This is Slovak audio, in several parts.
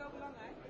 wel belangrijk.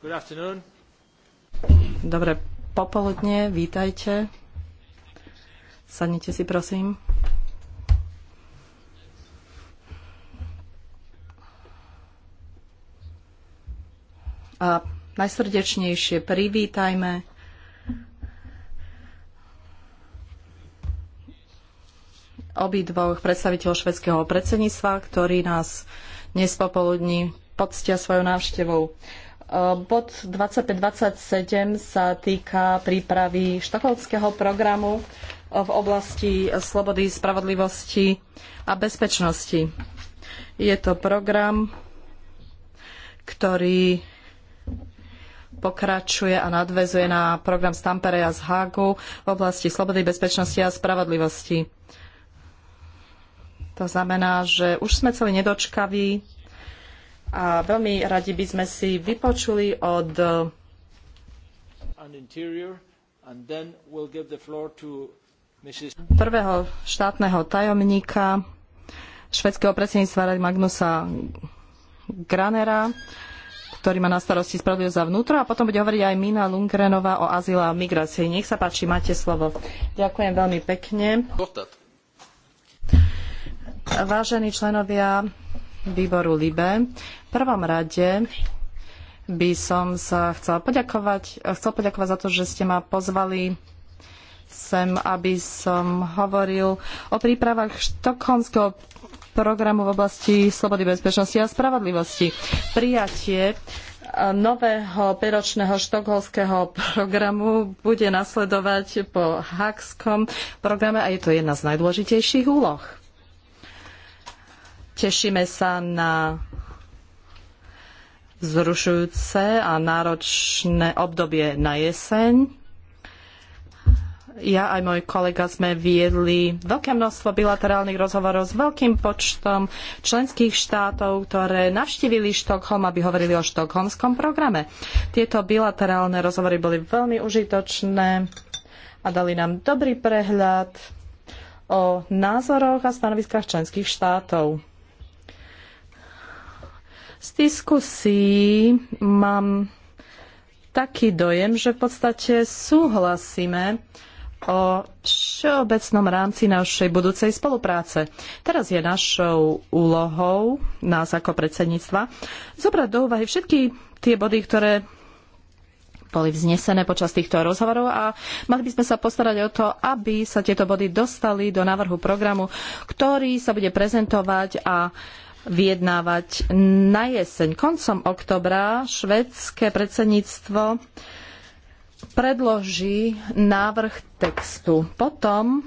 Good afternoon. Dobre popoludne, vítajte. Sadnite si, prosím. A najsrdečnejšie privítajme obidvoch predstaviteľov švedského predsedníctva, ktorí nás dnes popoludní poctia svojou návštevou. Ehm, bod 2527 sa týka prípravy štokholmského programu eh, v oblasti eh, slobody, spravodlivosti a bezpečnosti. Je to program, ktorý pokračuje a nadvezuje na program z Tampere a z Hagu v oblasti slobody, bezpečnosti a spravodlivosti. To znamená, že už sme celý nedočkaví a veľmi radi by sme si vypočuli od prvého štátneho tajomníka švedského predsedníctva Magnusa Granera, ktorý má na starosti spravodlivosť za vnútro a potom bude hovoriť aj Mina Lundgrenová o azyle a migrácii. Nech sa páči, máte slovo. Ďakujem veľmi pekne. Vážení členovia výboru LIBE. V prvom rade by som sa chcela poďakovať, chcel poďakovať za to, že ste ma pozvali sem, aby som hovoril o prípravách štokholmského programu v oblasti slobody, bezpečnosti a spravodlivosti. Prijatie nového päťročného štokholského programu bude nasledovať po Hakskom programe a je to jedna z najdôležitejších úloh. Tešíme sa na vzrušujúce a náročné obdobie na jeseň. Ja aj môj kolega sme viedli veľké množstvo bilaterálnych rozhovorov s veľkým počtom členských štátov, ktoré navštívili Štokholm, aby hovorili o štokholmskom programe. Tieto bilaterálne rozhovory boli veľmi užitočné a dali nám dobrý prehľad o názoroch a stanoviskách členských štátov. Z diskusí mám taký dojem, že v podstate súhlasíme o všeobecnom rámci našej budúcej spolupráce. Teraz je našou úlohou, nás ako predsedníctva, zobrať do úvahy všetky tie body, ktoré boli vznesené počas týchto rozhovorov a mali by sme sa postarať o to, aby sa tieto body dostali do návrhu programu, ktorý sa bude prezentovať a vyjednávať na jeseň. Koncom oktobra švedské predsedníctvo predloží návrh textu. Potom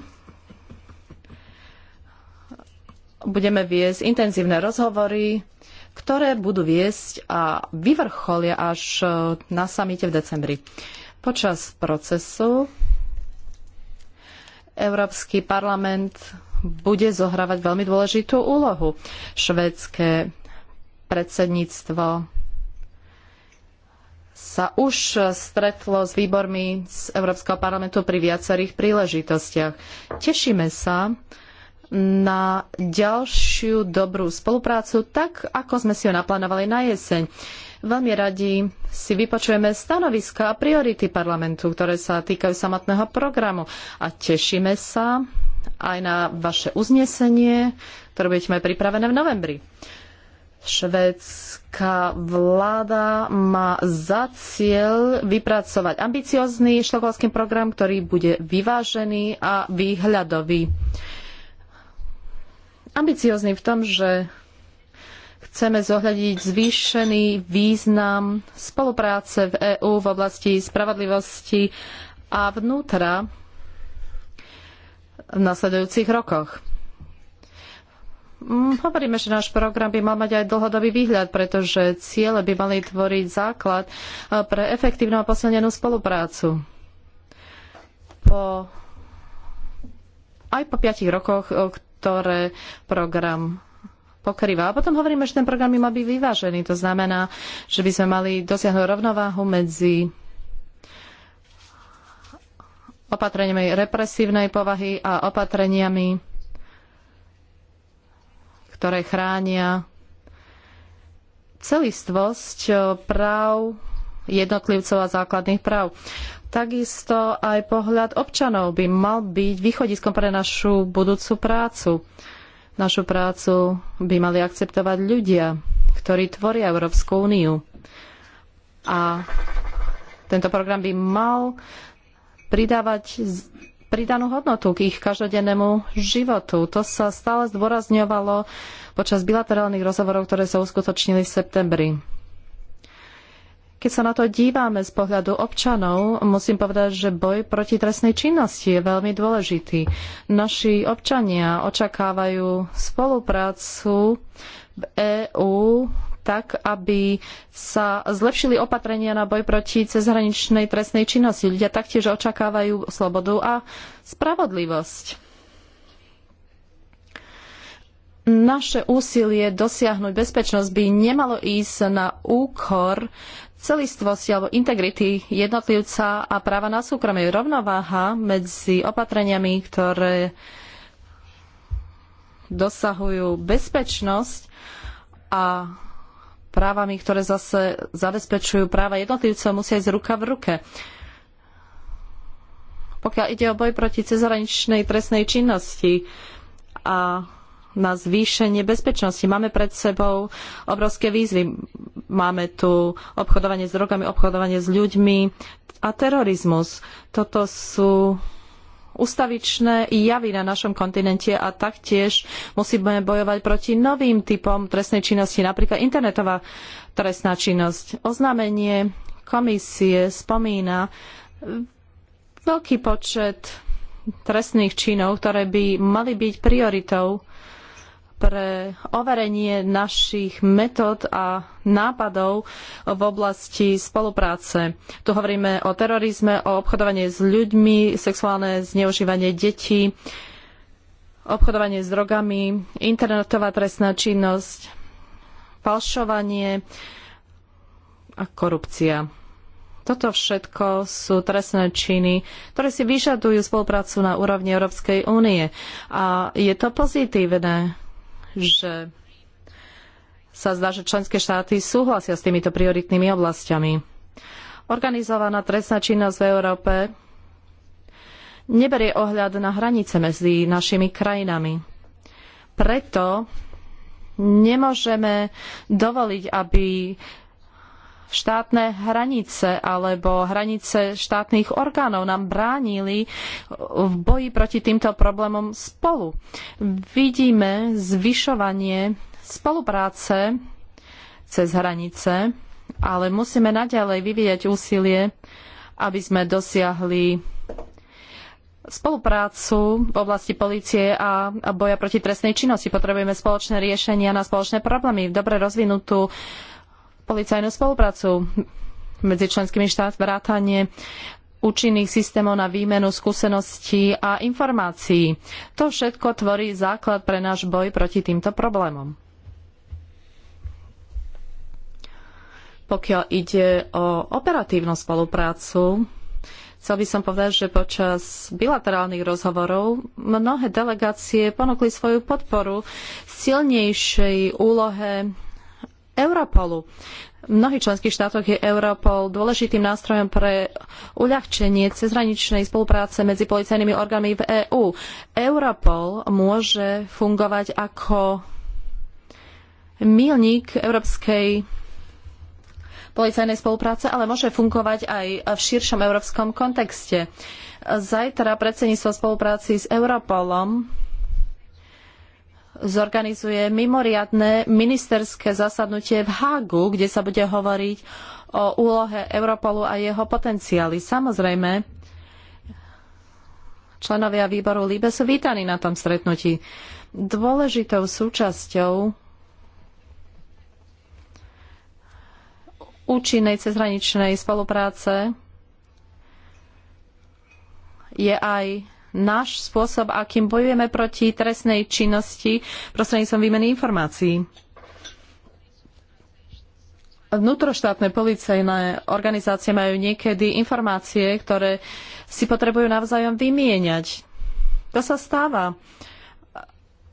budeme viesť intenzívne rozhovory, ktoré budú viesť a vyvrcholia až e, na samite v decembri. Počas procesu Európsky parlament bude zohrávať veľmi dôležitú úlohu. Švédske predsedníctvo sa už stretlo s výbormi z Európskeho parlamentu pri viacerých príležitostiach. Tešíme sa na ďalšiu dobrú spoluprácu, tak ako sme si ju naplánovali na jeseň. Veľmi radi si vypočujeme stanoviska a priority parlamentu, ktoré sa týkajú samotného programu a tešíme sa aj na vaše uznesenie, ktoré mať pripravené v novembri. Švedská vláda má za cieľ vypracovať ambiciózny štokholmský program, ktorý bude vyvážený a výhľadový. Ambiciózny v tom, že chceme zohľadiť zvýšený význam spolupráce v EÚ v oblasti spravodlivosti a vnútra v nasledujúcich rokoch. Mm, hovoríme, že náš program by mal mať aj dlhodobý výhľad, pretože ciele by mali tvoriť základ e, pre efektívnu a posilnenú spoluprácu. Po, aj po piatich rokoch, e, ktoré program pokrýva. A potom hovoríme, že ten program by mal byť vyvážený. To znamená, že by sme mali dosiahnuť rovnováhu medzi opatreniami represívnej povahy a opatreniami, ktoré chránia celistvosť práv jednotlivcov a základných práv. Takisto aj pohľad občanov by mal byť východiskom pre našu budúcu prácu. Našu prácu by mali akceptovať ľudia, ktorí tvoria Európsku úniu. A tento program by mal pridávať pridanú hodnotu k ich každodennému životu. To sa stále zdôrazňovalo počas bilaterálnych rozhovorov, ktoré sa uskutočnili v septembri. Keď sa na to dívame z pohľadu občanov, musím povedať, že boj proti trestnej činnosti je veľmi dôležitý. Naši občania očakávajú spoluprácu v EÚ tak, aby sa zlepšili opatrenia na boj proti cezhraničnej trestnej činnosti. Ľudia taktiež očakávajú slobodu a spravodlivosť naše úsilie dosiahnuť bezpečnosť by nemalo ísť na úkor celistvosti alebo integrity jednotlivca a práva na súkromie. Rovnováha medzi opatreniami, ktoré dosahujú bezpečnosť a právami, ktoré zase zabezpečujú práva jednotlivcov, musia ísť ruka v ruke. Pokiaľ ide o boj proti cezhraničnej trestnej činnosti a na zvýšenie bezpečnosti. Máme pred sebou obrovské výzvy. Máme tu obchodovanie s drogami, obchodovanie s ľuďmi a terorizmus. Toto sú ustavičné javy na našom kontinente a taktiež musíme bojovať proti novým typom trestnej činnosti, napríklad internetová trestná činnosť. Oznámenie komisie spomína veľký počet trestných činov, ktoré by mali byť prioritou pre overenie našich metód a nápadov v oblasti spolupráce. Tu hovoríme o terorizme, o obchodovanie s ľuďmi, sexuálne zneužívanie detí, obchodovanie s drogami, internetová trestná činnosť, falšovanie a korupcia. Toto všetko sú trestné činy, ktoré si vyžadujú spoluprácu na úrovni Európskej únie. A je to pozitívne že sa zdá, že členské štáty súhlasia s týmito prioritnými oblastiami. Organizovaná trestná činnosť v Európe neberie ohľad na hranice medzi našimi krajinami. Preto nemôžeme dovoliť, aby štátne hranice alebo hranice štátnych orgánov nám bránili v boji proti týmto problémom spolu. Vidíme zvyšovanie spolupráce cez hranice, ale musíme naďalej vyvíjať úsilie, aby sme dosiahli spoluprácu v oblasti polície a boja proti trestnej činnosti. Potrebujeme spoločné riešenia na spoločné problémy, dobre rozvinutú policajnú spoluprácu medzi členskými štátmi vrátanie účinných systémov na výmenu skúseností a informácií. To všetko tvorí základ pre náš boj proti týmto problémom. Pokiaľ ide o operatívnu spoluprácu, chcel by som povedať, že počas bilaterálnych rozhovorov mnohé delegácie ponúkli svoju podporu silnejšej úlohe Europolu. V mnohých členských štátoch je Europol dôležitým nástrojom pre uľahčenie cezhraničnej spolupráce medzi policajnými orgánmi v EÚ. Europol môže fungovať ako milník európskej policajnej spolupráce, ale môže fungovať aj v širšom európskom kontexte. Zajtra predsedníctvo spolupráci s Europolom zorganizuje mimoriadne ministerské zasadnutie v Hagu, kde sa bude hovoriť o úlohe Europolu a jeho potenciáli. Samozrejme, členovia výboru LIBE sú vítaní na tom stretnutí. Dôležitou súčasťou účinnej cezhraničnej spolupráce je aj náš spôsob, akým bojujeme proti trestnej činnosti prostredníctvom výmeny informácií. Vnútroštátne policajné organizácie majú niekedy informácie, ktoré si potrebujú navzájom vymieňať. To sa stáva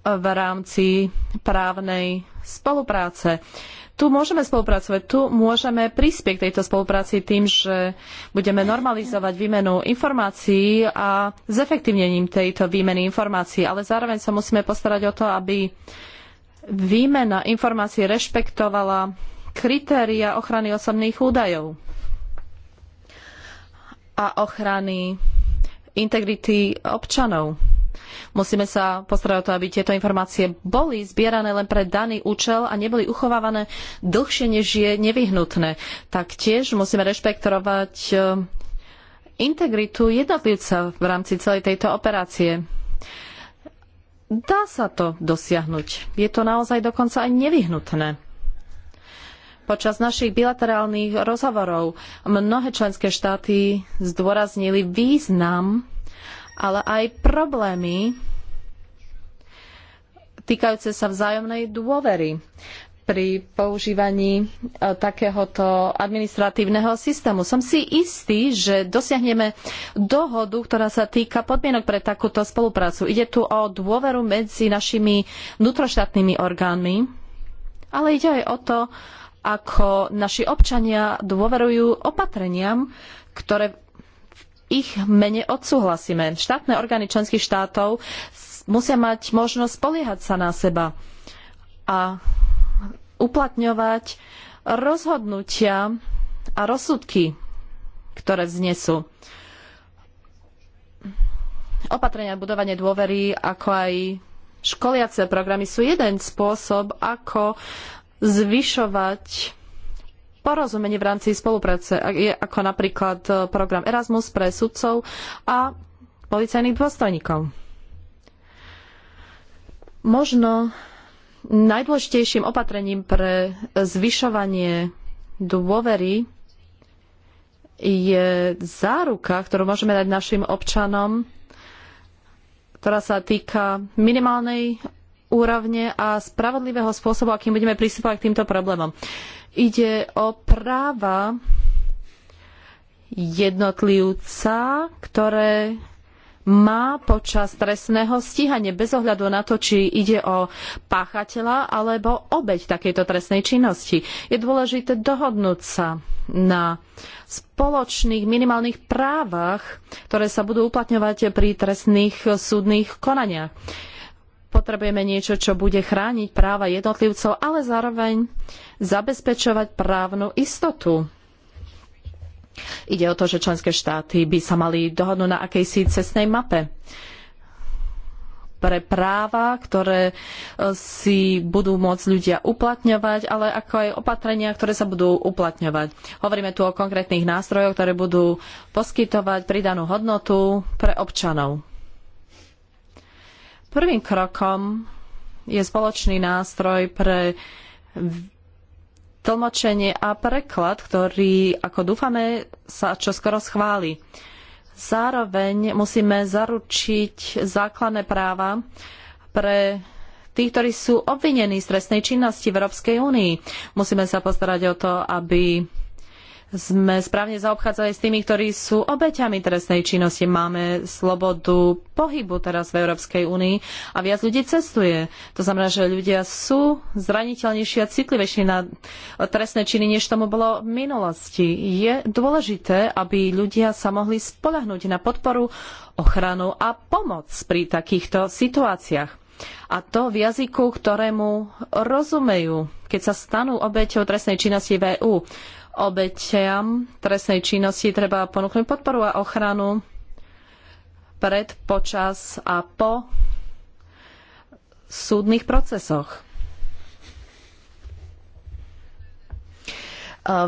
v rámci právnej spolupráce tu môžeme spolupracovať, tu môžeme prispieť k tejto spolupráci tým, že budeme normalizovať výmenu informácií a zefektívnením tejto výmeny informácií, ale zároveň sa musíme postarať o to, aby výmena informácií rešpektovala kritéria ochrany osobných údajov a ochrany integrity občanov Musíme sa postarať o to, aby tieto informácie boli zbierané len pre daný účel a neboli uchovávané dlhšie, než je nevyhnutné. Taktiež musíme rešpektovať eh, integritu jednotlivca v rámci celej tejto operácie. Dá sa to dosiahnuť. Je to naozaj dokonca aj nevyhnutné. Počas našich bilaterálnych rozhovorov mnohé členské štáty zdôraznili význam ale aj problémy týkajúce sa vzájomnej dôvery pri používaní e, takéhoto administratívneho systému. Som si istý, že dosiahneme dohodu, ktorá sa týka podmienok pre takúto spoluprácu. Ide tu o dôveru medzi našimi vnútroštátnymi orgánmi, ale ide aj o to, ako naši občania dôverujú opatreniam, ktoré ich mene odsúhlasíme. Štátne orgány členských štátov musia mať možnosť spoliehať sa na seba a uplatňovať rozhodnutia a rozsudky, ktoré vznesú opatrenia na budovanie dôvery, ako aj školiace programy sú jeden spôsob, ako zvyšovať porozumenie v rámci spolupráce, ako napríklad e, program Erasmus pre sudcov a policajných dôstojníkov. Možno najdôležitejším opatrením pre zvyšovanie dôvery je záruka, ktorú môžeme dať našim občanom, ktorá sa týka minimálnej úrovne a spravodlivého spôsobu, akým budeme pristupovať k týmto problémom. Ide o práva jednotlivca, ktoré má počas trestného stíhania bez ohľadu na to, či ide o páchateľa alebo obeď takejto trestnej činnosti. Je dôležité dohodnúť sa na spoločných minimálnych právach, ktoré sa budú uplatňovať pri trestných súdnych konaniach. Potrebujeme niečo, čo bude chrániť práva jednotlivcov, ale zároveň zabezpečovať právnu istotu. Ide o to, že členské štáty by sa mali dohodnúť na akejsi cestnej mape pre práva, ktoré e, si budú môcť ľudia uplatňovať, ale ako aj opatrenia, ktoré sa budú uplatňovať. Hovoríme tu o konkrétnych nástrojoch, ktoré budú poskytovať pridanú hodnotu pre občanov. Prvým krokom je spoločný nástroj pre tlmočenie a preklad, ktorý, ako dúfame, sa čoskoro schváli. Zároveň musíme zaručiť základné práva pre tých, ktorí sú obvinení z trestnej činnosti v Európskej únii. Musíme sa postarať o to, aby sme správne zaobchádzali s tými, ktorí sú obeťami trestnej činnosti. Máme slobodu pohybu teraz v Európskej únii a viac ľudí cestuje. To znamená, že ľudia sú zraniteľnejší a citlivejší na trestné činy, než tomu bolo v minulosti. Je dôležité, aby ľudia sa mohli spolahnúť na podporu, ochranu a pomoc pri takýchto situáciách. A to v jazyku, ktorému rozumejú, keď sa stanú obeťou trestnej činnosti v EÚ obetiam trestnej činnosti treba ponúknuť podporu a ochranu pred, počas a po súdnych procesoch.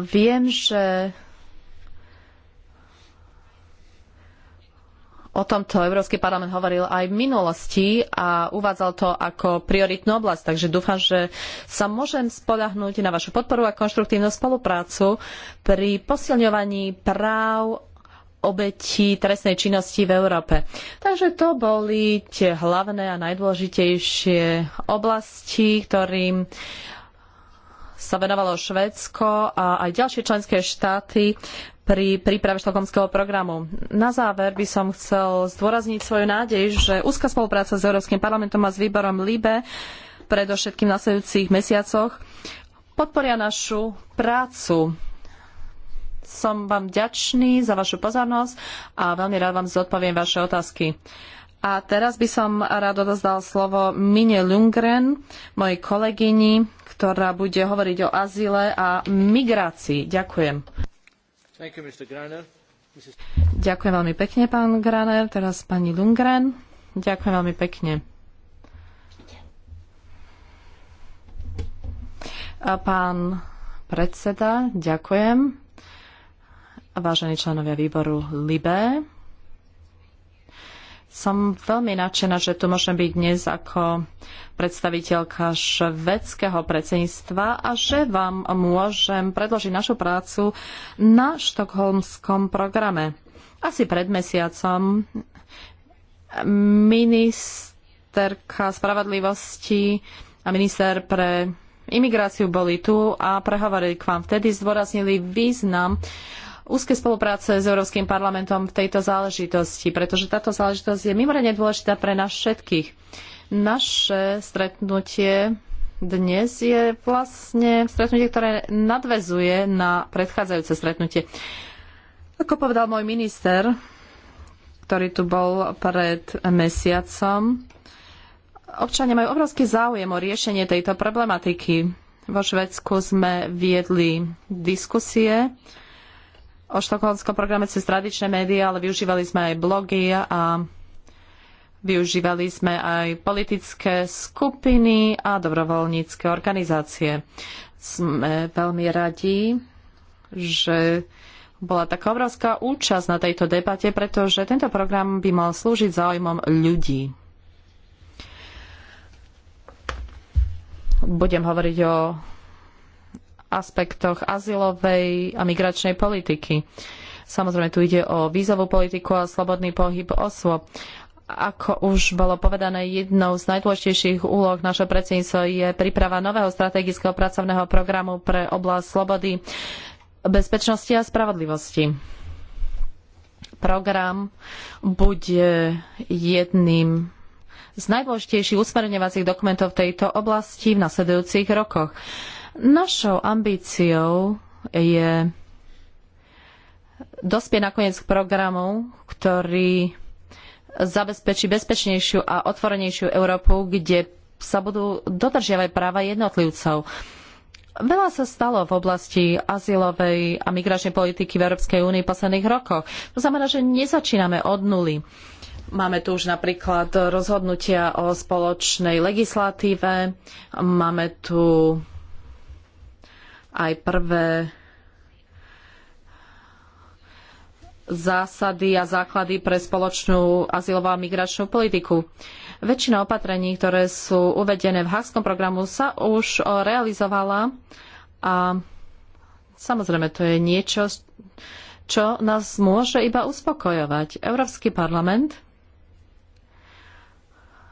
Viem, že O tomto Európsky parlament hovoril aj v minulosti a uvádzal to ako prioritnú oblasť, takže dúfam, že sa môžem spolahnúť na vašu podporu a konštruktívnu spoluprácu pri posilňovaní práv obetí trestnej činnosti v Európe. Takže to boli tie hlavné a najdôležitejšie oblasti, ktorým sa venovalo Švédsko a aj ďalšie členské štáty pri príprave štokholmského programu. Na záver by som chcel zdôrazniť svoju nádej, že úzka spolupráca s Európskym parlamentom a s výborom LIBE predovšetkým v nasledujúcich mesiacoch podporia našu prácu. Som vám vďačný za vašu pozornosť a veľmi rád vám zodpoviem vaše otázky. A teraz by som rád odozdal slovo Mine Lundgren, mojej kolegyni, ktorá bude hovoriť o azile a migrácii. Ďakujem. You, Ďakujem veľmi pekne, pán Graner. Teraz pani Lundgren. Ďakujem veľmi pekne. Pán predseda, ďakujem. Vážení členovia výboru LIBE, som veľmi nadšená, že tu môžem byť dnes ako predstaviteľka švedského predsedníctva a že vám môžem predložiť našu prácu na štokholmskom programe. Asi pred mesiacom ministerka spravodlivosti a minister pre imigráciu boli tu a prehovorili k vám. Vtedy zdôraznili význam úzkej spolupráce s Európskym parlamentom v tejto záležitosti, pretože táto záležitosť je mimoriadne dôležitá pre nás všetkých. Naše stretnutie dnes je vlastne stretnutie, ktoré nadvezuje na predchádzajúce stretnutie. Ako povedal môj minister, ktorý tu bol pred mesiacom, občania majú obrovský záujem o riešenie tejto problematiky. Vo Švedsku sme viedli diskusie o štokholmskom programe cez tradičné médiá, ale využívali sme aj blogy a využívali sme aj politické skupiny a dobrovoľnícke organizácie. Sme veľmi radi, že bola taká obrovská účasť na tejto debate, pretože tento program by mal slúžiť záujmom ľudí. Budem hovoriť o aspektoch azylovej a migračnej politiky. Samozrejme, tu ide o vízovú politiku a slobodný pohyb osôb. Ako už bolo povedané, jednou z najdôležitejších úloh našeho predsedníctva je príprava nového strategického pracovného programu pre oblasť slobody, bezpečnosti a spravodlivosti. Program bude jedným z najdôležitejších usmerňovacích dokumentov v tejto oblasti v nasledujúcich rokoch. Našou ambíciou je dospieť nakoniec k programu, ktorý zabezpečí bezpečnejšiu a otvorenejšiu Európu, kde sa budú dodržiavať práva jednotlivcov. Veľa sa stalo v oblasti azylovej a migračnej politiky v Európskej únii v posledných rokoch. To znamená, že nezačíname od nuly. Máme tu už napríklad rozhodnutia o spoločnej legislatíve, máme tu aj prvé zásady a základy pre spoločnú azylovú a migračnú politiku. Väčšina opatrení, ktoré sú uvedené v Hagskom programu, sa už realizovala a samozrejme to je niečo, čo nás môže iba uspokojovať. Európsky parlament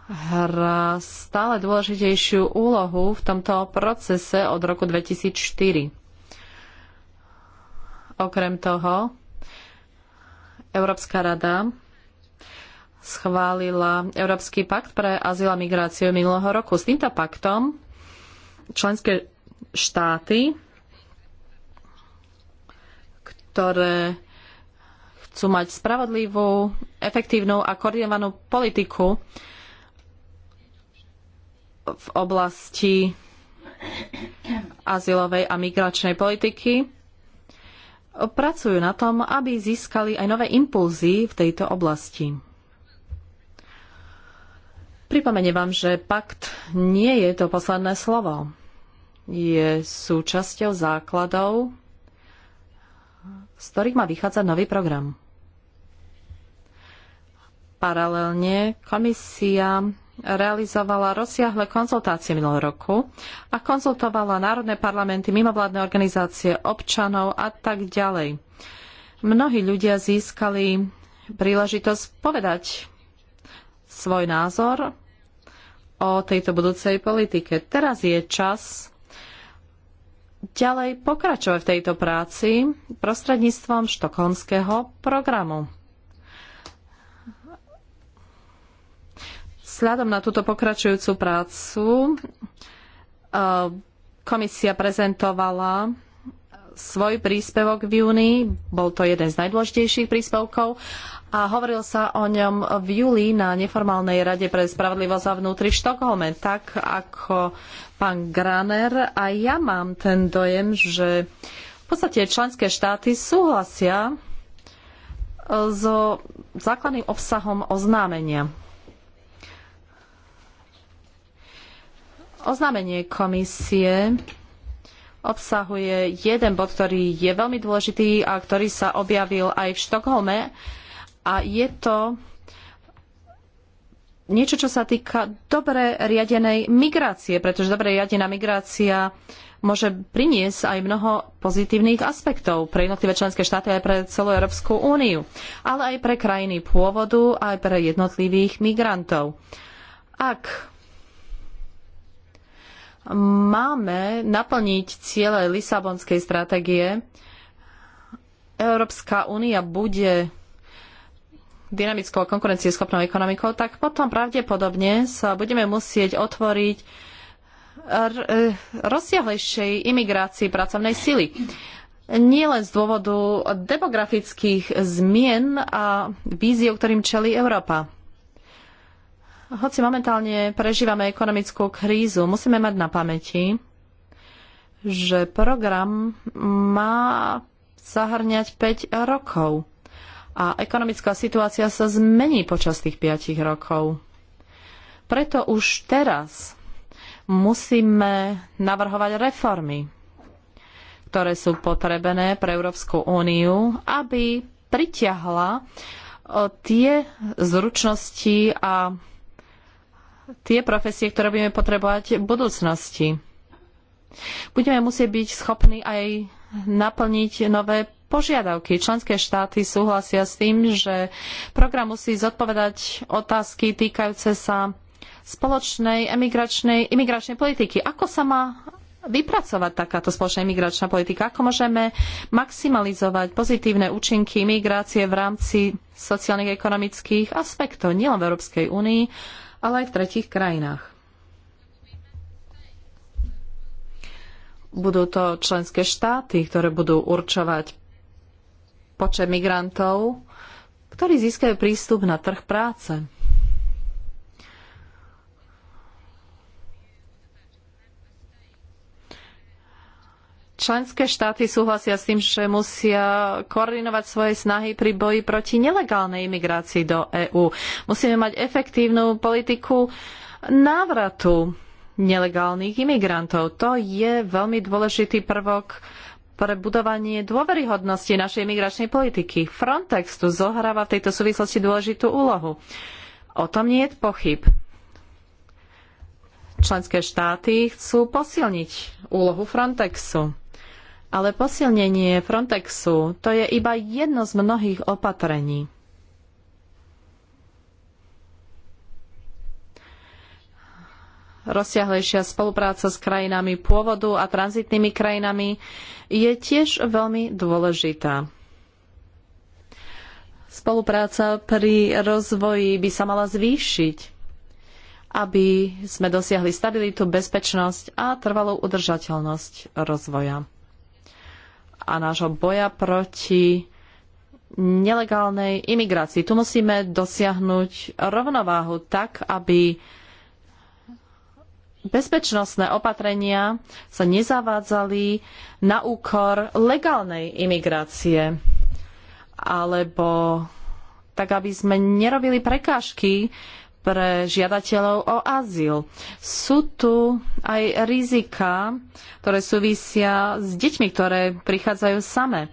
hrá stále dôležitejšiu úlohu v tomto procese od roku 2004. Okrem toho, Európska rada schválila Európsky pakt pre azyl a migráciu minulého roku. S týmto paktom členské štáty, ktoré chcú mať spravodlivú, efektívnu a koordinovanú politiku v oblasti azylovej a migračnej politiky pracujú na tom, aby získali aj nové impulzy v tejto oblasti. Pripomeniem vám, že pakt nie je to posledné slovo. Je súčasťou základov, z ktorých má vychádzať nový program. Paralelne komisia realizovala rozsiahle konzultácie minulého roku a konzultovala národné parlamenty, mimovládne organizácie, občanov a tak ďalej. Mnohí ľudia získali príležitosť povedať svoj názor o tejto budúcej politike. Teraz je čas ďalej pokračovať v tejto práci prostredníctvom štokholmského programu. Vzhľadom na túto pokračujúcu prácu e, komisia prezentovala svoj príspevok v júni, bol to jeden z najdôležitejších príspevkov a hovoril sa o ňom v júli na neformálnej rade pre spravodlivosť a vnútri v Štokholme. Tak ako pán Graner a ja mám ten dojem, že v podstate členské štáty súhlasia so základným obsahom oznámenia. Oznámenie komisie obsahuje jeden bod, ktorý je veľmi dôležitý a ktorý sa objavil aj v Štokholme a je to niečo, čo sa týka dobre riadenej migrácie, pretože dobre riadená migrácia môže priniesť aj mnoho pozitívnych aspektov pre jednotlivé členské štáty aj pre celú Európsku úniu, ale aj pre krajiny pôvodu, aj pre jednotlivých migrantov. Ak máme naplniť ciele Lisabonskej stratégie, Európska únia bude dynamickou a konkurencieschopnou ekonomikou, tak potom pravdepodobne sa budeme musieť otvoriť e, rozsiahlejšej imigrácii pracovnej sily. Nie len z dôvodu demografických zmien a víziev, ktorým čelí Európa. Hoci momentálne prežívame ekonomickú krízu, musíme mať na pamäti, že program má zahrňať 5 rokov a ekonomická situácia sa zmení počas tých 5 rokov. Preto už teraz musíme navrhovať reformy, ktoré sú potrebené pre Európsku úniu, aby pritiahla e, tie zručnosti a tie profesie, ktoré budeme potrebovať v budúcnosti. Budeme musieť byť schopní aj naplniť nové požiadavky. Členské štáty súhlasia s tým, že program musí zodpovedať otázky týkajúce sa spoločnej emigračnej, imigračnej politiky. Ako sa má vypracovať takáto spoločná imigračná politika? Ako môžeme maximalizovať pozitívne účinky imigrácie v rámci sociálnych, ekonomických aspektov, nielen v Európskej únii, ale aj v tretích krajinách. Budú to členské štáty, ktoré budú určovať počet migrantov, ktorí získajú prístup na trh práce. Členské štáty súhlasia s tým, že musia koordinovať svoje snahy pri boji proti nelegálnej imigrácii do EÚ. Musíme mať efektívnu politiku návratu nelegálnych imigrantov. To je veľmi dôležitý prvok pre budovanie dôveryhodnosti našej imigračnej politiky. Frontex tu zohráva v tejto súvislosti dôležitú úlohu. O tom nie je pochyb. Členské štáty chcú posilniť úlohu Frontexu. Ale posilnenie Frontexu to je iba jedno z mnohých opatrení. Rozsiahlejšia spolupráca s krajinami pôvodu a tranzitnými krajinami je tiež veľmi dôležitá. Spolupráca pri rozvoji by sa mala zvýšiť aby sme dosiahli stabilitu, bezpečnosť a trvalú udržateľnosť rozvoja a nášho boja proti nelegálnej imigrácii. Tu musíme dosiahnuť rovnováhu tak, aby bezpečnostné opatrenia sa nezavádzali na úkor legálnej imigrácie alebo tak, aby sme nerobili prekážky pre žiadateľov o azyl. Sú tu aj rizika, ktoré súvisia s deťmi, ktoré prichádzajú same.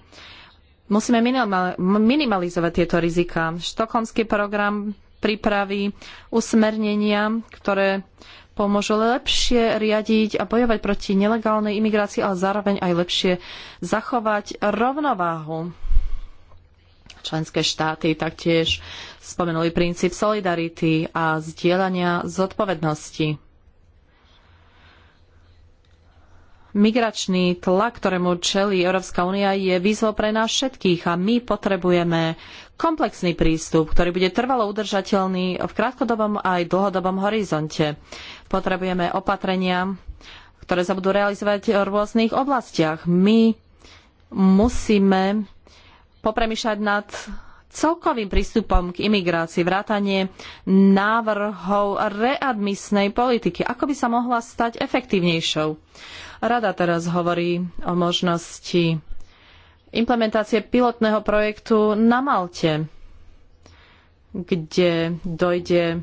Musíme minimalizovať tieto rizika. Štokholmský program pripraví usmernenia, ktoré pomôžu lepšie riadiť a bojovať proti nelegálnej imigrácii, ale zároveň aj lepšie zachovať rovnováhu. Členské štáty taktiež spomenuli princíp solidarity a zdieľania zodpovednosti. Migračný tlak, ktorému čelí Európska únia, je výzvou pre nás všetkých a my potrebujeme komplexný prístup, ktorý bude trvalo udržateľný v krátkodobom aj dlhodobom horizonte. Potrebujeme opatrenia, ktoré sa budú realizovať v rôznych oblastiach. My musíme popremýšľať nad celkovým prístupom k imigrácii, vrátanie návrhov readmisnej politiky. Ako by sa mohla stať efektívnejšou? Rada teraz hovorí o možnosti implementácie pilotného projektu na Malte, kde dojde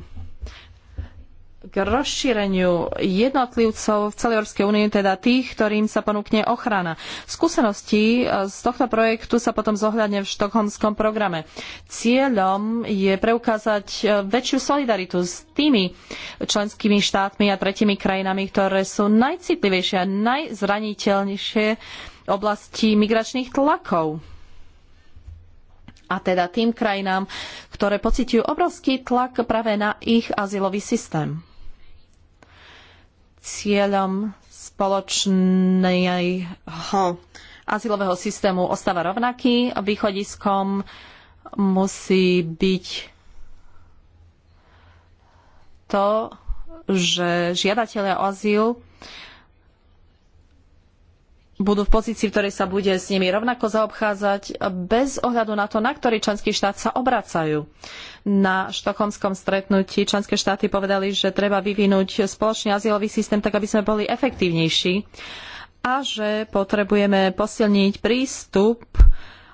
k rozšíreniu jednotlivcov v celej Európskej únii, teda tých, ktorým sa ponúkne ochrana. Skúsenosti e, z tohto projektu sa potom zohľadne v štokholmskom programe. Cieľom je preukázať e, väčšiu solidaritu s tými členskými štátmi a tretimi krajinami, ktoré sú najcitlivejšie a najzraniteľnejšie v oblasti migračných tlakov a teda tým krajinám, ktoré pociťujú obrovský tlak práve na ich azylový systém. Cieľom spoločného azylového systému ostáva rovnaký. Východiskom musí byť to, že žiadatelia o azyl budú v pozícii, v ktorej sa bude s nimi rovnako zaobchádzať bez ohľadu na to, na ktorý členský štát sa obracajú. Na štokholmskom stretnutí členské štáty povedali, že treba vyvinúť spoločný azylový systém tak, aby sme boli efektívnejší a že potrebujeme posilniť prístup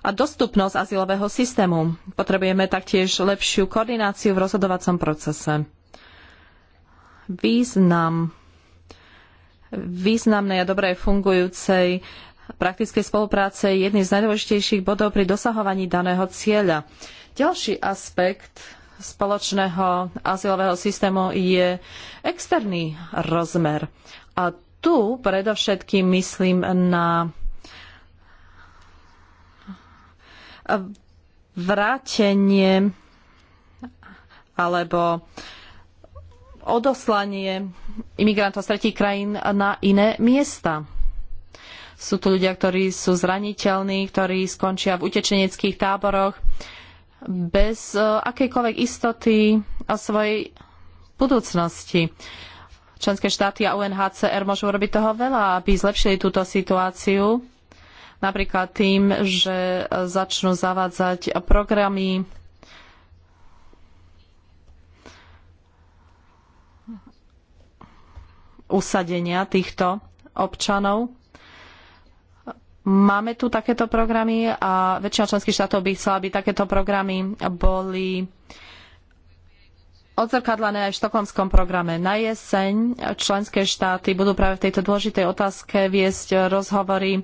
a dostupnosť azylového systému. Potrebujeme taktiež lepšiu koordináciu v rozhodovacom procese. Význam významnej a dobre fungujúcej praktickej spolupráce je jedným z najdôležitejších bodov pri dosahovaní daného cieľa. Ďalší aspekt spoločného azylového systému je externý rozmer. A tu predovšetkým myslím na vrátenie alebo odoslanie imigrantov z tretích krajín na iné miesta. Sú tu ľudia, ktorí sú zraniteľní, ktorí skončia v utečeneckých táboroch bez e, akejkoľvek istoty o svojej budúcnosti. Členské štáty a UNHCR môžu urobiť toho veľa, aby zlepšili túto situáciu, napríklad tým, že začnú zavádzať programy usadenia týchto občanov. Máme tu takéto programy a väčšina členských štátov by chcela, aby takéto programy boli odzrkadlené aj v štokholmskom programe. Na jeseň členské štáty budú práve v tejto dôležitej otázke viesť rozhovory e,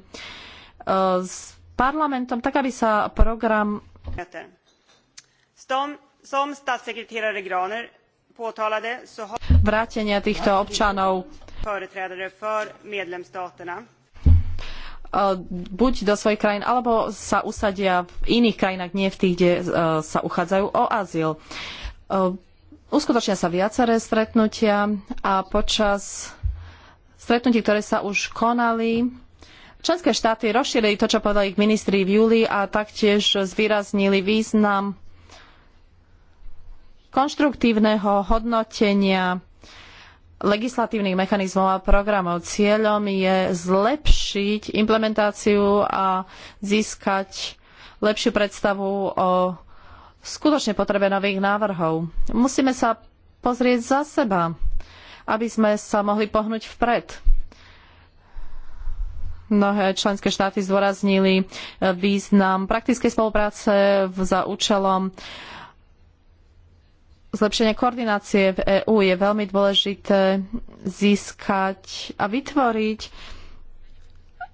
s parlamentom, tak aby sa program... Som vrátenia týchto občanov e, buď do svojich krajín, alebo sa usadia v iných krajinách, nie v tých, kde e, sa uchádzajú o azyl. E, uskutočnia sa viaceré stretnutia a počas stretnutí, ktoré sa už konali, členské štáty rozšírili to, čo povedali ich ministri v júli a taktiež zvýraznili význam konštruktívneho hodnotenia legislatívnych mechanizmov a programov. Cieľom je zlepšiť implementáciu a získať lepšiu predstavu o skutočne potrebe nových návrhov. Musíme sa pozrieť za seba, aby sme sa mohli pohnúť vpred. Mnohé členské štáty zdôraznili význam praktickej spolupráce za účelom uh, zlepšenie koordinácie v EÚ je veľmi dôležité získať a vytvoriť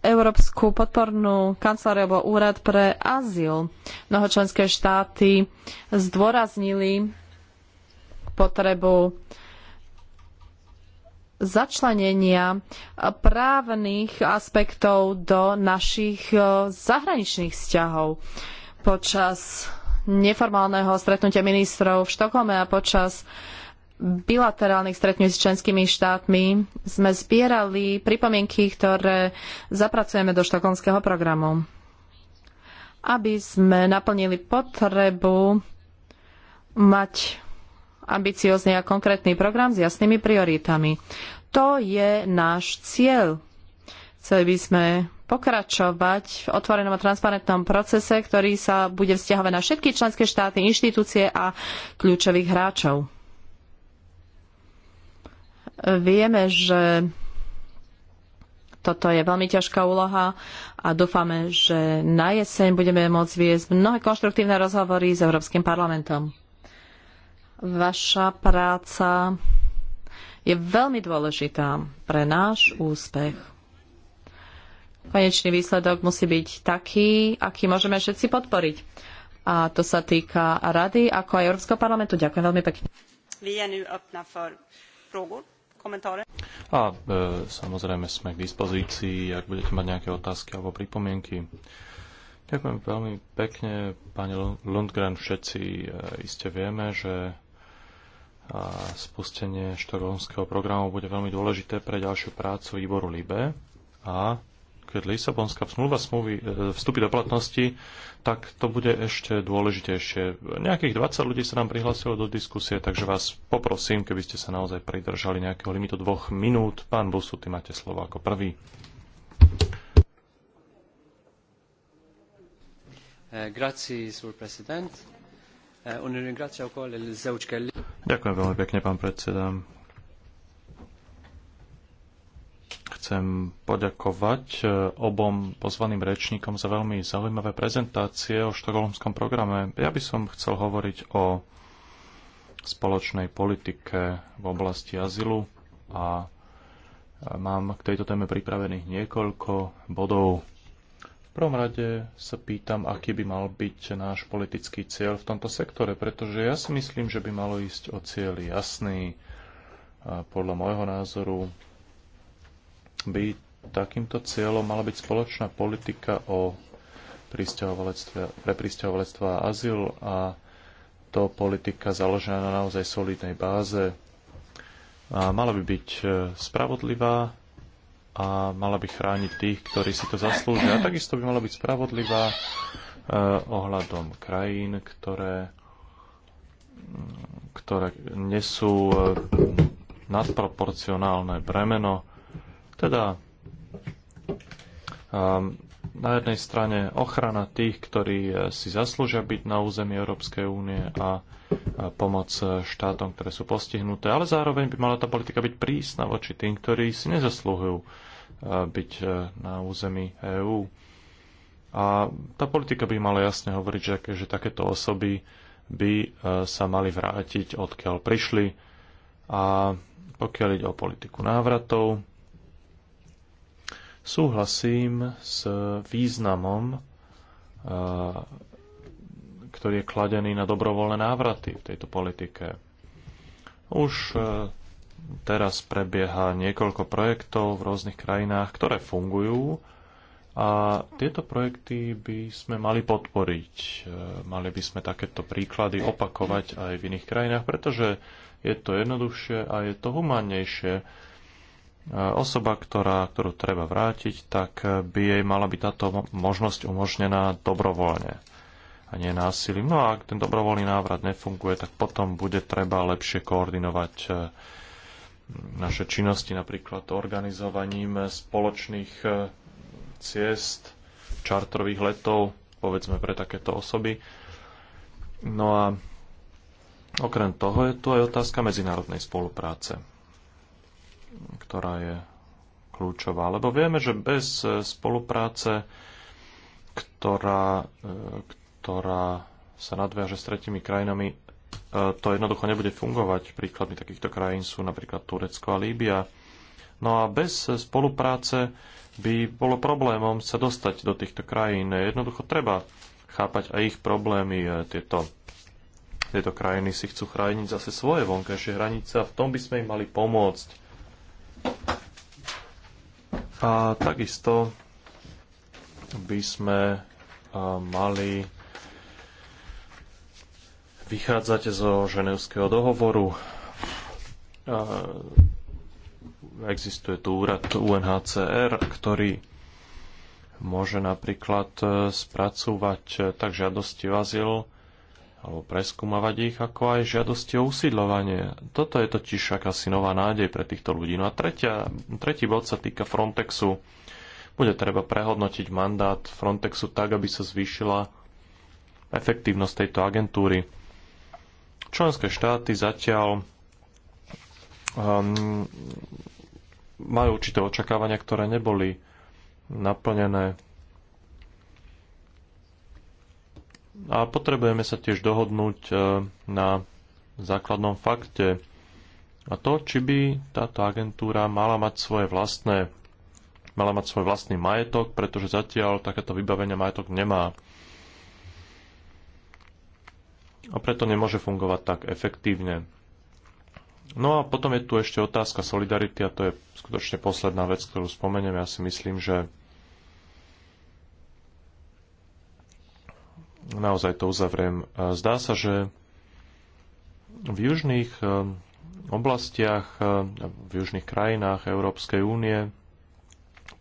Európsku podpornú kanceláriu alebo úrad pre azyl. Mnoho členské štáty zdôraznili potrebu začlenenia právnych aspektov do našich e, zahraničných vzťahov. Počas neformálneho stretnutia ministrov v Štokholme a počas bilaterálnych stretnutí s členskými štátmi sme zbierali pripomienky, ktoré zapracujeme do štokholmského programu, aby sme naplnili potrebu mať ambiciózny a konkrétny program s jasnými prioritami. To je náš cieľ. Chceli by sme pokračovať v otvorenom a transparentnom procese, ktorý sa bude vzťahovať na všetky členské štáty, inštitúcie a kľúčových hráčov. Vieme, že toto je veľmi ťažká úloha a dúfame, že na jeseň budeme môcť viesť mnohé konštruktívne rozhovory s Európskym parlamentom. Vaša práca je veľmi dôležitá pre náš úspech konečný výsledok musí byť taký, aký môžeme všetci podporiť. A to sa týka Rady, ako aj Európskeho parlamentu. Ďakujem veľmi pekne. A e, samozrejme sme k dispozícii, ak budete mať nejaké otázky alebo pripomienky. Ďakujem veľmi pekne, pani Lundgren. Všetci e, iste vieme, že a e, spustenie štokholmského programu bude veľmi dôležité pre ďalšiu prácu výboru LIBE a keď Lisabonská zmluva smluvy e, vstúpi do platnosti, tak to bude ešte dôležitejšie. Nejakých 20 ľudí sa nám prihlásilo do diskusie, takže vás poprosím, keby ste sa naozaj pridržali nejakého limitu dvoch minút. Pán Busu, ty máte slovo ako prvý. Eh, eh, Ďakujem veľmi pekne, pán predseda. Chcem poďakovať e, obom pozvaným rečníkom za veľmi zaujímavé prezentácie o štokholmskom programe. Ja by som chcel hovoriť o spoločnej politike v oblasti azylu a e, mám k tejto téme pripravených niekoľko bodov. V prvom rade sa pýtam, aký by mal byť náš politický cieľ v tomto sektore, pretože ja si myslím, že by malo ísť o cieľ jasný. Podľa môjho názoru by takýmto cieľom mala byť spoločná politika o pre pristahovalectvo a azyl a to politika založená na naozaj solidnej báze a mala by byť e, spravodlivá a mala by chrániť tých, ktorí si to zaslúžia. A takisto by mala byť spravodlivá eh, ohľadom krajín, ktoré, ktoré nesú e, nadproporcionálne bremeno teda um, na jednej strane ochrana tých, ktorí eh, si zaslúžia byť na území Európskej únie a pomoc eh, štátom, ktoré sú postihnuté, ale zároveň by mala tá politika byť prísna voči tým, ktorí si nezaslúhujú eh, byť na území EÚ. A tá politika by mala jasne hovoriť, že, že takéto osoby by sa mali vrátiť, odkiaľ prišli. A pokiaľ ide o politiku návratov, Súhlasím s významom, e, ktorý je kladený na dobrovoľné návraty v tejto politike. Už e, teraz prebieha niekoľko projektov v rôznych krajinách, ktoré fungujú a tieto projekty by sme mali podporiť. E, mali by sme takéto príklady opakovať aj v iných krajinách, pretože je to jednoduchšie a je to humánnejšie Eh, osoba, ktorá, ktorú treba vrátiť, tak eh, by jej mala byť táto možnosť umožnená dobrovoľne a nie násilím. No a ak ten dobrovoľný návrat nefunguje, tak potom bude treba lepšie koordinovať eh, naše činnosti, napríklad organizovaním spoločných ciest, čartrových letov, povedzme pre takéto osoby. No a okrem toho je tu aj otázka medzinárodnej spolupráce ktorá je kľúčová. Lebo vieme, že bez e, spolupráce, ktorá, e, ktorá sa nadviaže s tretimi krajinami, e, to jednoducho nebude fungovať. Príkladmi takýchto krajín sú napríklad Turecko a Líbia. No a bez spolupráce by bolo problémom sa dostať do týchto krajín. Jednoducho treba chápať aj ich problémy. Tieto, tieto krajiny si chcú chrániť zase svoje vonkajšie hranice a v tom by sme im mali pomôcť a takisto by sme mali vychádzať zo ženevského dohovoru. Existuje tu úrad UNHCR, ktorý môže napríklad e, spracúvať e, tak žiadosti o azyl alebo preskúmavať ich, ako aj žiadosti o usídľovanie. Toto je totiž akási nová nádej pre týchto ľudí. No a tretia, tretí bod sa týka Frontexu. Bude treba prehodnotiť mandát Frontexu tak, aby sa zvýšila efektívnosť tejto agentúry. Členské štáty zatiaľ um, majú určité očakávania, ktoré neboli naplnené A potrebujeme sa tiež dohodnúť e, na základnom fakte a to, či by táto agentúra mala mať svoje vlastné mala mať svoj vlastný majetok, pretože zatiaľ takéto vybavenie majetok nemá. A preto nemôže fungovať tak efektívne. No a potom je tu ešte otázka solidarity a to je skutočne posledná vec, ktorú spomeniem. Ja si myslím, že naozaj to uzavriem. E, zdá sa, že v južných e, oblastiach, e, v južných krajinách Európskej únie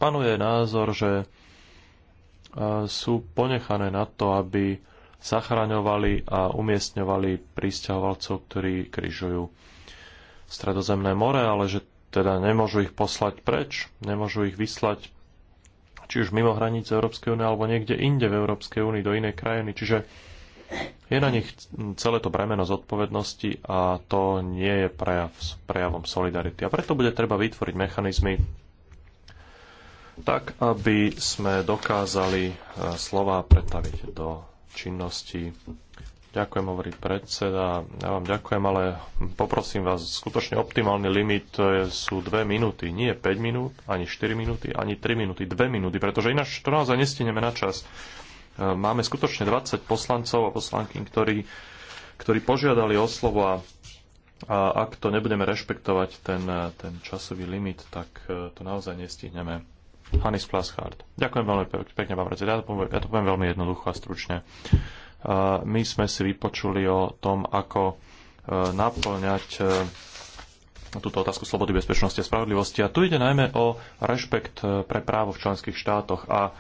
panuje názor, že sú ponechané na to, aby zachraňovali a umiestňovali pristahovalcov, ktorí križujú Stredozemné more, ale že teda nemôžu ich poslať preč, nemôžu ich vyslať či už mimo hranice Európskej únie alebo niekde inde v Európskej únii do inej krajiny. Čiže je na nich celé to bremeno zodpovednosti a to nie je prejav, prejavom solidarity. A preto bude treba vytvoriť mechanizmy tak, aby sme dokázali eh, slova pretaviť do činnosti Ďakujem, hovorí predseda. Ja vám ďakujem, ale poprosím vás, skutočne optimálny limit sú dve minúty, nie 5 minút, ani 4 minúty, ani 3 minúty, 2 minúty, pretože ináč to naozaj nestineme na čas. E, máme skutočne 20 poslancov a poslanky, ktorí, ktorí požiadali o slovo a, a ak to nebudeme rešpektovať, ten, ten časový limit, tak e, to naozaj nestihneme. Hannes Plaschard. Ďakujem veľmi pekne, pán predseda. Ja to poviem veľmi jednoducho a stručne. My sme si vypočuli o tom, ako e, naplňať e, túto otázku slobody, bezpečnosti a spravodlivosti. A tu ide najmä o rešpekt e, pre právo v členských štátoch. A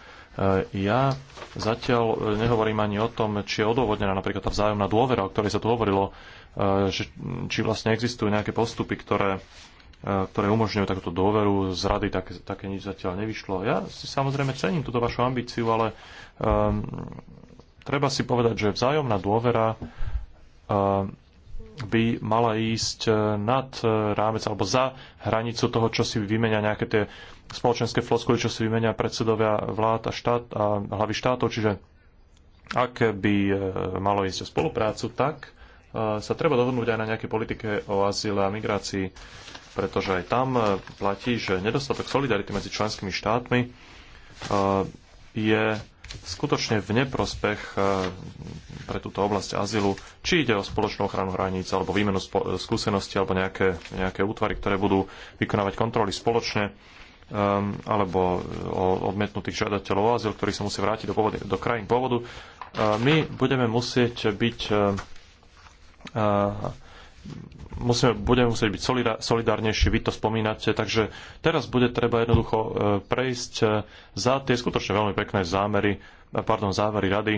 ja zatiaľ nehovorím ani o tom, či je odôvodnená napríklad tá vzájomná dôvera, o ktorej sa tu hovorilo, že, či vlastne existujú nejaké postupy, ktoré, ktoré umožňujú takúto dôveru z rady, tak, také nič zatiaľ nevyšlo. Ja si samozrejme cením túto vašu ambíciu, ale um, treba si povedať, že vzájomná dôvera eh, by mala ísť eh, nad eh, rámec alebo za hranicu toho, čo si vymenia nejaké tie spoločenské floskuly, čo si vymenia predsedovia vlád a, štát, a hlavy štátov. Čiže ak by malo ísť o spoluprácu, tak sa treba dohodnúť aj na nejaké politike o azyle a migrácii, pretože aj tam platí, že nedostatok solidarity medzi členskými štátmi je skutočne v neprospech e, pre túto oblasť azylu, či ide o spoločnú ochranu hraníc, alebo výmenu skúseností, alebo nejaké, nejaké útvary, ktoré budú vykonávať kontroly spoločne, ehm, alebo o odmietnutých žiadateľov o azyl, ktorí sa musia vrátiť do, pôvody, do krajín pôvodu, ehm, my budeme musieť byť ehm, musíme, budeme musieť byť solidárnejší, vy to spomínate, takže teraz bude treba jednoducho e, prejsť e, za tie skutočne veľmi pekné zámery, e, pardon, závery rady,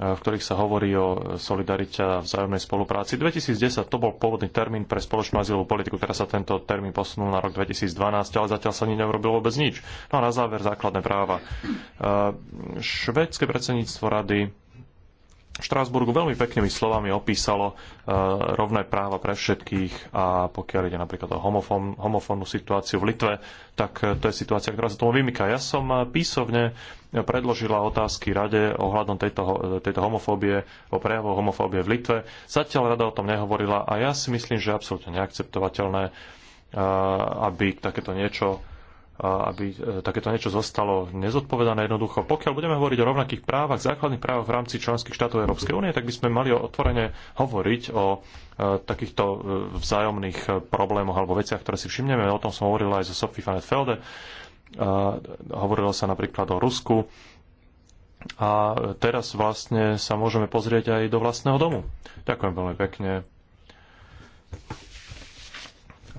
v ktorých sa hovorí o solidarite a vzájomnej spolupráci. 2010 to bol pôvodný termín pre spoločnú azylovú politiku, teraz sa tento termín posunul na rok 2012, ale zatiaľ sa ani neurobilo vôbec nič. No a na záver základné práva. Švedské predsedníctvo rady Štrásburgu veľmi peknými slovami opísalo e, rovné práva pre všetkých a pokiaľ ide napríklad o homofón, homofónnu situáciu v Litve, tak e, to je situácia, ktorá sa tomu vymyká. Ja som e, písovne predložila otázky rade ohľadom tejto, tejto homofóbie, o prejavu homofóbie v Litve. Zatiaľ rada o tom nehovorila a ja si myslím, že je absolútne neakceptovateľné, aby takéto niečo aby e, takéto niečo zostalo nezodpovedané jednoducho. Pokiaľ budeme hovoriť o rovnakých právach, základných právach v rámci členských štátov Európskej únie, tak by sme mali otvorene hovoriť o e, takýchto e, vzájomných problémoch alebo veciach, ktoré si všimneme. O tom som hovoril aj so Sophie van Felde. Hovorilo sa napríklad o Rusku. A teraz vlastne sa môžeme pozrieť aj do vlastného domu. Ďakujem veľmi pekne.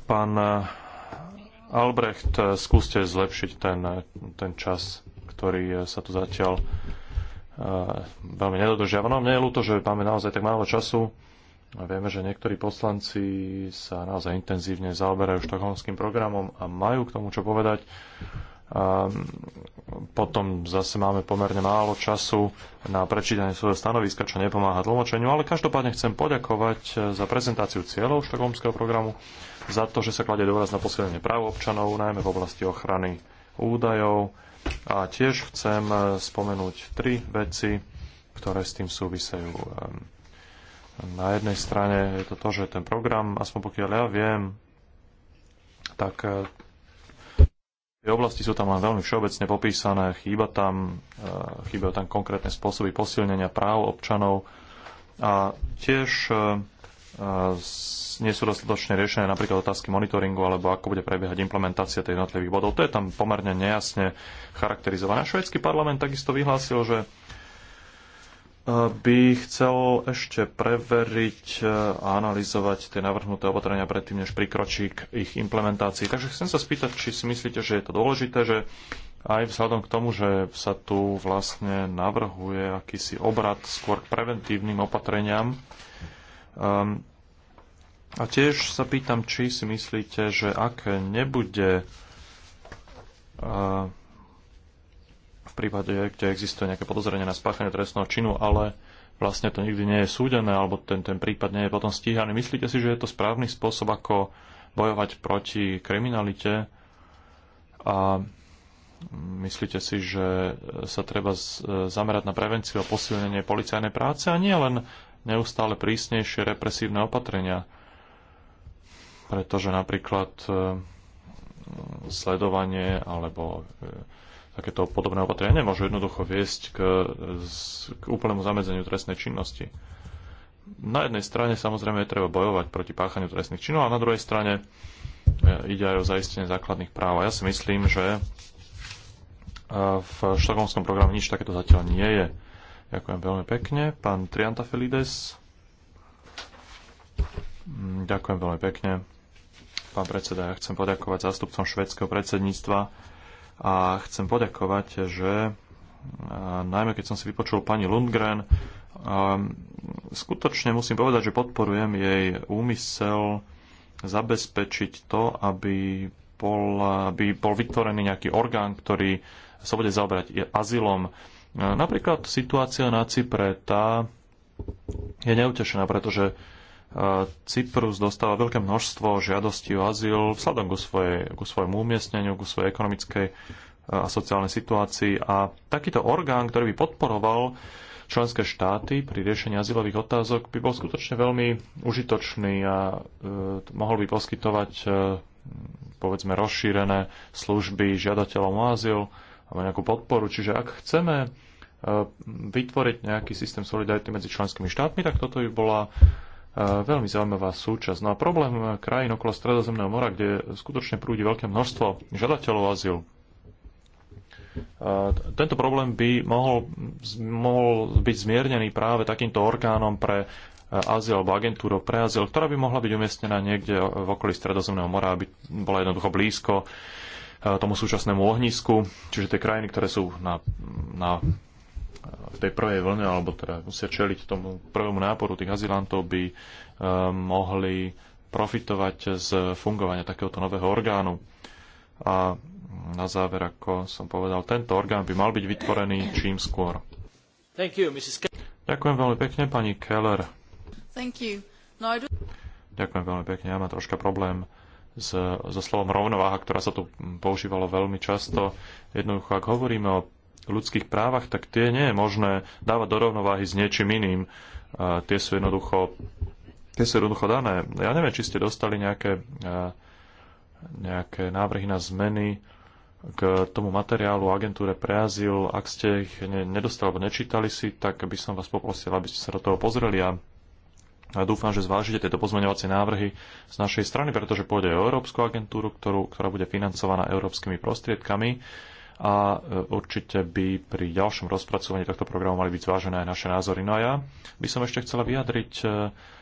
Pán Albrecht, eh, skúste zlepšiť ten, eh, ten čas, ktorý eh, sa tu zatiaľ veľmi nedodržiava. No mne je ľúto, že máme naozaj tak málo času. A vieme, že niektorí poslanci sa naozaj intenzívne zaoberajú štokholmským programom a majú k tomu čo povedať. A mm, potom zase máme pomerne málo času na prečítanie svojho stanoviska, čo nepomáha tlmočeniu, ale každopádne chcem poďakovať za prezentáciu cieľov štokholmského programu za to, že sa kladie dôraz na posilnenie práv občanov, najmä v oblasti ochrany údajov. A tiež chcem eh, spomenúť tri veci, ktoré s tým súvisejú. Ehm, na jednej strane je to to, že ten program, aspoň pokiaľ ja viem, tak eh, tie oblasti sú tam len veľmi všeobecne popísané, chýba tam, eh, chýbajú tam konkrétne spôsoby posilnenia práv občanov a tiež nie sú dostatočne riešené napríklad otázky monitoringu alebo ako bude prebiehať implementácia tých jednotlivých bodov. To je tam pomerne nejasne charakterizované. A švedský parlament takisto vyhlásil, že e, by chcel ešte preveriť e, a analyzovať tie navrhnuté opatrenia predtým, než prikročí k ich implementácii. Takže chcem sa spýtať, či si myslíte, že je to dôležité, že aj vzhľadom k tomu, že sa tu vlastne navrhuje akýsi obrad skôr k preventívnym opatreniam, e, a tiež sa pýtam, či si myslíte, že ak nebude e, v prípade, kde existuje nejaké podozrenie na spáchanie trestného činu, ale vlastne to nikdy nie je súdené, alebo ten, ten prípad nie je potom stíhaný. Myslíte si, že je to správny spôsob, ako bojovať proti kriminalite? A myslíte si, že sa treba e, zamerať na prevenciu a posilnenie policajnej práce a nie len neustále prísnejšie represívne opatrenia? pretože napríklad e, sledovanie alebo e, takéto podobné opatrenia nemôžu jednoducho viesť k, k úplnému zamedzeniu trestnej činnosti. Na jednej strane samozrejme je treba bojovať proti páchaniu trestných činov a na druhej strane e, ide aj o zaistenie základných práv. A ja si myslím, že v štokholmskom programe nič takéto zatiaľ nie je. Ďakujem veľmi pekne. Pán Trianta Felides. Ďakujem veľmi pekne pán predseda. Ja chcem poďakovať zástupcom švedského predsedníctva a chcem poďakovať, že e, najmä keď som si vypočul pani Lundgren, e, skutočne musím povedať, že podporujem jej úmysel zabezpečiť to, aby bol, aby bol vytvorený nejaký orgán, ktorý sa bude zaoberať azylom. E, napríklad situácia na Cypre, tá je neutešená, pretože Cyprus dostáva veľké množstvo žiadostí o azyl vzhľadom ku, svojej, ku svojmu umiestneniu, ku svojej ekonomickej a sociálnej situácii. A takýto orgán, ktorý by podporoval členské štáty pri riešení azylových otázok, by bol skutočne veľmi užitočný a e, mohol by poskytovať e, povedzme rozšírené služby žiadateľom o azyl alebo nejakú podporu. Čiže ak chceme e, vytvoriť nejaký systém solidarity medzi členskými štátmi, tak toto by bola veľmi zaujímavá súčasť. No a problém krajín okolo Stredozemného mora, kde skutočne prúdi veľké množstvo žiadateľov azyl, tento problém by mohol, mohol byť zmiernený práve takýmto orgánom pre e, azyl alebo agentúru pre azyl, ktorá by mohla byť umiestnená niekde v okolí Stredozemného mora, aby bola jednoducho blízko e, tomu súčasnému ohnisku, čiže tie krajiny, ktoré sú na, na v tej prvej vlne, alebo teda musia čeliť tomu prvému náporu tých azilantov by eh, mohli profitovať z fungovania takéhoto nového orgánu. A na záver, ako som povedal, tento orgán by mal byť vytvorený čím skôr. Thank you, Mrs. Ke- Ďakujem veľmi pekne, pani Keller. Thank you. No, I do- Ďakujem veľmi pekne. Ja mám troška problém s, so slovom rovnováha, ktorá sa tu používalo veľmi často. Jednoducho, ak hovoríme o ľudských právach, tak tie nie je možné dávať do rovnováhy s niečím iným. A tie sú jednoducho tie sú jednoducho dané. Ja neviem, či ste dostali nejaké, nejaké návrhy na zmeny k tomu materiálu agentúre pre azyl. Ak ste ich nedostali alebo nečítali si, tak by som vás poprosil, aby ste sa do toho pozreli a a dúfam, že zvážite tieto pozmeňovacie návrhy z našej strany, pretože pôjde o Európsku agentúru, ktorú, ktorá bude financovaná európskymi prostriedkami a e, určite by pri ďalšom rozpracovaní tohto programu mali byť zvážené aj naše názory. No a ja by som ešte chcela vyjadriť e,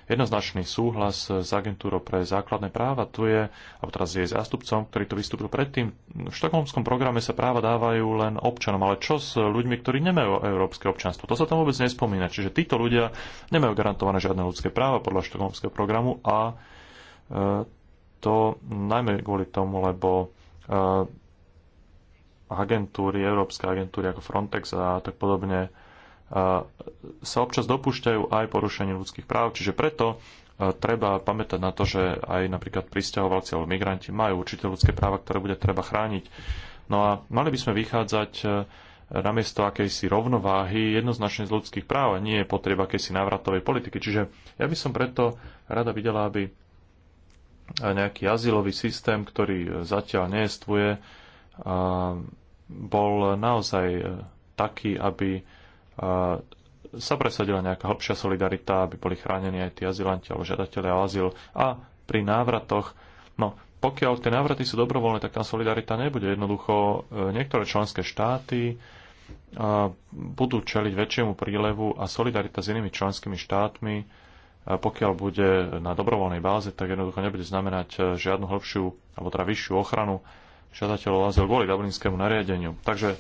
jednoznačný súhlas e, s agentúrou pre základné práva. Tu je, alebo teraz je zástupcom, ktorý to vystúpil predtým, v štokholmskom programe sa práva dávajú len občanom, ale čo s ľuďmi, ktorí nemajú európske občanstvo? To sa tam vôbec nespomína. Čiže títo ľudia nemajú garantované žiadne ľudské práva podľa štokholmského programu a to najmä kvôli tomu, lebo agentúry, európske agentúry ako Frontex a tak podobne, sa občas dopúšťajú aj porušenie ľudských práv. Čiže preto treba pamätať na to, že aj napríklad pristahovalci alebo migranti majú určité ľudské práva, ktoré bude treba chrániť. No a mali by sme vychádzať namiesto akejsi rovnováhy jednoznačne z ľudských práv a nie je potreba akejsi návratovej politiky. Čiže ja by som preto rada videla, aby nejaký azylový systém, ktorý zatiaľ neestvuje, bol naozaj e, taký, aby e, sa presadila nejaká hlbšia solidarita, aby boli chránení aj tí azylanti alebo žiadatelia o azyl. A pri návratoch, no pokiaľ tie návraty sú dobrovoľné, tak tá solidarita nebude. Jednoducho e, niektoré členské štáty budú čeliť väčšiemu prílevu a solidarita s inými členskými štátmi, pokiaľ bude na dobrovoľnej báze, tak jednoducho nebude znamenať žiadnu hĺbšiu alebo teda vyššiu ochranu žiadateľov azyl kvôli dublinskému nariadeniu. Takže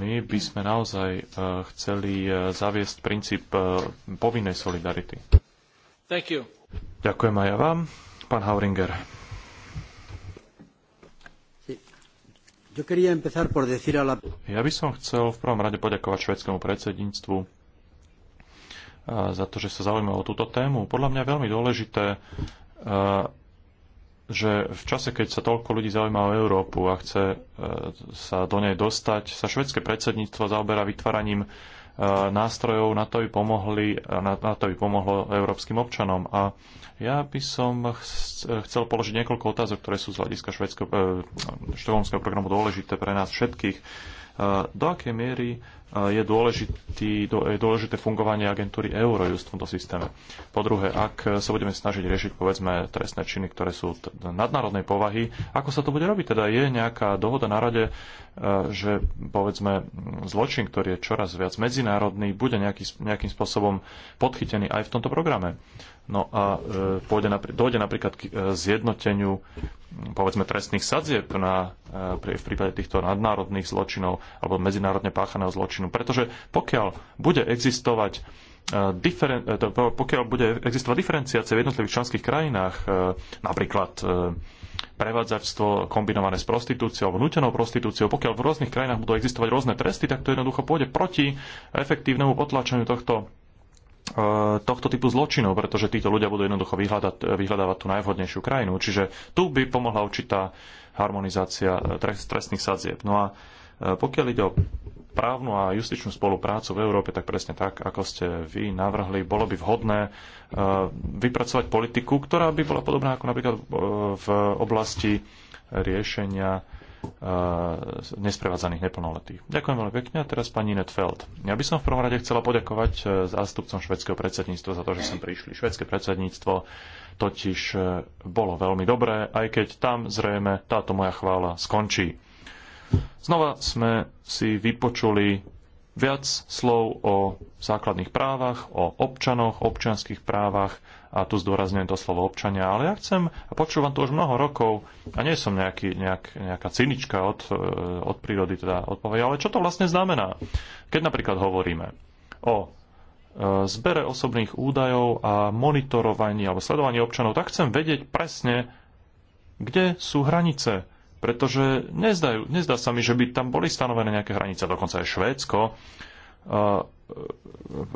my by sme naozaj e, chceli e, zaviesť princíp e, povinnej solidarity. Thank you. Ďakujem aj ja vám. Pán Hauringer. Ja by som chcel v prvom rade poďakovať švedskému predsedníctvu za to, že sa zaujímalo o túto tému. Podľa mňa je veľmi dôležité že v čase, keď sa toľko ľudí zaujíma o Európu a chce e, sa do nej dostať, sa švedské predsedníctvo zaoberá vytváraním e, nástrojov na to, aby, pomohli, na, to, aby pomohlo európskym občanom. A ja by som chcel položiť niekoľko otázok, ktoré sú z hľadiska švedského, e, programu dôležité pre nás všetkých. Do akej miery je, dôležitý, je dôležité fungovanie agentúry Eurojust v tomto systéme. Po druhé, ak sa budeme snažiť riešiť povedzme trestné činy, ktoré sú nadnárodnej povahy, ako sa to bude robiť? Teda je nejaká dohoda na rade, e, že povedzme zločin, ktorý je čoraz viac medzinárodný, bude nejaký, nejakým spôsobom podchytený aj v tomto programe. No a e, napr- dojde napríklad k e, zjednoteniu povedzme trestných sadzieb na, pri, v prípade týchto nadnárodných zločinov alebo medzinárodne páchaného zločinu možnú. Pretože pokiaľ bude existovať e, Diferen, e, pokiaľ bude existovať diferenciácia v jednotlivých členských krajinách, e, napríklad prevádzačstvo kombinované s prostitúciou alebo nutenou prostitúciou, pokiaľ v rôznych krajinách budú existovať rôzne tresty, tak to jednoducho pôjde proti efektívnemu potlačeniu tohto tohto typu zločinov, pretože títo ľudia budú jednoducho vyhľadať, vyhľadávať tú najvhodnejšiu krajinu. Čiže tu by pomohla určitá harmonizácia trestných sadzieb. No a pokiaľ ide o právnu a justičnú spoluprácu v Európe, tak presne tak, ako ste vy navrhli, bolo by vhodné e, vypracovať politiku, ktorá by bola podobná ako napríklad e, v oblasti riešenia e, nesprevádzaných neplnoletých. Ďakujem veľmi pekne. A teraz pani Netfeld. Ja by som v prvom rade chcela poďakovať zástupcom švedského predsedníctva za to, že sem prišli. Švedské predsedníctvo totiž bolo veľmi dobré, aj keď tam zrejme táto moja chvála skončí. Znova sme si vypočuli viac slov o základných právach, o občanoch, občanských právach a tu zdôrazňujem to slovo občania, ale ja chcem, a počúvam to už mnoho rokov a nie som nejaký, nejak, nejaká cynička od, e, od prírody, teda odpovedia, ale čo to vlastne znamená? Keď napríklad hovoríme o e, zbere osobných údajov a monitorovaní alebo sledovaní občanov, tak chcem vedieť presne, kde sú hranice pretože nezdajú, nezdá sa mi, že by tam boli stanovené nejaké hranice, dokonca aj Švédsko. Eh,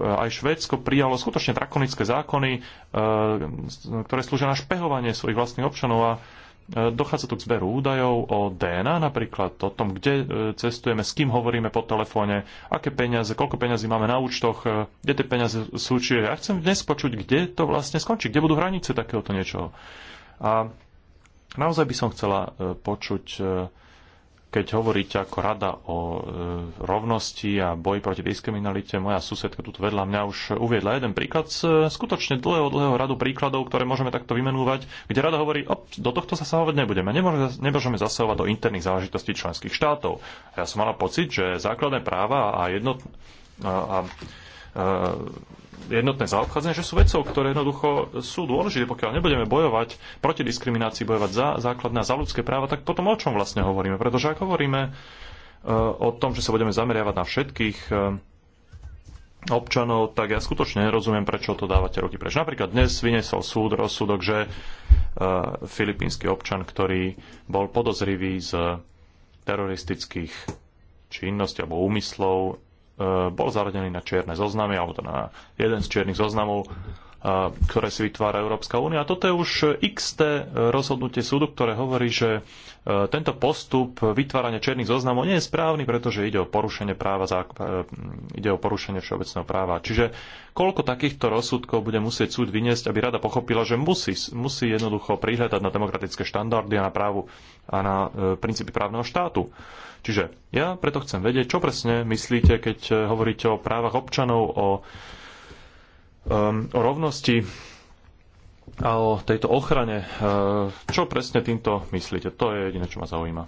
aj Švédsko prijalo skutočne drakonické zákony, eh, ktoré slúžia na špehovanie svojich vlastných občanov a eh, dochádza tu k zberu údajov o DNA napríklad, o tom, kde cestujeme, s kým hovoríme po telefóne, aké peniaze, koľko peniazy máme na účtoch, kde tie peniaze sú. Čiže ja chcem dnes počuť, kde to vlastne skončí, kde budú hranice takéhoto niečoho. A Naozaj by som chcela e, počuť, e, keď hovoríte ako rada o e, rovnosti a boji proti diskriminalite, moja susedka tu vedľa mňa už uviedla jeden príklad z skutočne dlhého, dlhého radu príkladov, ktoré môžeme takto vymenúvať, kde rada hovorí, op, do tohto sa samovať nebudeme, nemôžeme, nemôžeme zasahovať do interných záležitostí členských štátov. Ja som mala pocit, že základné práva a jednotné a, a, jednotné zaobchádzanie, že sú vecou, ktoré jednoducho sú dôležité. Pokiaľ nebudeme bojovať proti diskriminácii, bojovať za základné a za ľudské práva, tak potom o čom vlastne hovoríme? Pretože ak hovoríme e, o tom, že sa budeme zameriavať na všetkých e, občanov, tak ja skutočne nerozumiem, prečo to dávate ruky preč. Napríklad dnes vyniesol súd rozsudok, že e, filipínsky občan, ktorý bol podozrivý z teroristických činností alebo úmyslov, bol zaradený na čierne zoznamy, alebo teda na jeden z čiernych zoznamov ktoré si vytvára Európska únia. A toto je už XT rozhodnutie súdu, ktoré hovorí, že e, tento postup vytvárania černých zoznamov nie je správny, pretože ide o porušenie, práva, e, ide o porušenie všeobecného práva. Čiže koľko takýchto rozsudkov bude musieť súd vyniesť, aby rada pochopila, že musí, musí jednoducho prihľadať na demokratické štandardy a na právu a na e, princípy právneho štátu. Čiže ja preto chcem vedieť, čo presne myslíte, keď hovoríte o právach občanov, o Ehm, o rovnosti a o tejto ochrane. Ehm, čo presne týmto myslíte? To je jediné, čo ma zaujíma.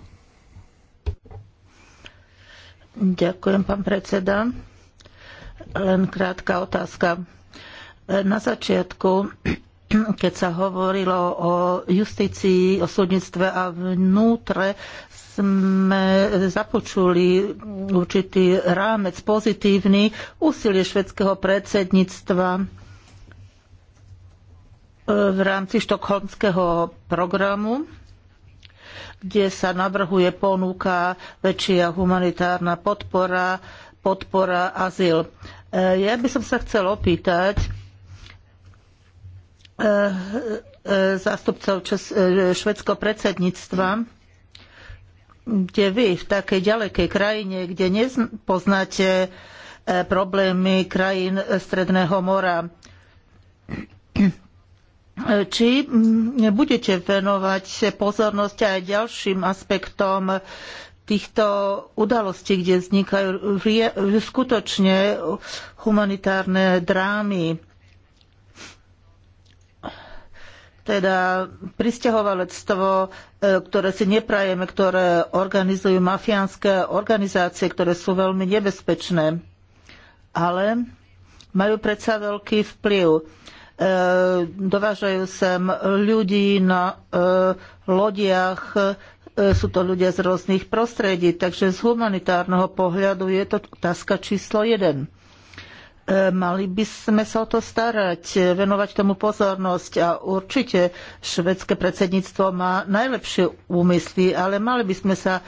Ďakujem, pán predseda. Len krátka otázka. Na začiatku, keď sa hovorilo o justícii, o súdnictve a vnútre, sme započuli určitý rámec pozitívny úsilie švedského predsedníctva e, v rámci štokholmského programu kde sa navrhuje ponúka väčšia humanitárna podpora, podpora azyl. E, ja by som sa chcel opýtať e, zástupcov švedského predsedníctva, kde vy v takej ďalekej krajine, kde nepoznáte e, problémy krajín Stredného mora, či mm, budete venovať pozornosť aj ďalším aspektom týchto udalostí, kde vznikajú skutočne humanitárne drámy teda pristahovalectvo, e, ktoré si neprajeme, ktoré organizujú mafiánske organizácie, ktoré sú veľmi nebezpečné, ale majú predsa veľký vplyv. E, dovážajú sem ľudí na e, lodiach, sú to ľudia z rôznych prostredí, takže z humanitárneho pohľadu je to otázka číslo jeden E, mali by sme sa o to starať, e, venovať tomu pozornosť a určite švedské predsedníctvo má najlepšie úmysly, ale mali by sme sa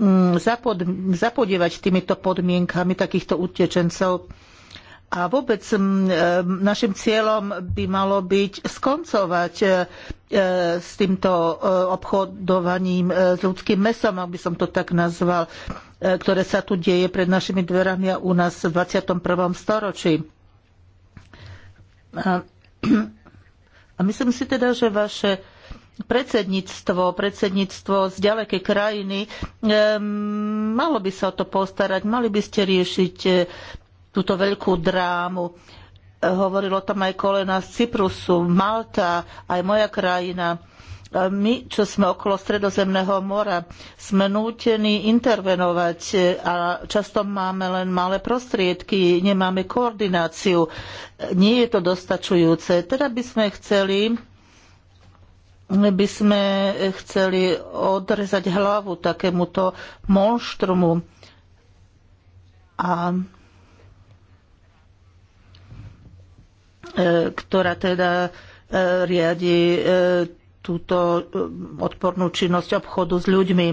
mm, zapod, zapodievať týmito podmienkami takýchto utečencov. A vôbec mm, e, našim cieľom by malo byť skoncovať s týmto obchodovaním s ľudským mesom, aby by som to tak nazval. E, ktoré sa tu deje pred našimi dverami a u nás v 21. storočí. A, a myslím si teda, že vaše predsedníctvo, predsedníctvo z ďalekej krajiny, e, malo by sa o to postarať, mali by ste riešiť e, túto veľkú drámu. Hovorilo tam aj kolena z Cyprusu, Malta, aj moja krajina my, čo sme okolo Stredozemného mora, sme nútení intervenovať e, a často máme len malé prostriedky, nemáme koordináciu. Nie je to dostačujúce. Teda by sme chceli by sme chceli odrezať hlavu takémuto monštrumu. A e, ktorá teda e, riadi túto e, odpornú činnosť obchodu s ľuďmi.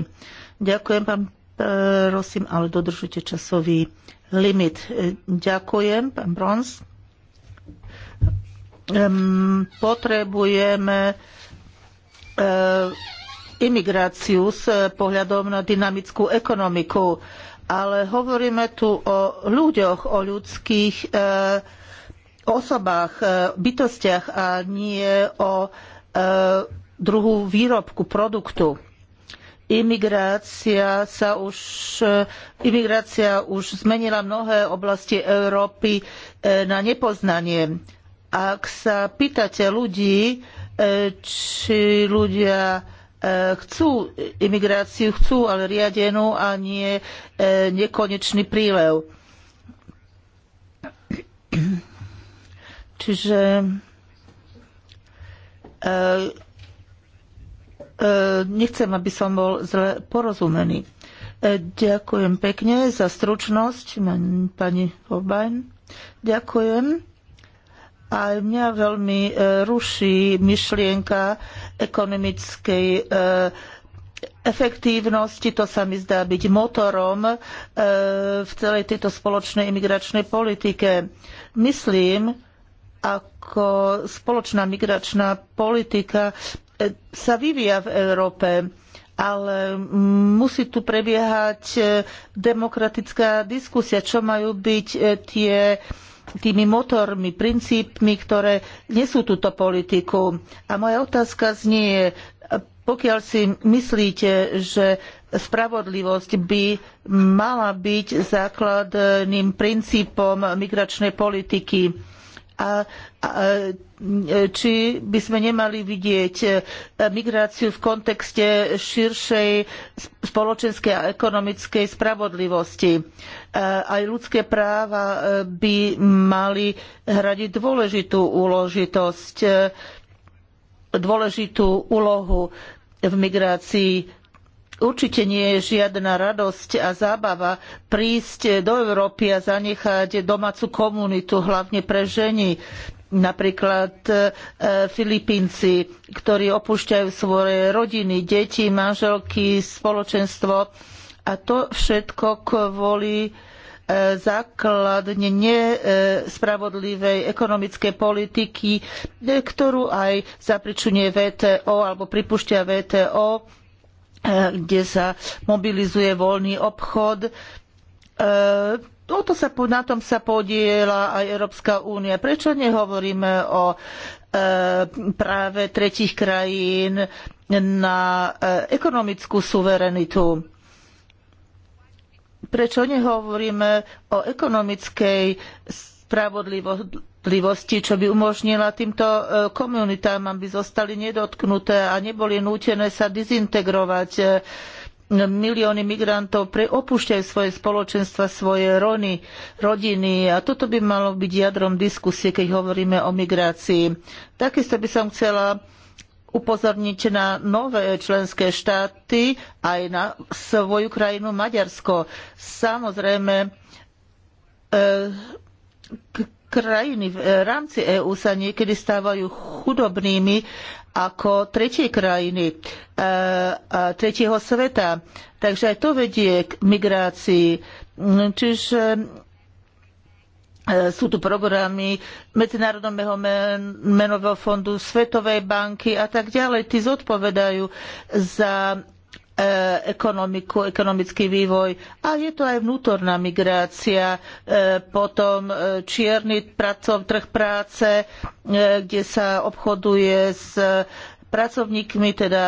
Ďakujem vám, prosím, ale dodržujte časový limit. E, ďakujem, pán Brons. Potrebujeme e, imigráciu s pohľadom na dynamickú ekonomiku, ale hovoríme tu o ľuďoch, o ľudských osobách, bytostiach a nie o druhu výrobku, produktu. Imigrácia, sa už, eh, imigrácia už zmenila mnohé oblasti Európy eh, na nepoznanie. Ak sa pýtate ľudí, eh, či ľudia chcú imigráciu, chcú, ale riadenú a nie nekonečný prílev. Čiže E, nechcem, aby som bol zle porozumený. E, ďakujem pekne za stručnosť, pani Hobajn. Ďakujem. A mňa veľmi e, ruší myšlienka ekonomickej efektívnosti, to sa mi zdá byť motorom v celej tejto spoločnej imigračnej politike. Myslím, ako spoločná migračná politika sa vyvíja v Európe, ale musí tu prebiehať e, demokratická diskusia, čo majú byť e, tie tými motormi, princípmi, ktoré nesú túto politiku. A moja otázka znie, pokiaľ si myslíte, že spravodlivosť by mala byť základným princípom migračnej politiky, a, a e, či by sme nemali vidieť e, migráciu v kontexte širšej spoločenskej a ekonomickej spravodlivosti. E, aj ľudské práva by mali hradiť dôležitú úložitosť, dôležitú úlohu v migrácii Určite nie je žiadna radosť a zábava prísť do Európy a zanechať domácu komunitu, hlavne pre ženy. Napríklad e, Filipínci, ktorí opúšťajú svoje rodiny, deti, manželky, spoločenstvo. A to všetko kvôli e, základne nespravodlivej ekonomickej politiky, e, ktorú aj zapričuje VTO alebo pripúšťa VTO Eh, kde sa mobilizuje voľný obchod. Toto eh, sa, na tom sa podiela aj Európska únia. Prečo nehovoríme o eh, práve tretich krajín na ekonomickú suverenitu? Prečo nehovoríme o ekonomickej spravodlivosti? starostlivosti, čo by umožnila týmto e, komunitám, aby zostali nedotknuté a neboli nútené sa dizintegrovať. E, milióny migrantov opúšťajú svoje spoločenstva, svoje rony, rodiny a toto by malo byť jadrom diskusie, keď hovoríme o migrácii. Takisto by som chcela upozorniť na nové členské štáty, aj na svoju krajinu Maďarsko. Samozrejme, e, krajiny v e, rámci EÚ sa niekedy stávajú chudobnými ako tretie krajiny e, tretieho sveta. Takže aj to vedie k migrácii. Mm, čiže e, sú tu programy Medzinárodného menového fondu, Svetovej banky a tak ďalej. Tí zodpovedajú za E, ekonomiku, ekonomický vývoj a je to aj vnútorná migrácia, e, potom e, čierny pracov, trh práce, kde sa obchoduje s pracovníkmi, teda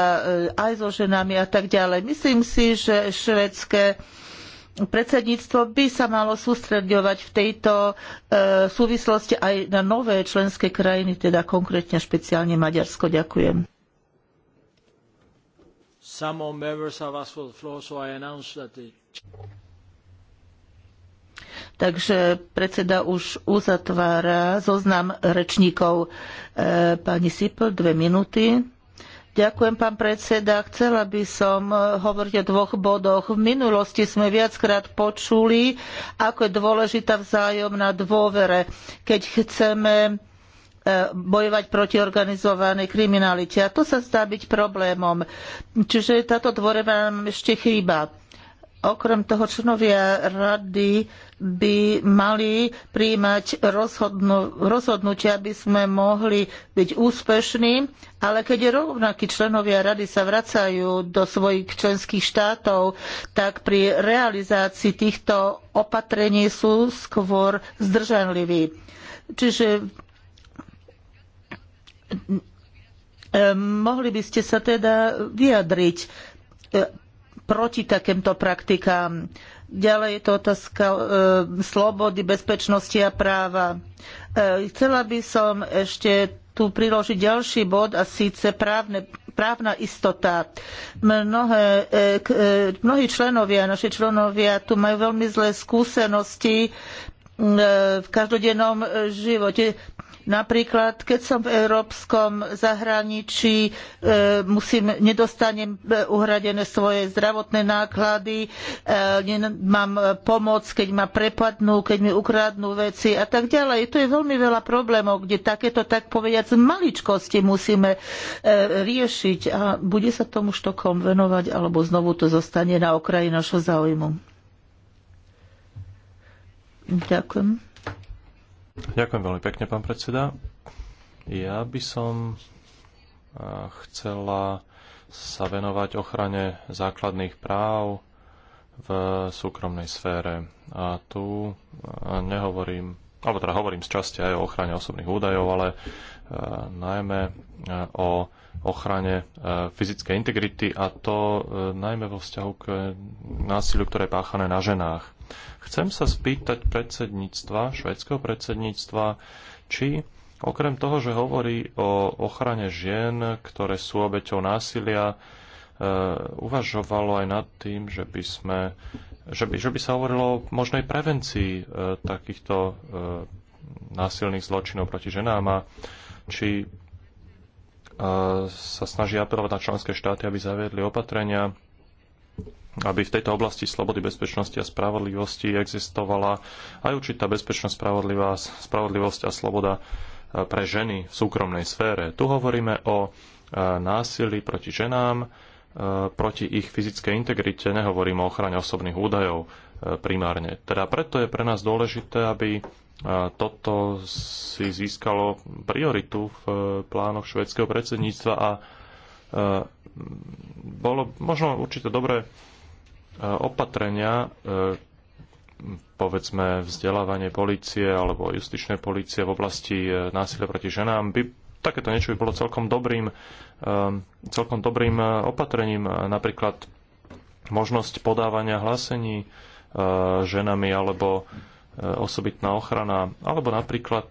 aj so ženami a tak ďalej. Myslím si, že švedské predsedníctvo by sa malo sústreďovať v tejto súvislosti aj na nové členské krajiny, teda konkrétne špeciálne Maďarsko. Ďakujem. Some more members have asked for the floor, so I announce that the... Takže predseda už uzatvára zoznam rečníkov. E, pani Sipl, dve minúty. Ďakujem, pán predseda. Chcela by som hovoriť o dvoch bodoch. V minulosti sme viackrát počuli, ako je dôležitá vzájomná dôvere, keď chceme bojovať proti organizovanej kriminalite. A to sa zdá byť problémom. Čiže táto dvore nám ešte chýba. Okrem toho členovia rady by mali príjmať rozhodnú, rozhodnutia, aby sme mohli byť úspešní, ale keď rovnakí členovia rady sa vracajú do svojich členských štátov, tak pri realizácii týchto opatrení sú skôr zdržanliví. Čiže E, mohli by ste sa teda vyjadriť e, proti takýmto praktikám. Ďalej je to otázka e, slobody, bezpečnosti a práva. E, chcela by som ešte tu priložiť ďalší bod a síce právne, právna istota. Mnohé, e, k, mnohí členovia, naši členovia tu majú veľmi zlé skúsenosti v každodennom živote. Napríklad, keď som v európskom zahraničí, e, musím, nedostanem e, uhradené svoje zdravotné náklady, e, mám pomoc, keď ma prepadnú, keď mi ukradnú veci a tak ďalej. To je veľmi veľa problémov, kde takéto, tak povediať, maličkosti musíme riešiť a bude sa tomu štokom venovať alebo znovu to zostane na okraji nášho záujmu. Ďakujem. Ďakujem veľmi pekne, pán predseda. Ja by som chcela sa venovať ochrane základných práv v súkromnej sfére. A tu nehovorím, alebo teda hovorím z časti aj o ochrane osobných údajov, ale najmä o ochrane fyzickej integrity a to najmä vo vzťahu k násiliu, ktoré je páchané na ženách. Chcem sa spýtať predsedníctva, švedského predsedníctva, či okrem toho, že hovorí o ochrane žien, ktoré sú obeťou násilia, e, uvažovalo aj nad tým, že by sme že by, že by sa hovorilo o možnej prevencii e, takýchto e, násilných zločinov proti ženám a či sa snaží apelovať na členské štáty, aby zaviedli opatrenia aby v tejto oblasti slobody, bezpečnosti a spravodlivosti existovala aj určitá bezpečnosť, spravodlivosť a sloboda e, pre ženy v súkromnej sfére. Tu hovoríme o e, násilí proti ženám, e, proti ich fyzickej integrite, nehovoríme o ochrane osobných údajov primárne. Teda preto je pre nás dôležité, aby toto si získalo prioritu v plánoch švedského predsedníctva a bolo možno určite dobré E, opatrenia, e, povedzme vzdelávanie policie alebo justičnej policie v oblasti e, násilia proti ženám, by takéto niečo by bolo celkom dobrým, celkom dobrým opatrením. Napríklad možnosť podávania hlásení ženami alebo osobitná ochrana, alebo napríklad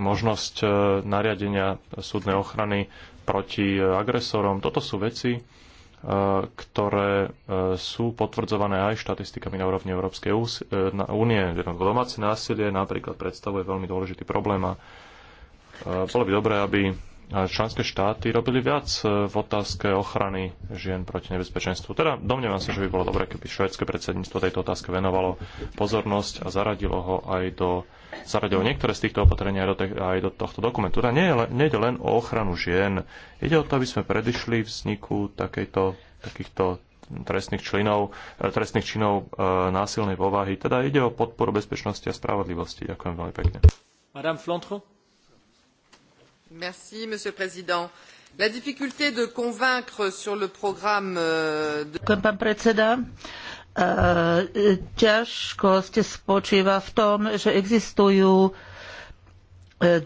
možnosť nariadenia súdnej ochrany proti agresorom. Toto sú veci, E, ktoré e, sú potvrdzované aj štatistikami na úrovni Európskej e, únie. Domáce násilie napríklad predstavuje veľmi dôležitý problém a bolo by dobré, aby členské štáty robili viac e, v otázke ochrany žien proti nebezpečenstvu. Teda domnievam sa, že by bolo dobré, keby švédske predsedníctvo tejto otázke venovalo pozornosť a zaradilo ho aj do, zaradilo niektoré z týchto opatrení aj do, aj do tohto dokumentu. Teda nie, nie je len o ochranu žien. Ide o to, aby sme predišli vzniku takejto, takýchto trestných, členov, e, trestných činov e, násilnej povahy. Teda ide o podporu bezpečnosti a spravodlivosti. Ďakujem veľmi pekne. Madame Flontro? Merci, Monsieur le Président. La difficulté de convaincre sur le programme... Euh, e, ťažkosť spočíva v tom, že existujú e,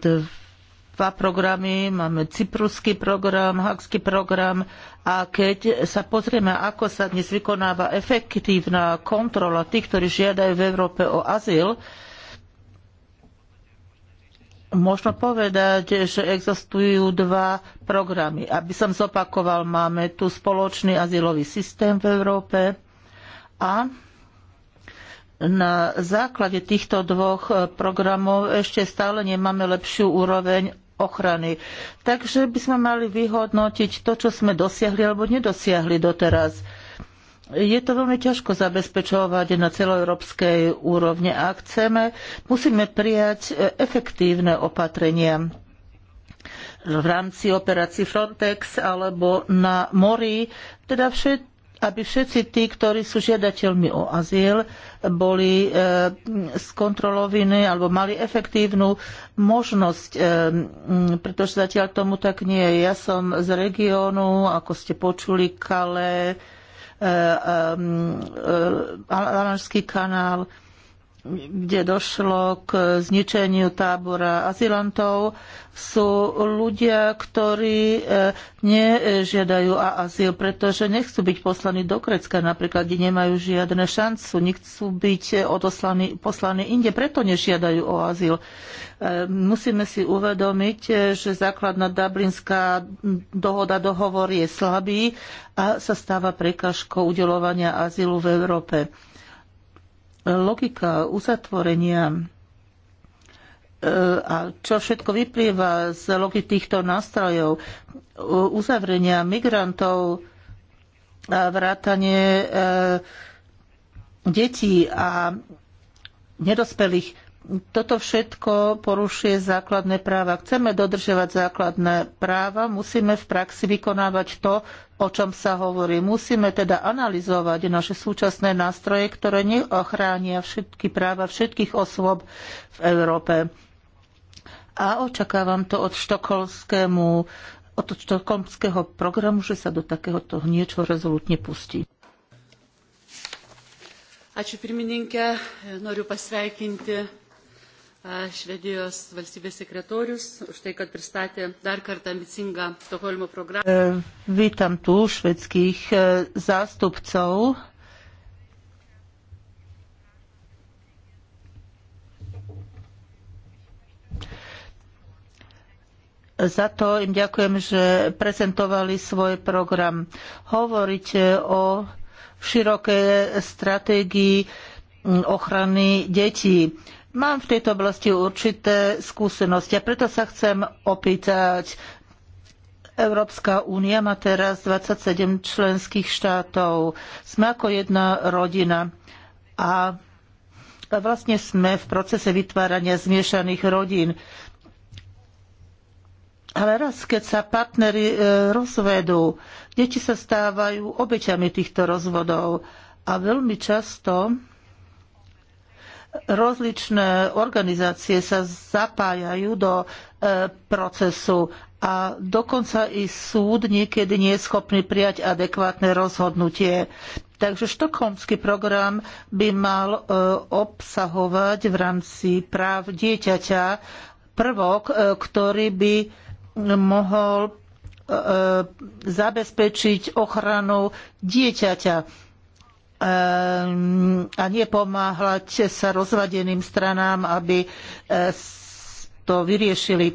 dva programy, máme cypruský program, hakský program a keď sa pozrieme, ako sa dnes vykonáva efektívna kontrola tých, ktorí žiadajú v Európe o azyl, Možno povedať, že existujú dva programy. Aby som zopakoval, máme tu spoločný azylový systém v Európe a na základe týchto dvoch programov ešte stále nemáme lepšiu úroveň ochrany. Takže by sme mali vyhodnotiť to, čo sme dosiahli alebo nedosiahli doteraz je to veľmi ťažko zabezpečovať na celoeurópskej úrovne. A ak chceme, musíme prijať e, efektívne opatrenia v rámci operácií Frontex alebo na mori, teda všet, aby všetci tí, ktorí sú žiadateľmi o azyl, boli e, skontrolovaní alebo mali efektívnu možnosť, e, pretože zatiaľ tomu tak nie je. Ja som z regiónu, ako ste počuli, Kale, Eh, eh, mm, eh, Alanský kanál kde došlo k zničeniu tábora azylantov, sú ľudia, ktorí e, nežiadajú a azyl, pretože nechcú byť poslaní do Grecka napríklad, kde nemajú žiadne šancu, nechcú byť odoslaní, poslaní inde, preto nežiadajú o azyl. E, musíme si uvedomiť, že základná dublinská dohoda, dohovor je slabý a sa stáva prekažkou udelovania azylu v Európe logika uzatvorenia e, a čo všetko vyplýva z logiky týchto nástrojov, uzavrenia migrantov, a vrátanie e, detí a nedospelých toto všetko porušuje základné práva. Chceme dodržiavať základné práva, musíme v praxi vykonávať to, o čom sa hovorí. Musíme teda analyzovať naše súčasné nástroje, ktoré neochránia všetky práva všetkých osôb v Európe. A očakávam to od štokholmskému od štokholmského programu, že sa do takéhoto niečo rezolutne pustí. Ačiū pirmininkė, noriu pasveikinti Švedijos valstybės sekretorius už tai, kad pristatė dar kartą ambicingą Stokholmo programu. E, Vítam tu švedských e, zástupcov. Za to im ďakujem, že prezentovali svoj program. Hovoríte o širokej stratégii ochrany detí Mám v tejto oblasti určité skúsenosti a preto sa chcem opýtať. Európska únia má teraz 27 členských štátov. Sme ako jedna rodina a vlastne sme v procese vytvárania zmiešaných rodín. Ale raz, keď sa partnery e, rozvedú, deti sa stávajú obeťami týchto rozvodov a veľmi často rozličné organizácie sa zapájajú do e, procesu a dokonca i súd niekedy nie je schopný prijať adekvátne rozhodnutie. Takže štokholmský program by mal e, obsahovať v rámci práv dieťaťa prvok, e, ktorý by mohol zabezpečiť ochranu dieťaťa Ehm, a nepomáhať sa rozvadeným stranám, aby e, to vyriešili. E,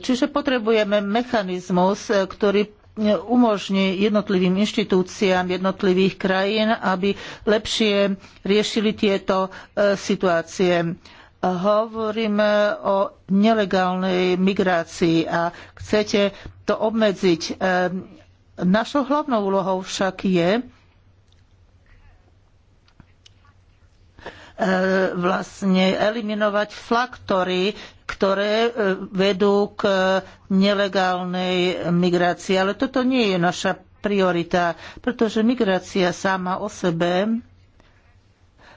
čiže potrebujeme mechanizmus, e, ktorý umožní jednotlivým inštitúciám jednotlivých krajín, aby lepšie riešili tieto situácie. Hovoríme o nelegálnej migrácii a chcete to obmedziť. Ehm, našou hlavnou úlohou však je, E, vlastne eliminovať faktory, ktoré e, vedú k nelegálnej migrácii. Ale toto nie je naša priorita, pretože migrácia sama o sebe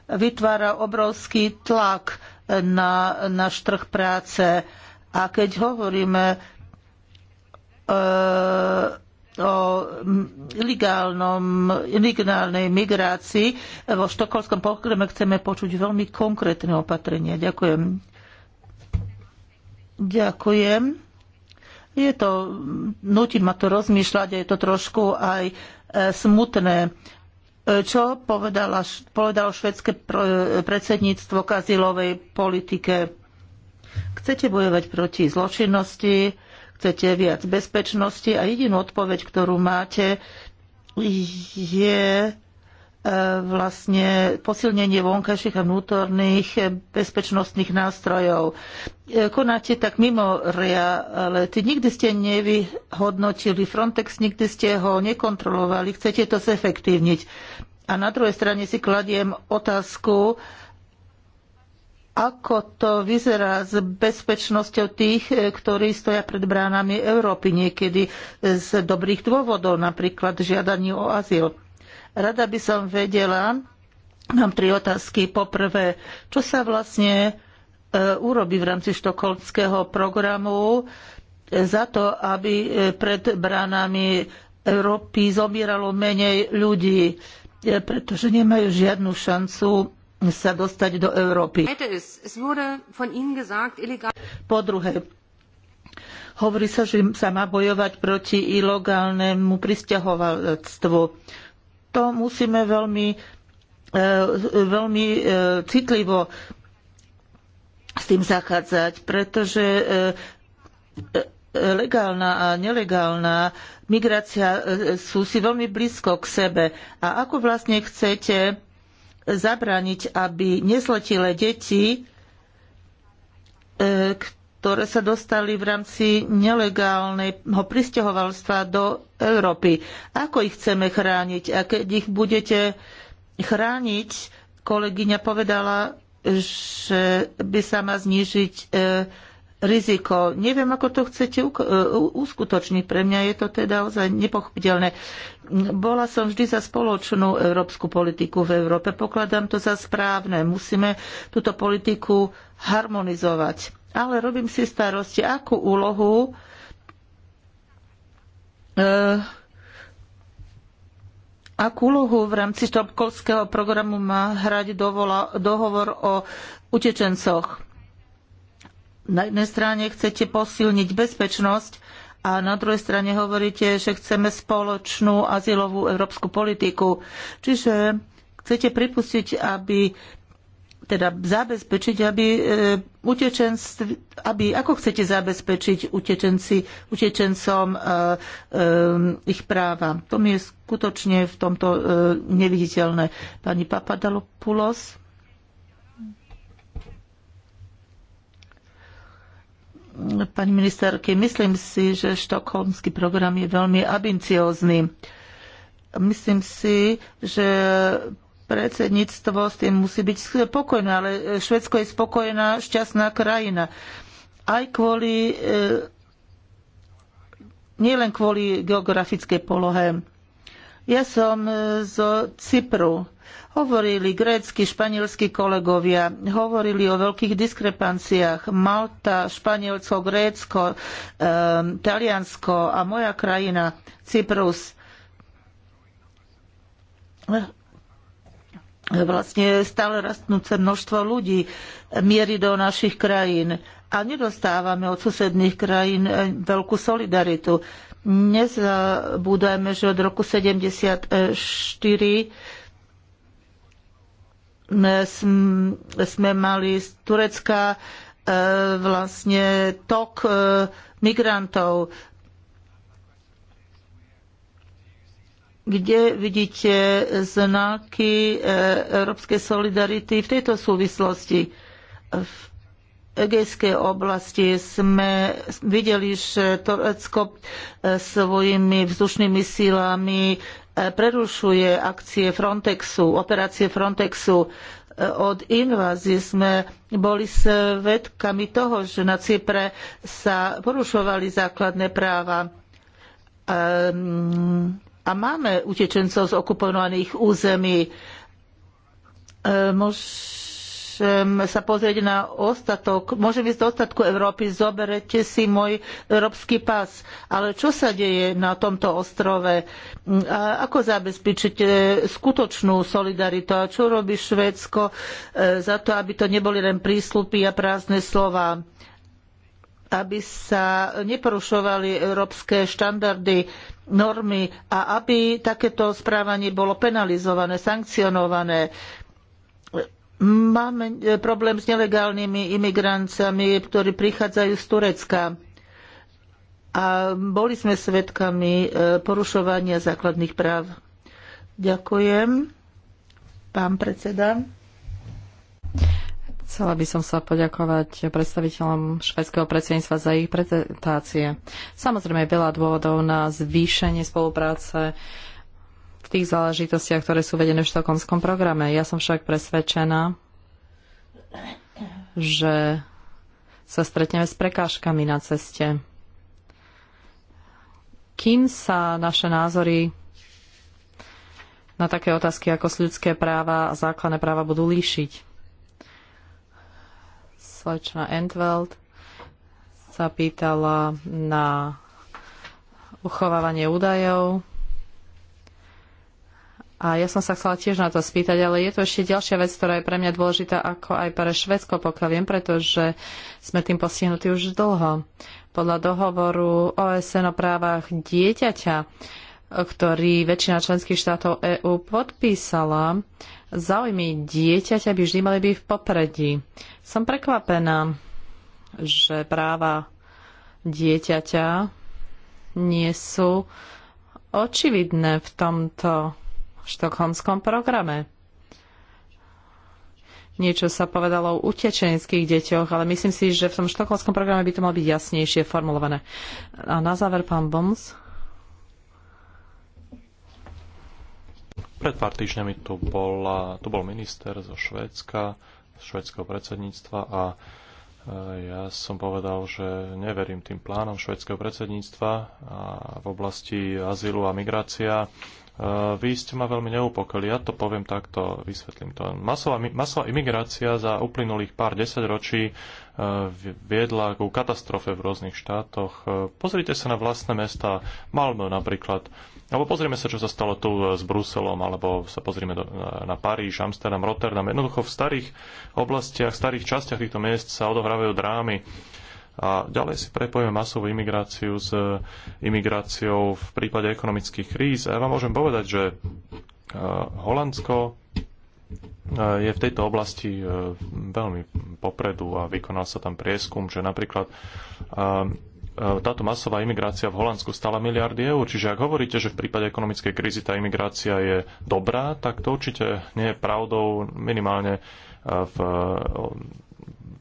vytvára obrovský tlak na náš trh práce. A keď hovoríme e, o ilegálnej migrácii. Vo štokholskom programe chceme počuť veľmi konkrétne opatrenia. Ďakujem. Ďakujem. Je to, nutí ma to rozmýšľať, je to trošku aj e, smutné. E, čo povedala, povedalo švedské e, predsedníctvo kazilovej politike? Chcete bojovať proti zločinnosti, chcete viac bezpečnosti a jedinú odpoveď, ktorú máte, je e, vlastne posilnenie vonkajších a vnútorných bezpečnostných nástrojov. E, konáte tak mimo REA, ale ty nikdy ste nevyhodnotili Frontex, nikdy ste ho nekontrolovali, chcete to zefektívniť. A na druhej strane si kladiem otázku, ako to vyzerá s bezpečnosťou tých, e, ktorí stoja pred bránami Európy niekedy e, z dobrých dôvodov, napríklad žiadaní o azyl. Rada by som vedela, mám tri otázky. Poprvé, čo sa vlastne e, urobí v rámci štokholmského programu za to, aby pred bránami Európy zomieralo menej ľudí, pretože nemajú žiadnu šancu sa dostať do Európy. Po druhé, hovorí sa, že sa má bojovať proti ilegálnemu prisťahovalectvu. To musíme veľmi, e, veľmi e, citlivo s tým zachádzať, pretože e, legálna a nelegálna migrácia sú si veľmi blízko k sebe. A ako vlastne chcete zabrániť, aby nezletilé deti, e, ktoré sa dostali v rámci nelegálneho pristahovalstva do Európy. Ako ich chceme chrániť? A keď ich budete chrániť, kolegyňa povedala, že by sa má znížiť e, riziko. Neviem, ako to chcete e, uskutočniť. Pre mňa je to teda ozaj nepochopiteľné. Bola som vždy za spoločnú európsku politiku v Európe. Pokladám to za správne. Musíme túto politiku harmonizovať. Ale robím si starosti, akú úlohu e Akú úlohu v rámci štokholmského programu má hrať dohovor o utečencoch? na jednej strane chcete posilniť bezpečnosť a na druhej strane hovoríte, že chceme spoločnú azylovú európsku politiku. Čiže chcete pripustiť, aby teda zabezpečiť, aby e, utečenci, aby, ako chcete zabezpečiť utečenci, utečencom e, e, ich práva. To mi je skutočne v tomto e, neviditeľné. Pani Papadalopoulos. pani ministerky, myslím si, že štokholmský program je veľmi ambiciózny. Myslím si, že predsedníctvo s tým musí byť spokojné, ale Švedsko je spokojná, šťastná krajina. Aj kvôli, e, nielen kvôli geografickej polohe. Ja som e, z Cypru Hovorili grécky, španielskí kolegovia, hovorili o veľkých diskrepanciách. Malta, Španielsko, Grécko, Taliansko a moja krajina, Cyprus. Vlastne stále rastnúce množstvo ľudí mierí do našich krajín a nedostávame od susedných krajín veľkú solidaritu. Nezabúdajme, že od roku 74 sme mali z Turecka e, vlastne tok e, migrantov. Kde vidíte znaky e, európskej solidarity v tejto súvislosti? V egejskej oblasti sme videli, že Turecko svojimi vzdušnými sílami E, prerušuje akcie Frontexu, operácie Frontexu. E, od invázie sme boli svedkami toho, že na Cypre sa porušovali základné práva. E, a máme utečencov z okupovaných území. Mož môžem sa pozrieť na ostatok, môžem ísť do ostatku Európy, zoberete si môj európsky pas. Ale čo sa deje na tomto ostrove? A ako zabezpečíte skutočnú solidaritu? A čo robí Švédsko e, za to, aby to neboli len prísľupy a prázdne slova? aby sa neporušovali európske štandardy, normy a aby takéto správanie bolo penalizované, sankcionované. Máme e, problém s nelegálnymi imigrancami, ktorí prichádzajú z Turecka. A boli sme svedkami e, porušovania základných práv. Ďakujem. Pán predseda. Chcela by som sa poďakovať predstaviteľom švedského predsedníctva za ich prezentácie. Samozrejme je veľa dôvodov na zvýšenie spolupráce tých záležitostiach, ktoré sú vedené v štokholmskom programe. Ja som však presvedčená, že sa stretneme s prekážkami na ceste. Kým sa naše názory na také otázky ako sú ľudské práva a základné práva budú líšiť? Slečna Entveld sa pýtala na uchovávanie údajov a ja som sa chcela tiež na to spýtať, ale je to ešte ďalšia vec, ktorá je pre mňa dôležitá ako aj pre Švedsko, pokiaľ viem, pretože sme tým postihnutí už dlho. Podľa dohovoru OSN o právach dieťaťa, ktorý väčšina členských štátov EÚ podpísala, záujmy dieťaťa by vždy mali byť v popredí. Som prekvapená, že práva dieťaťa nie sú očividné v tomto v štokholmskom programe. Niečo sa povedalo o utečeneckých deťoch, ale myslím si, že v tom štokholmskom programe by to malo byť jasnejšie formulované. A na záver pán Boms. Pred pár týždňami tu bol, tu bol minister zo Švédska, z švédskeho predsedníctva a e, ja som povedal, že neverím tým plánom švedského predsedníctva a v oblasti azylu a migrácia vy ste ma veľmi neupokojili, ja to poviem takto, vysvetlím to. Masová, masová imigrácia za uplynulých pár desaťročí viedla ku katastrofe v rôznych štátoch. Pozrite sa na vlastné mesta, Malmö napríklad, alebo pozrieme sa, čo sa stalo tu s Bruselom, alebo sa pozrieme do, na Paríž, Amsterdam, Rotterdam. Jednoducho v starých oblastiach, v starých častiach týchto miest sa odohrávajú drámy a ďalej si prepojíme masovú imigráciu s eh, imigráciou v prípade ekonomických kríz. A ja vám môžem povedať, že eh, Holandsko eh, je v tejto oblasti veľmi popredu a vykonal sa tam prieskum, že napríklad táto masová imigrácia v Holandsku stala miliardy eur. Čiže ak hovoríte, že v prípade ekonomickej krízy tá imigrácia je dobrá, tak to určite nie je pravdou minimálne v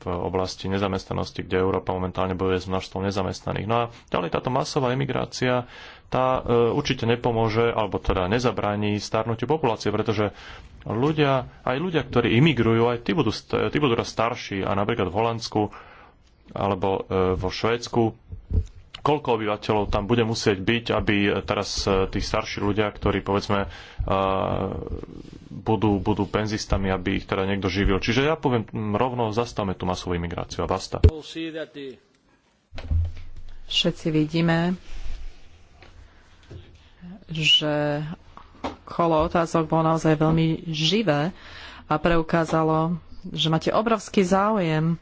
v oblasti nezamestnanosti, kde Európa momentálne bojuje s množstvom nezamestnaných. No a ďalej táto masová emigrácia, tá e, určite nepomôže, alebo teda nezabráni starnutiu populácie, pretože ľudia, aj ľudia, ktorí imigrujú, aj tí budú, tí budú raz starší a napríklad v Holandsku alebo e, vo Švédsku koľko obyvateľov tam bude musieť byť, aby teraz e, tí starší ľudia, ktorí povedzme e, budú, budú penzistami, aby ich teda niekto živil. Čiže ja poviem rovno, zastavme tú masovú imigráciu a basta. Všetci vidíme, že kolo otázok bolo naozaj veľmi živé a preukázalo, že máte obrovský záujem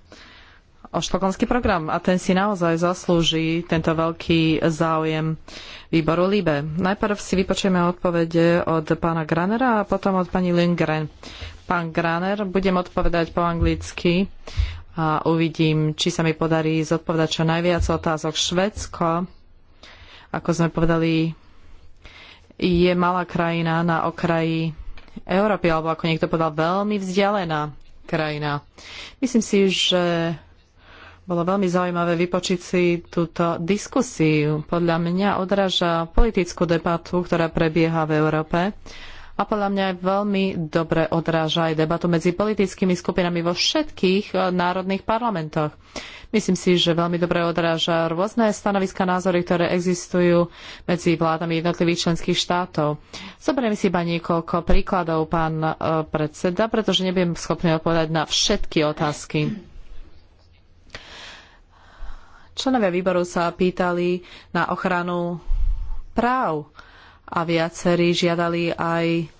o štokholmský program a ten si naozaj zaslúži tento veľký záujem výboru LIBE. Najprv si vypočujeme odpovede od pána Granera a potom od pani Lindgren. Pán Graner, budem odpovedať po anglicky a uvidím, či sa mi podarí zodpovedať čo najviac otázok. Švedsko, ako sme povedali, je malá krajina na okraji Európy, alebo ako niekto povedal, veľmi vzdialená krajina. Myslím si, že bolo veľmi zaujímavé vypočiť si túto diskusiu. Podľa mňa odráža politickú debatu, ktorá prebieha v Európe. A podľa mňa aj veľmi dobre odráža aj debatu medzi politickými skupinami vo všetkých eh, národných parlamentoch. Myslím si, že veľmi dobre odráža rôzne stanoviska názory, ktoré existujú medzi vládami jednotlivých členských štátov. Zoberiem si iba niekoľko príkladov, pán eh, predseda, pretože nebudem schopný odpovedať na všetky otázky. Členovia výboru sa pýtali na ochranu práv a viacerí žiadali aj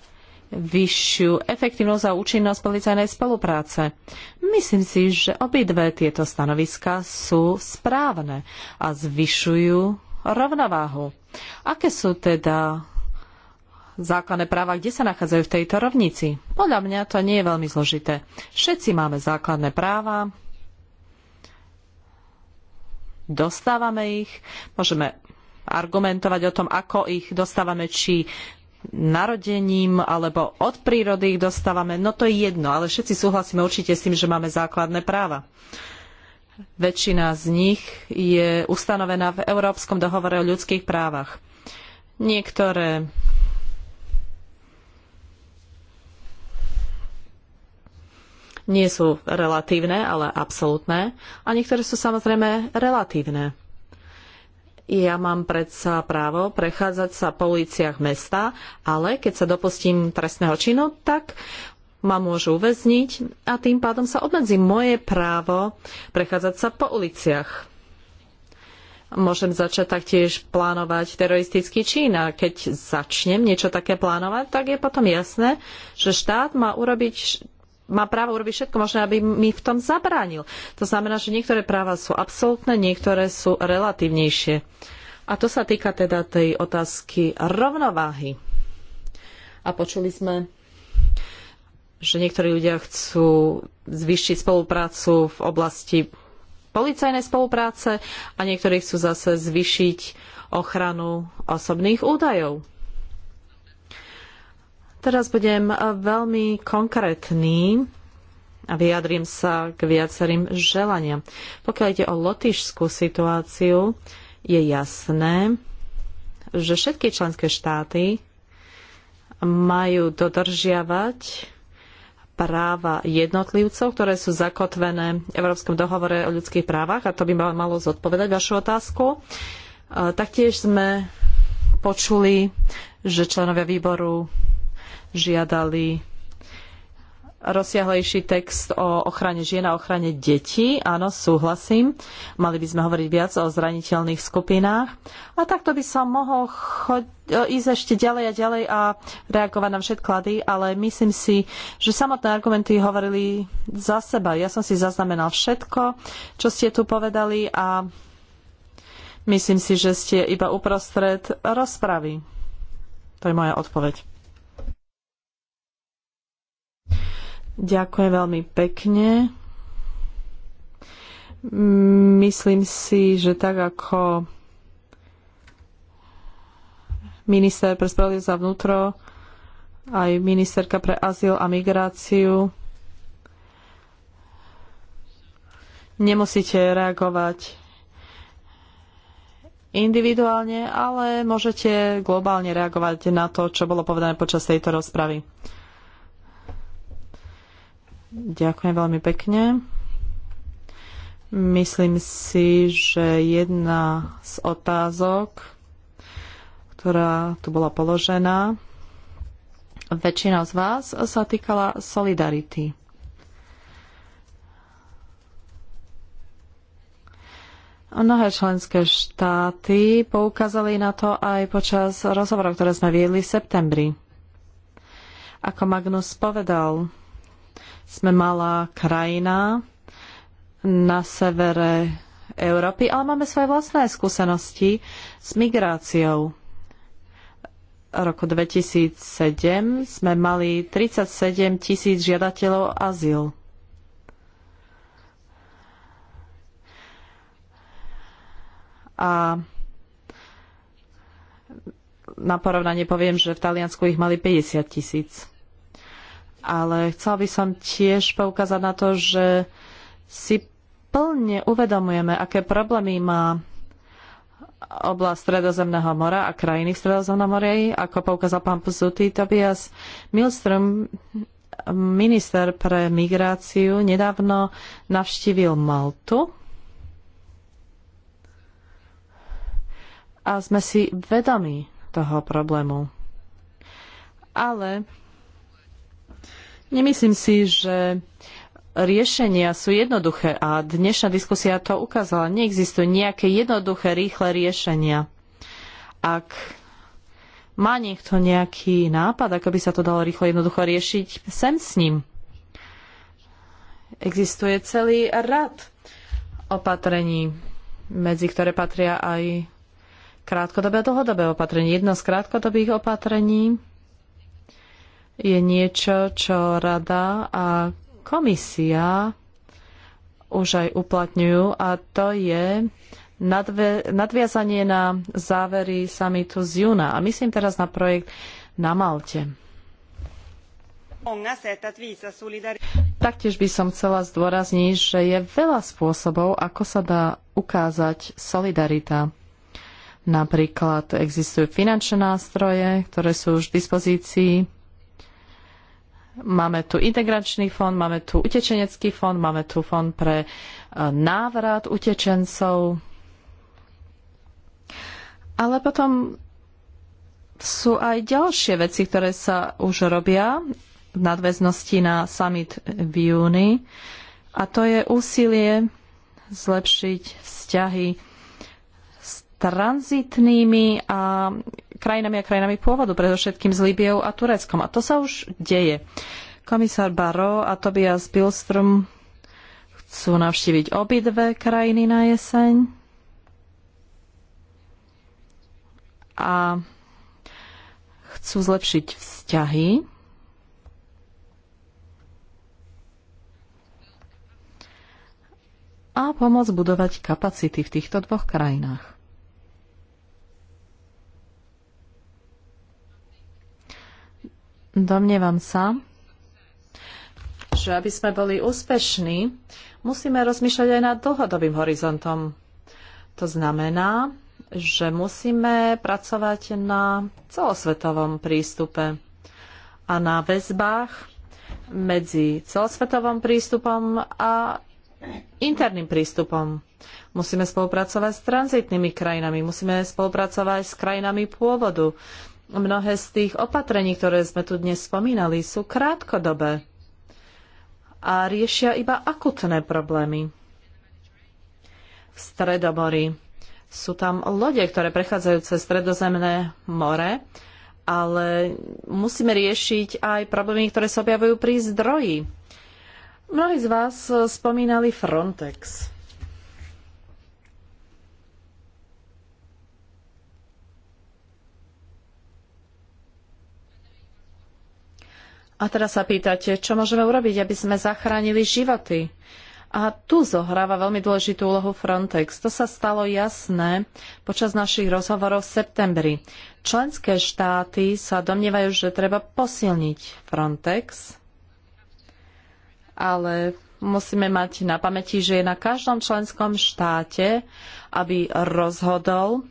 vyššiu efektívnosť a účinnosť policajnej spolupráce. Myslím si, že obidve tieto stanoviska sú správne a zvyšujú rovnováhu. Aké sú teda základné práva, kde sa nachádzajú v tejto rovnici? Podľa mňa to nie je veľmi zložité. Všetci máme základné práva, dostávame ich, môžeme argumentovať o tom, ako ich dostávame, či narodením alebo od prírody ich dostávame. No to je jedno, ale všetci súhlasíme určite s tým, že máme základné práva. Väčšina z nich je ustanovená v Európskom dohovore o ľudských právach. Niektoré nie sú relatívne, ale absolútne. A niektoré sú samozrejme relatívne. Ja mám predsa právo prechádzať sa po uliciach mesta, ale keď sa dopustím trestného činu, tak ma môžu uväzniť a tým pádom sa obmedzí moje právo prechádzať sa po uliciach. Môžem začať taktiež plánovať teroristický čin a keď začnem niečo také plánovať, tak je potom jasné, že štát má urobiť má právo urobiť všetko možné, aby mi v tom zabránil. To znamená, že niektoré práva sú absolútne, niektoré sú relatívnejšie. A to sa týka teda tej otázky rovnováhy. A počuli sme, že niektorí ľudia chcú zvýšiť spoluprácu v oblasti policajnej spolupráce a niektorí chcú zase zvýšiť ochranu osobných údajov. Teraz budem veľmi konkrétny a vyjadrím sa k viacerým želaniam. Pokiaľ ide o lotišskú situáciu, je jasné, že všetky členské štáty majú dodržiavať práva jednotlivcov, ktoré sú zakotvené v Európskom dohovore o ľudských právach a to by malo zodpovedať vašu otázku. E, taktiež sme počuli, že členovia výboru žiadali rozsiahlejší text o ochrane žien a ochrane detí. Áno, súhlasím. Mali by sme hovoriť viac o zraniteľných skupinách. A takto by som mohol eh, ísť ešte ďalej a ďalej a reagovať na všetklady, ale myslím si, že samotné argumenty hovorili za seba. Ja som si zaznamenal všetko, čo ste tu povedali a myslím si, že ste iba uprostred rozpravy. To je moja odpoveď. Ďakujem veľmi pekne. Myslím si, že tak ako minister pre spravodlivosť za vnútro, aj ministerka pre azyl a migráciu, nemusíte reagovať individuálne, ale môžete globálne reagovať na to, čo bolo povedané počas tejto rozpravy. Ďakujem veľmi pekne. Myslím si, že jedna z otázok, ktorá tu bola položená, väčšina z vás sa týkala solidarity. Mnohé členské štáty poukázali na to aj počas rozhovorov, ktoré sme viedli v septembri. Ako Magnus povedal, sme malá krajina na severe Európy, ale máme svoje vlastné skúsenosti s migráciou. V roku 2007 sme mali 37 tisíc žiadateľov azyl. A na porovnanie poviem, že v Taliansku ich mali 50 tisíc ale chcela by som tiež poukázať na to, že si plne uvedomujeme, aké problémy má oblasť Stredozemného mora a krajiny Stredozemného mora, ako poukázal pán Puzuti Tobias Milstrom, minister pre migráciu, nedávno navštívil Maltu a sme si vedomi toho problému. Ale Nemyslím si, že riešenia sú jednoduché a dnešná diskusia to ukázala. Neexistujú nejaké jednoduché, rýchle riešenia. Ak má niekto nejaký nápad, ako by sa to dalo rýchlo, jednoducho riešiť, sem s ním. Existuje celý rad opatrení, medzi ktoré patria aj krátkodobé a dlhodobé opatrenie. Jedno z krátkodobých opatrení je niečo, čo rada a komisia už aj uplatňujú a to je nadviazanie na závery samitu z júna. A myslím teraz na projekt na Malte. Taktiež by som chcela zdôrazniť, že je veľa spôsobov, ako sa dá ukázať solidarita. Napríklad existujú finančné nástroje, ktoré sú už v dispozícii Máme tu integračný fond, máme tu utečenecký fond, máme tu fond pre e, návrat utečencov. Ale potom sú aj ďalšie veci, ktoré sa už robia v nadväznosti na summit v júni. A to je úsilie zlepšiť vzťahy s tranzitnými a krajinami a krajinami pôvodu, predovšetkým s Líbiou a Tureckom. A to sa už deje. Komisár Barrot a Tobias Bilstrom chcú navštíviť obidve krajiny na jeseň. A chcú zlepšiť vzťahy. A pomôcť budovať kapacity v týchto dvoch krajinách. Domnievam sa, že aby sme boli úspešní, musíme rozmýšľať aj nad dlhodobým horizontom. To znamená, že musíme pracovať na celosvetovom prístupe a na väzbách medzi celosvetovým prístupom a interným prístupom. Musíme spolupracovať s tranzitnými krajinami, musíme spolupracovať s krajinami pôvodu, mnohé z tých opatrení, ktoré sme tu dnes spomínali, sú krátkodobé a riešia iba akutné problémy. V Stredomori sú tam lode, ktoré prechádzajú cez Stredozemné more, ale musíme riešiť aj problémy, ktoré sa objavujú pri zdroji. Mnohí z vás spomínali Frontex. A teraz sa pýtate, čo môžeme urobiť, aby sme zachránili životy. A tu zohráva veľmi dôležitú úlohu Frontex. To sa stalo jasné počas našich rozhovorov v septembri. Členské štáty sa domnievajú, že treba posilniť Frontex, ale musíme mať na pamäti, že je na každom členskom štáte, aby rozhodol,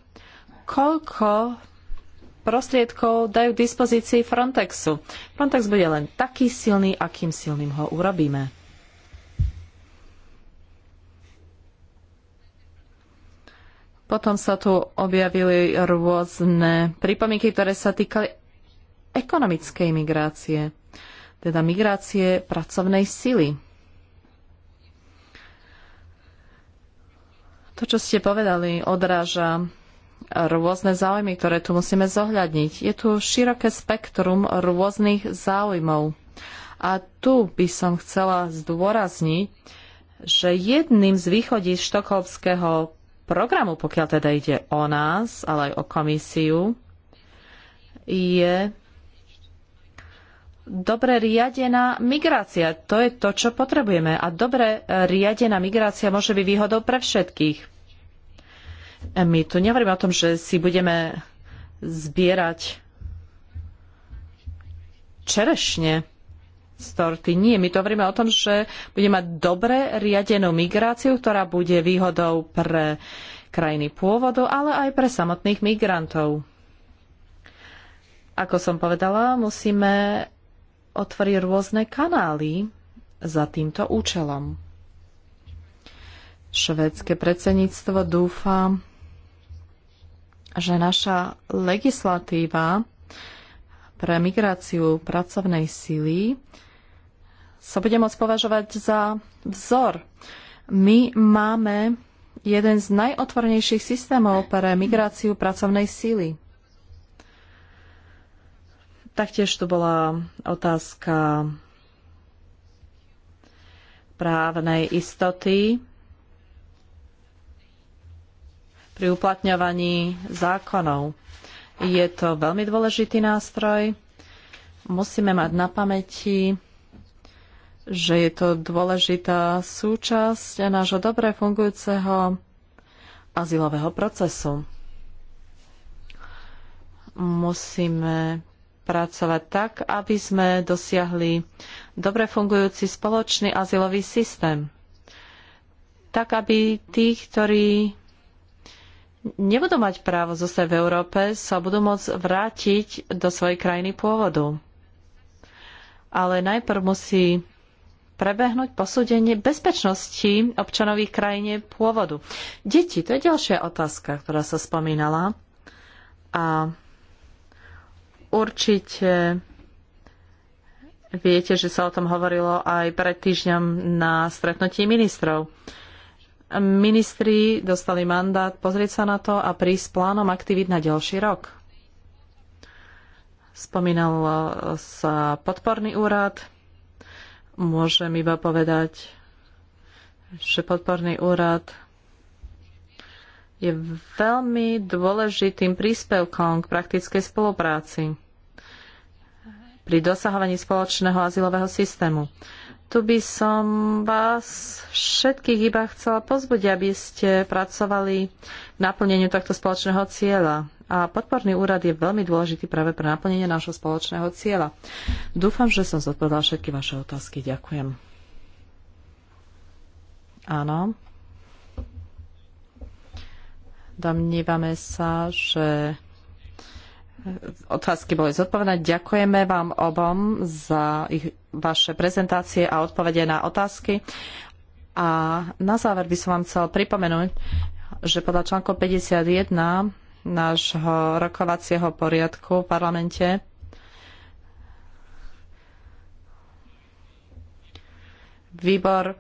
koľko prostriedkov dajú k dispozícii Frontexu. Frontex bude len taký silný, akým silným ho urobíme. Potom sa tu objavili rôzne pripomienky, ktoré sa týkali ekonomickej migrácie, teda migrácie pracovnej sily. To, čo ste povedali, odráža rôzne záujmy, ktoré tu musíme zohľadniť. Je tu široké spektrum rôznych záujmov. A tu by som chcela zdôrazniť, že jedným z východí štokholmského programu, pokiaľ teda ide o nás, ale aj o komisiu, je dobre riadená migrácia. To je to, čo potrebujeme. A dobre riadená migrácia môže byť výhodou pre všetkých. My tu nehovoríme o tom, že si budeme zbierať čerešne z torty. Nie, my to hovoríme o tom, že budeme mať dobre riadenú migráciu, ktorá bude výhodou pre krajiny pôvodu, ale aj pre samotných migrantov. Ako som povedala, musíme otvoriť rôzne kanály za týmto účelom. Švédske predsedníctvo dúfam že naša legislatíva pre migráciu pracovnej síly sa bude môcť považovať za vzor. My máme jeden z najotvornejších systémov pre migráciu pracovnej síly. Taktiež tu bola otázka právnej istoty pri uplatňovaní zákonov. Je to veľmi dôležitý nástroj. Musíme mať na pamäti, že je to dôležitá súčasť nášho dobre fungujúceho azylového procesu. Musíme pracovať tak, aby sme dosiahli dobre fungujúci spoločný azylový systém. Tak, aby tí, ktorí nebudú mať právo zostať v Európe, sa budú môcť vrátiť do svojej krajiny pôvodu. Ale najprv musí prebehnúť posúdenie bezpečnosti občanov ich krajine pôvodu. Deti, to je ďalšia otázka, ktorá sa spomínala. A určite viete, že sa o tom hovorilo aj pred týždňom na stretnutí ministrov Ministri dostali mandát pozrieť sa na to a prísť plánom aktivít na ďalší rok. Spomínal e, sa podporný úrad. Môžem iba povedať, že podporný úrad je veľmi dôležitým príspevkom k praktickej spolupráci pri dosahovaní spoločného azylového systému. Tu by som vás všetkých iba chcela pozbudiť, aby ste pracovali v naplneniu tohto spoločného cieľa. A podporný úrad je veľmi dôležitý práve pre naplnenie nášho spoločného cieľa. Dúfam, že som zodpovedala všetky vaše otázky. Ďakujem. Áno. Domnívame sa, že otázky boli zodpovedané. Ďakujeme vám obom za ich, vaše prezentácie a odpovede na otázky. A na záver by som vám chcel pripomenúť, že podľa článku 51 nášho rokovacieho poriadku v parlamente výbor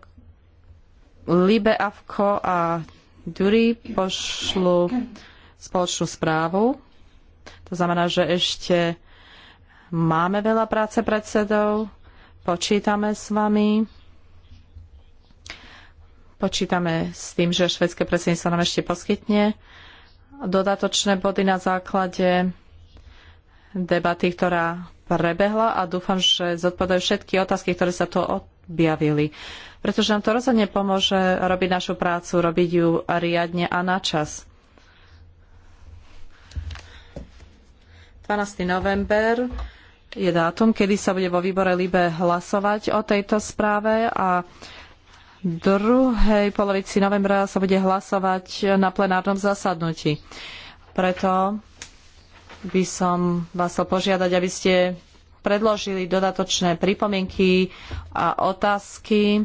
Libe, Avko a Dury pošlu spoločnú správu to znamená, že ešte máme veľa práce pred sebou, počítame s vami, počítame s tým, že švedské predsedníctvo nám ešte poskytne dodatočné body na základe debaty, ktorá prebehla a dúfam, že zodpovedajú všetky otázky, ktoré sa tu objavili. Pretože nám to rozhodne pomôže robiť našu prácu, robiť ju riadne a na čas. 12. november je dátum, kedy sa bude vo výbore Libe hlasovať o tejto správe a druhej polovici novembra sa bude hlasovať na plenárnom zasadnutí. Preto by som vás chcel požiadať, aby ste predložili dodatočné pripomienky a otázky.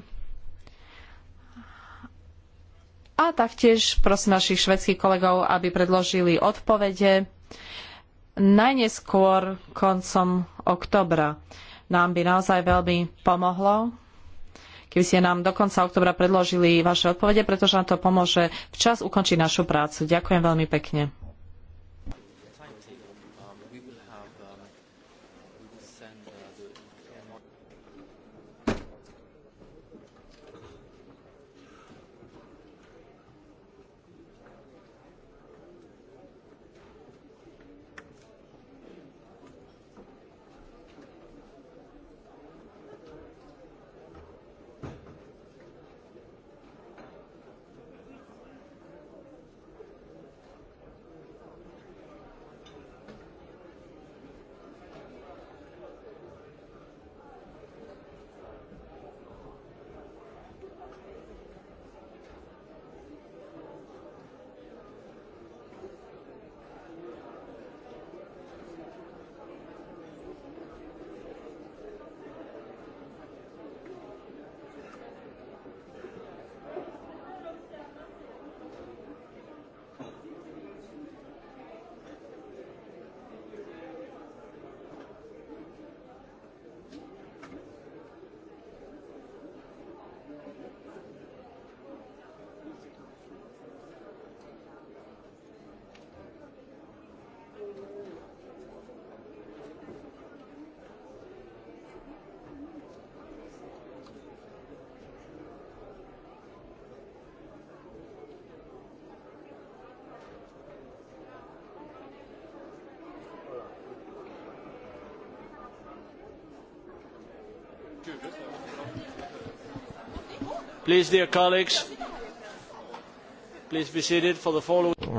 A taktiež prosím našich švedských kolegov, aby predložili odpovede najneskôr koncom oktobra. Nám by naozaj veľmi pomohlo, keby ste nám do konca oktobra predložili vaše odpovede, pretože nám to pomôže včas ukončiť našu prácu. Ďakujem veľmi pekne.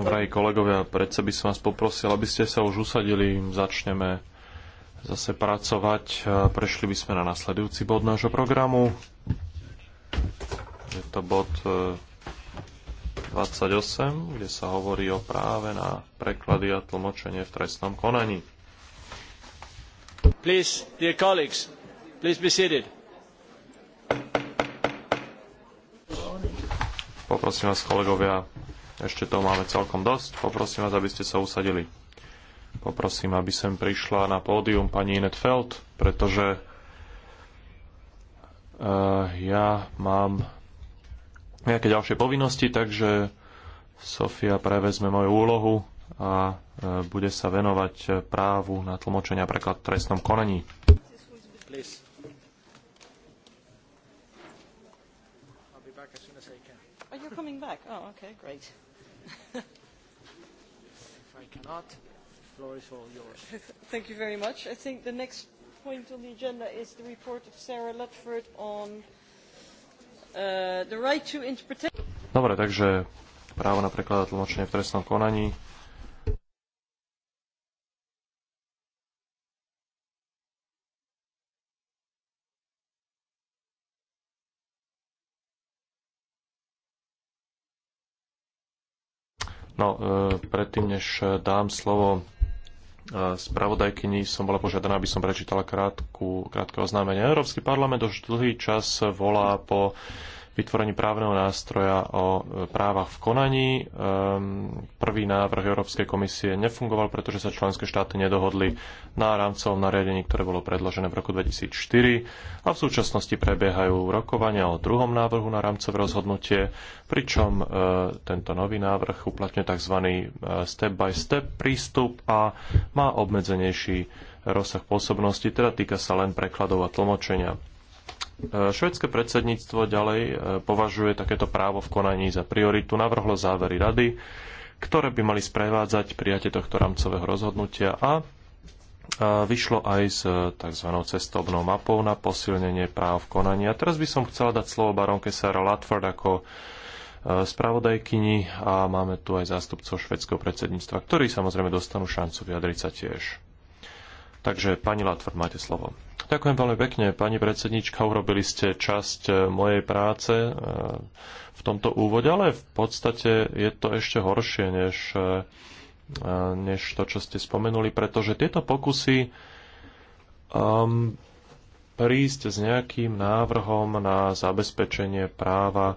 Drahí kolegovia, predsa by som vás poprosil, aby ste sa už usadili, začneme zase pracovať. E, prešli by sme na nasledujúci bod nášho programu. Je to bod 28, e, kde sa hovorí o práve na preklady a tlmočenie v trestnom konaní. Please, dear colleagues, please be seated. Prosím vás, kolegovia, ešte toho máme celkom dosť. Poprosím vás, aby ste sa usadili. Poprosím, aby sem prišla na pódium pani Inet Feld, pretože uh, ja mám nejaké ďalšie povinnosti, takže Sofia prevezme moju úlohu a uh, bude sa venovať právu na tlmočenia preklad trestnom konaní. Please. coming back? Oh, okay, great. if I cannot, the floor is all yours. Thank you very much. I think the next point on the agenda is the report of Sarah Ludford on uh, the right to interpretation. Dobre, takže právo na preklad v trestnom konaní. No, e, predtým, než e, dám slovo e, spravodajkyni som bola požiadaná, aby som prečítala krátku, krátke oznámenie. Európsky parlament už dlhý čas volá po vytvorení právneho nástroja o e, právach v konaní. Ehm, prvý návrh Európskej komisie nefungoval, pretože sa členské štáty nedohodli na rámcovom nariadení, ktoré bolo predložené v roku 2004 a v súčasnosti prebiehajú rokovania o druhom návrhu na rámcové rozhodnutie, pričom e, tento nový návrh uplatňuje tzv. E, step-by-step -step prístup a má obmedzenejší rozsah pôsobnosti, teda týka sa len prekladov a tlmočenia. E, švedské predsedníctvo ďalej e, považuje takéto právo v konaní za prioritu. Navrhlo závery rady, ktoré by mali sprevádzať prijatie tohto rámcového rozhodnutia a e, vyšlo aj s tzv. cestovnou mapou na posilnenie práv v konaní. A teraz by som chcela dať slovo baronke Sarah Latford ako spravodajkyni a máme tu aj zástupcov švedského predsedníctva, ktorí samozrejme dostanú šancu vyjadriť sa tiež. Takže, pani Latford, máte slovo. Ďakujem veľmi pekne, pani predsednička. Urobili ste časť e, mojej práce e, v tomto úvode, ale v podstate je to ešte horšie, než, e, než to, čo ste spomenuli, pretože tieto pokusy um, prísť s nejakým návrhom na zabezpečenie práva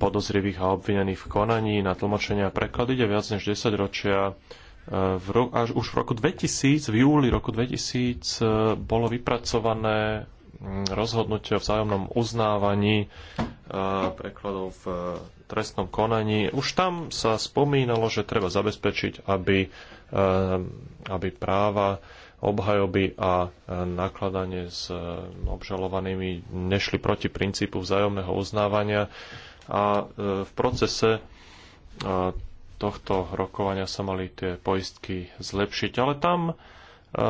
podozrivých a obvinených v konaní na tlmočenie a preklad ide viac než 10 ročia v ro- až už v roku 2000, v júli roku 2000 e, bolo vypracované mm, rozhodnutie o vzájomnom uznávaní e, prekladov v e, trestnom konaní. Už tam sa spomínalo, že treba zabezpečiť, aby, aby práva obhajoby a nakladanie s obžalovanými nešli proti princípu vzájomného uznávania a v procese tohto rokovania sa mali tie poistky zlepšiť, ale tam, e,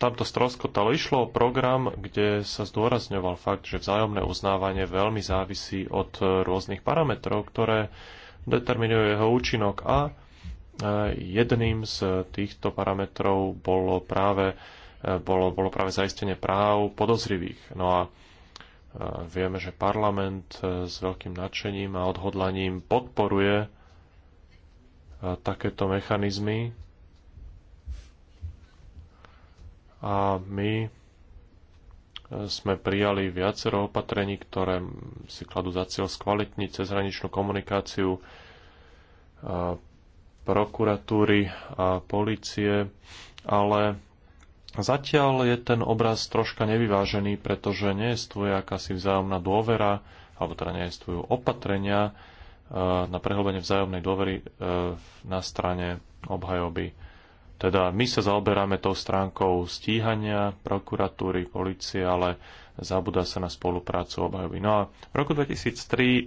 tam to stroskotalo. Išlo o program, kde sa zdôrazňoval fakt, že vzájomné uznávanie veľmi závisí od e, rôznych parametrov, ktoré determinujú jeho účinok a e, jedným z týchto parametrov bolo práve, bolo, bolo práve zaistenie práv podozrivých. No a vieme, že parlament s veľkým nadšením a odhodlaním podporuje takéto mechanizmy a my e, sme prijali viacero opatrení, ktoré si kladú za cieľ skvalitniť cezhraničnú komunikáciu e, prokuratúry a policie, ale zatiaľ je ten obraz troška nevyvážený, pretože nie neestuje akási vzájomná dôvera, alebo teda je opatrenia, na prehlbenie vzájomnej dôvery e, na strane obhajoby. Teda my sa zaoberáme tou stránkou stíhania prokuratúry, policie, ale zabúda sa na spoluprácu obhajoby. No a v roku 2003 e,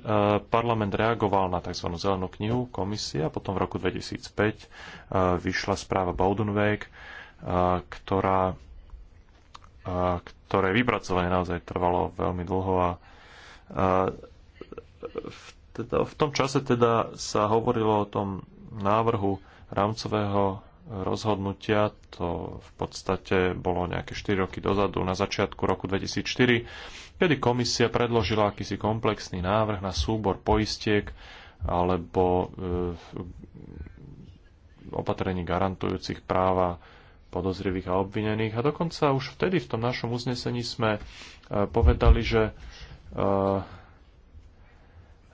parlament reagoval na tzv. zelenú knihu komisia, potom v roku 2005 e, vyšla správa Baudenweg, ktorá, ktoré vypracovanie naozaj trvalo veľmi dlho a v teda v tom čase teda sa hovorilo o tom návrhu rámcového rozhodnutia, to v podstate bolo nejaké 4 roky dozadu, na začiatku roku 2004, kedy komisia predložila akýsi komplexný návrh na súbor poistiek alebo e, opatrení garantujúcich práva podozrivých a obvinených. A dokonca už vtedy v tom našom uznesení sme e, povedali, že e,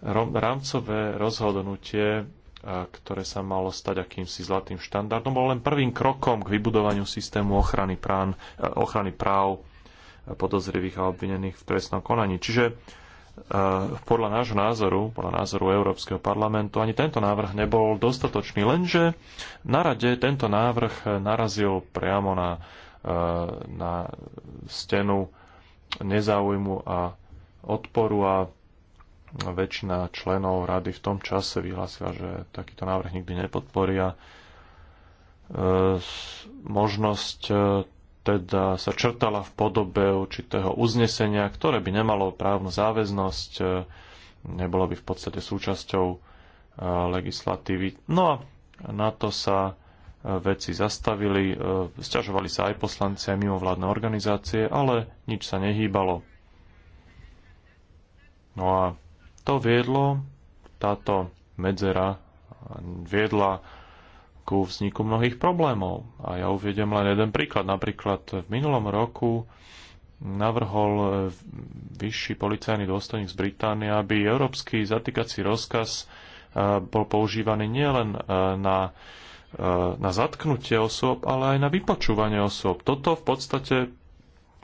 rámcové rozhodnutie, ktoré sa malo stať akýmsi zlatým štandardom, bolo len prvým krokom k vybudovaniu systému ochrany, prán, ochrany práv podozrivých a obvinených v trestnom konaní. Čiže podľa nášho názoru, podľa názoru Európskeho parlamentu, ani tento návrh nebol dostatočný, lenže na rade tento návrh narazil priamo na, na stenu nezáujmu a odporu a väčšina členov rady v tom čase vyhlásila, že takýto návrh nikdy nepodporia. E, možnosť e, teda sa črtala v podobe určitého uznesenia, ktoré by nemalo právnu záväznosť, e, nebolo by v podstate súčasťou legislatívy. No a na to sa veci zastavili, sťažovali sa aj poslanci, aj mimovládne organizácie, ale nič sa nehýbalo. No a to viedlo, táto medzera viedla ku vzniku mnohých problémov. A ja uvedem len jeden príklad. Napríklad v minulom roku navrhol vyšší policajný dôstojník z Británie, aby európsky zatýkací rozkaz e, bol používaný nielen e, na, e, na zatknutie osôb, ale aj na vypočúvanie osôb. Toto v podstate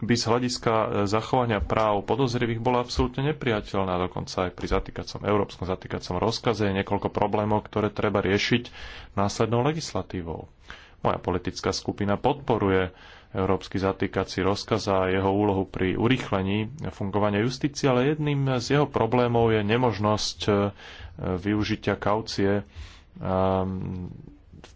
by z hľadiska e, zachovania práv podozrivých bola absolútne nepriateľná. Dokonca aj pri zatýkacom, európskom zatýkacom rozkaze je niekoľko problémov, ktoré treba riešiť následnou legislatívou. Moja politická skupina podporuje európsky zatýkací rozkaz a jeho úlohu pri urýchlení fungovania justície, ale jedným z jeho problémov je nemožnosť e, e, využitia kaucie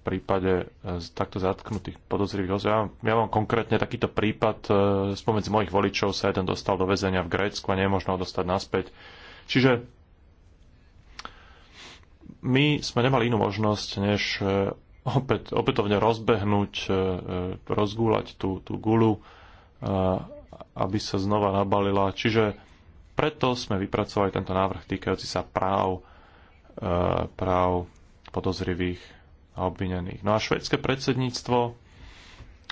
prípade e, takto zatknutých podozrivých osôb. Ja, ja mám konkrétne takýto prípad, e, spomedzi mojich voličov sa jeden dostal do väzenia v Grécku a nie je možno ho dostať naspäť. Čiže my sme nemali inú možnosť, než e, opäť, opätovne rozbehnúť, rozgúľať tú, tú gulu, aby sa znova nabalila. Čiže preto sme vypracovali tento návrh týkajúci sa práv, práv podozrivých a obvinených. No a švedské predsedníctvo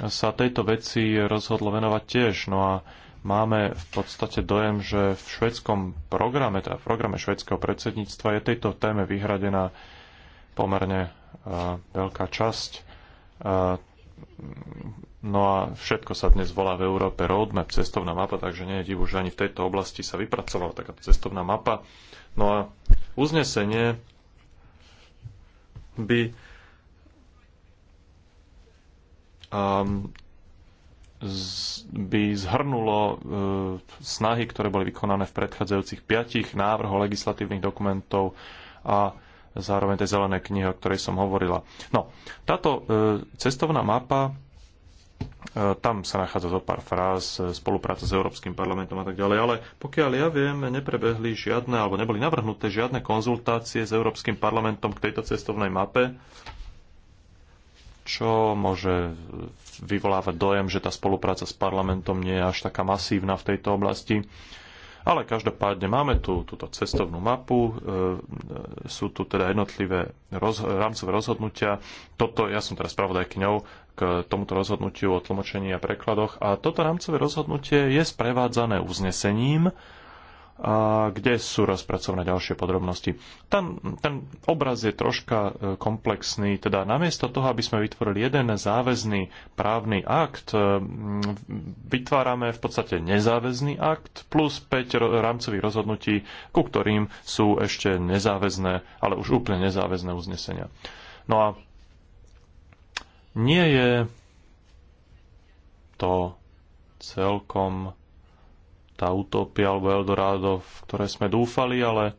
sa tejto veci rozhodlo venovať tiež. No a máme v podstate dojem, že v švedskom programe, teda v programe švedského predsedníctva je tejto téme vyhradená pomerne uh, veľká časť. Uh, no a všetko sa dnes volá v Európe roadmap, cestovná mapa, takže nie je divu, že ani v tejto oblasti sa vypracovala takáto cestovná mapa. No a uznesenie by Ehm, by zhrnulo e, snahy, ktoré boli vykonané v predchádzajúcich piatich návrhoch legislatívnych dokumentov a zároveň tej zelené knihy, o ktorej som hovorila. No, táto e, cestovná mapa e, tam sa nachádza zo pár fráz, spolupráca s Európskym parlamentom a tak ďalej, ale pokiaľ ja viem, neprebehli žiadne, alebo neboli navrhnuté žiadne konzultácie s Európskym parlamentom k tejto cestovnej mape, čo môže vyvolávať dojem, že tá spolupráca s parlamentom nie je až taká masívna v tejto oblasti. Ale každopádne máme tu túto cestovnú mapu, e, sú tu teda jednotlivé rozho- rámcové rozhodnutia. Toto, ja som teraz pravodajkňou k tomuto rozhodnutiu o tlmočení a prekladoch a toto rámcové rozhodnutie je sprevádzané uznesením, a kde sú rozpracované ďalšie podrobnosti. Tam ten obraz je troška e, komplexný, teda namiesto toho, aby sme vytvorili jeden záväzný právny akt, e, vytvárame v podstate nezáväzný akt plus 5 rámcových rozhodnutí, ku ktorým sú ešte nezáväzné, ale už úplne nezáväzné uznesenia. No a nie je to celkom tá utopia alebo Eldorado, v ktoré sme dúfali, ale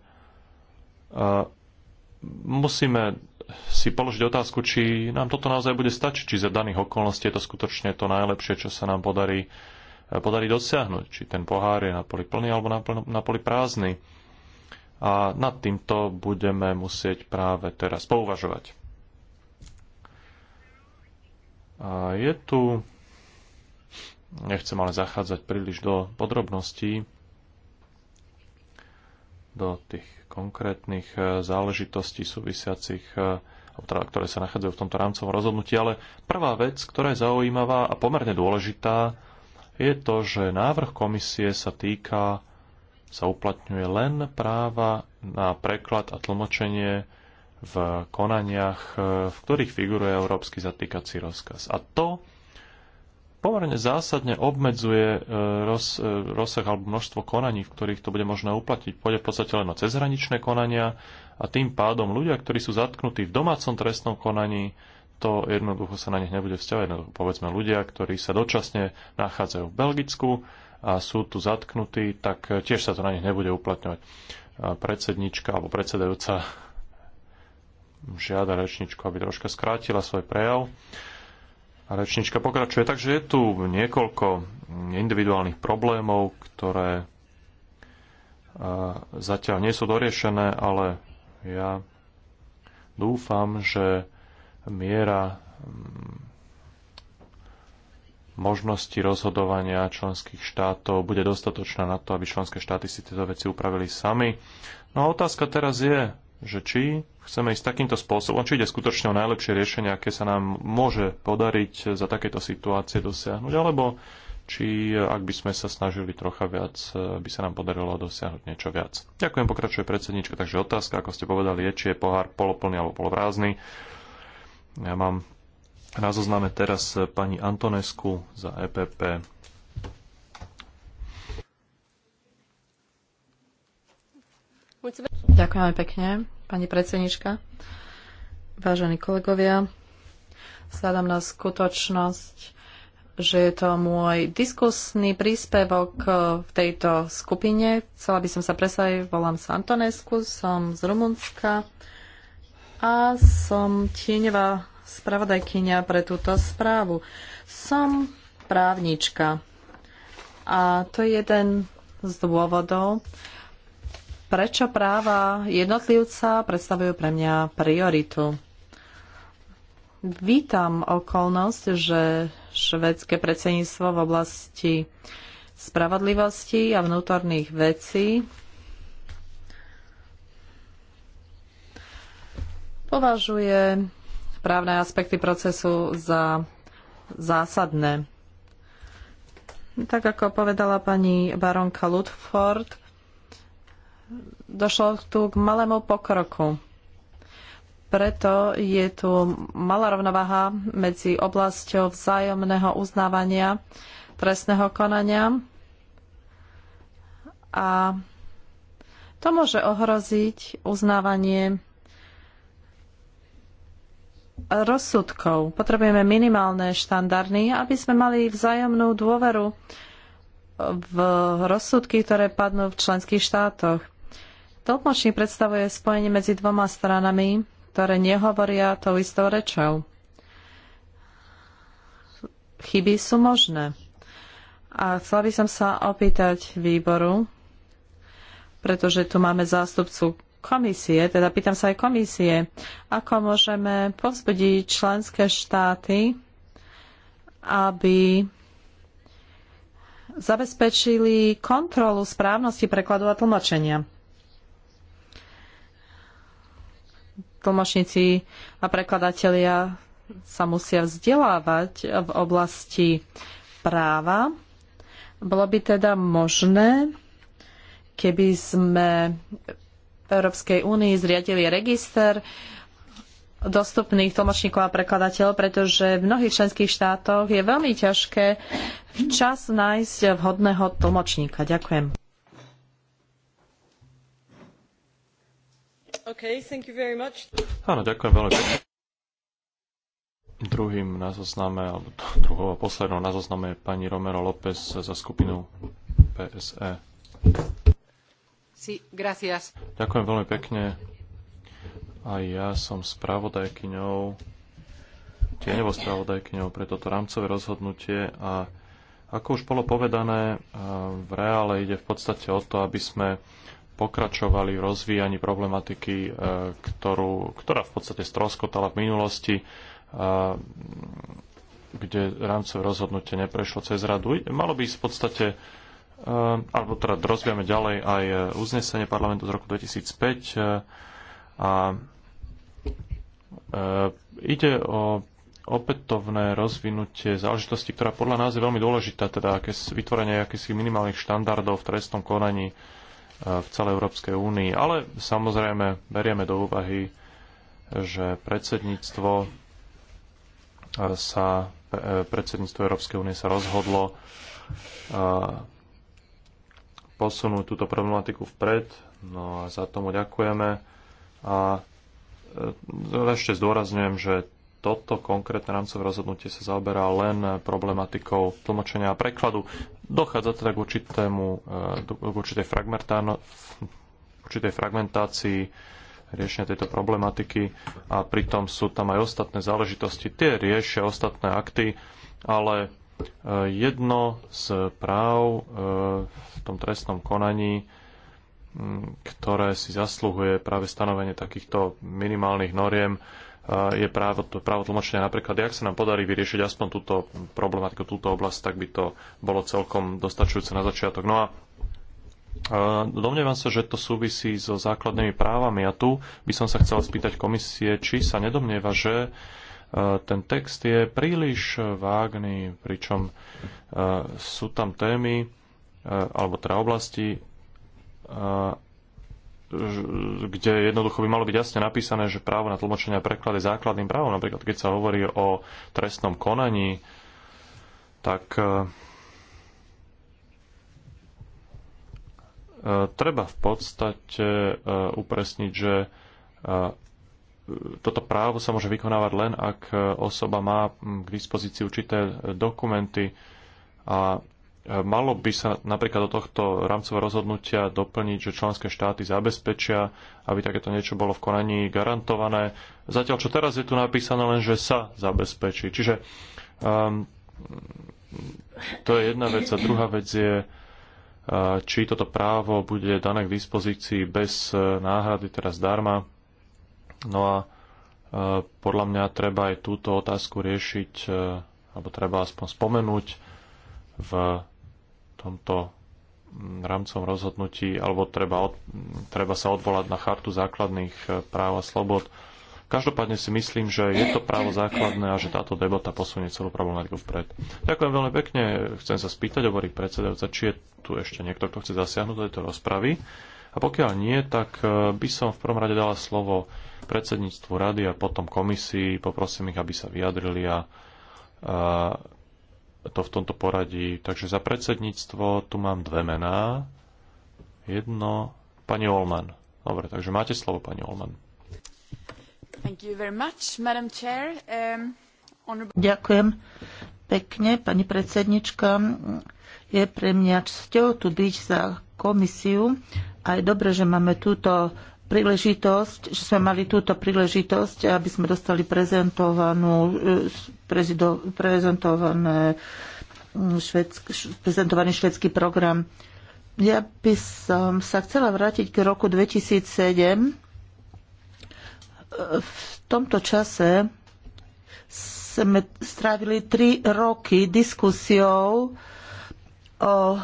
musíme si položiť otázku, či nám toto naozaj bude stačiť, či za daných okolností je to skutočne to najlepšie, čo sa nám podarí, e, podarí dosiahnuť, či ten pohár je napoli plný alebo napoli prázdny. A nad týmto budeme musieť práve teraz pouvažovať. A je tu Nechcem ale zachádzať príliš do podrobností, do tých konkrétnych eh, záležitostí súvisiacich, eh, teda, ktoré sa nachádzajú v tomto rámcovom rozhodnutí, ale prvá vec, ktorá je zaujímavá a pomerne dôležitá, je to, že návrh komisie sa týka, sa uplatňuje len práva na preklad a tlmočenie v konaniach, eh, v ktorých figuruje európsky zatýkací rozkaz. A to pomerne zásadne obmedzuje e, roz, e, rozsah alebo množstvo konaní, v ktorých to bude možné uplatiť, Pôjde v podstate len o cezhraničné konania a tým pádom ľudia, ktorí sú zatknutí v domácom trestnom konaní, to jednoducho sa na nich nebude vzťahovať. Povedzme ľudia, ktorí sa dočasne nachádzajú v Belgicku a sú tu zatknutí, tak e, tiež sa to na nich nebude uplatňovať. A predsednička alebo predsedajúca žiada rečničku, aby troška skrátila svoj prejav. Rečnička pokračuje. Takže je tu niekoľko individuálnych problémov, ktoré e, zatiaľ nie sú doriešené, ale ja dúfam, že miera mm, možnosti rozhodovania členských štátov bude dostatočná na to, aby členské štáty si tieto veci upravili sami. No a otázka teraz je, že či chceme ísť takýmto spôsobom, či ide skutočne o najlepšie riešenie, aké sa nám môže podariť za takéto situácie dosiahnuť, alebo či ak by sme sa snažili trocha viac, by sa nám podarilo dosiahnuť niečo viac. Ďakujem, pokračuje predsednička, takže otázka, ako ste povedali, je, či je pohár poloplný alebo poloprázdny. Ja mám na zozname teraz pani Antonesku za EPP. Ďakujem pekne, pani predsednička. Vážení kolegovia, vzhľadom na skutočnosť, že je to môj diskusný príspevok eh, v tejto skupine. Chcela by som sa presadiť, volám sa Antonesku, som z Rumunska a som tieňová spravodajkynia pre túto správu. Som právnička a to je jeden z dôvodov, prečo práva jednotlivca predstavujú pre mňa prioritu. Vítam okolnosť, že švedské predsedníctvo v oblasti spravodlivosti a vnútorných vecí považuje právne aspekty procesu za zásadné. Tak ako povedala pani baronka Ludford, došlo tu k malému pokroku. Preto je tu malá rovnováha medzi oblasťou vzájomného uznávania trestného konania a to môže ohroziť uznávanie rozsudkov. Potrebujeme minimálne štandardy, aby sme mali vzájomnú dôveru v rozsudky, ktoré padnú v členských štátoch. Tlmočník predstavuje spojenie medzi dvoma stranami, ktoré nehovoria tou istou rečou. Chyby sú možné. A chcela by som sa opýtať výboru, pretože tu máme zástupcu komisie, teda pýtam sa aj komisie, ako môžeme povzbudiť členské štáty, aby zabezpečili kontrolu správnosti prekladu a tlmočenia. tlmočníci a prekladatelia sa musia vzdelávať v oblasti práva. Bolo by teda možné, keby sme v Európskej únii zriadili register dostupných tlmočníkov a prekladateľov, pretože v mnohých členských štátoch je veľmi ťažké včas nájsť vhodného tlmočníka. Ďakujem. Okay, Áno, ďakujem veľmi pekne. Druhým na zozname, alebo druhou a poslednou na zozname je pani Romero López za skupinu PSE. Sí, gracias. Ďakujem veľmi pekne. A ja som spravodajkyňou, tieňovou spravodajkyňou pre toto rámcové rozhodnutie a ako už bolo povedané, v reále ide v podstate o to, aby sme pokračovali v rozvíjaní problematiky, e, ktorú, ktorá v podstate stroskotala v minulosti, e, kde rámcové rozhodnutie neprešlo cez radu. Malo by v podstate e, alebo teda rozvíjame ďalej aj uznesenie parlamentu z roku 2005 a ide o opätovné rozvinutie záležitosti, ktorá podľa nás je veľmi dôležitá, teda vytvorenie akýchsi minimálnych štandardov v trestnom konaní v celej Európskej únii. Ale samozrejme berieme do úvahy, že predsedníctvo sa e, predsedníctvo Európskej únie sa rozhodlo e, posunúť túto problematiku vpred. No a za tomu ďakujeme. A e, ešte zdôrazňujem, že toto konkrétne rámcové rozhodnutie sa zaoberá len problematikou tlmočenia a prekladu. Dochádza teda k, určitému, e, k určitej, určitej fragmentácii riešenia tejto problematiky a pritom sú tam aj ostatné záležitosti. Tie riešia ostatné akty, ale e, jedno z práv e, v tom trestnom konaní, ktoré si zasluhuje práve stanovenie takýchto minimálnych noriem, je právo, to, právo tlmočenia. Napríklad, ak sa nám podarí vyriešiť aspoň túto problematiku, túto oblasť, tak by to bolo celkom dostačujúce na začiatok. No a Domnievam sa, že to súvisí so základnými právami a tu by som sa chcel spýtať komisie, či sa nedomnieva, že e, ten text je príliš vágný, pričom e, sú tam témy e, alebo teda oblasti, kde jednoducho by malo byť jasne napísané, že právo na tlmočenie a preklad je základným právom. Napríklad, keď sa hovorí o trestnom konaní, tak e, e, treba v podstate e, upresniť, že toto právo sa môže vykonávať len, ak osoba má k dispozícii určité dokumenty a Malo by sa napríklad do tohto rámcového rozhodnutia doplniť, že členské štáty zabezpečia, aby takéto niečo bolo v konaní garantované. Zatiaľ, čo teraz je tu napísané, len že sa zabezpečí. Čiže um, to je jedna vec. A druhá vec je, uh, či toto právo bude dané k dispozícii bez uh, náhrady, teraz zdarma. No a uh, podľa mňa treba aj túto otázku riešiť, alebo treba aspoň spomenúť v tomto rámcom rozhodnutí, alebo treba, od, treba sa odvolať na chartu základných eh, práv a slobod. Každopádne si myslím, že je to právo základné a že táto debata posunie celú problematiku vpred. Ďakujem veľmi pekne. Chcem sa spýtať, hovorí predsedajúca, či je tu ešte niekto, kto chce zasiahnuť do tejto rozpravy. A pokiaľ nie, tak eh, by som v prvom rade dala slovo predsedníctvu rady a potom komisii. Poprosím ich, aby sa vyjadrili a, a eh, to v tomto poradí. Takže za predsedníctvo tu mám dve mená. Jedno, pani Olman. Dobre, takže máte slovo, pani Olman. Thank you very much, Madam Chair. Um, honorable... Ďakujem pekne, pani predsednička. Je pre mňa čťou tu byť za komisiu. A je dobré, že máme túto príležitosť, že sme mali túto príležitosť, aby sme dostali prezentovanú, e, prezido, prezentované mm, švedsk, prezentovaný švedský program. Ja by som sa chcela vrátiť k roku 2007. E, v tomto čase sme strávili tri roky diskusiou o e,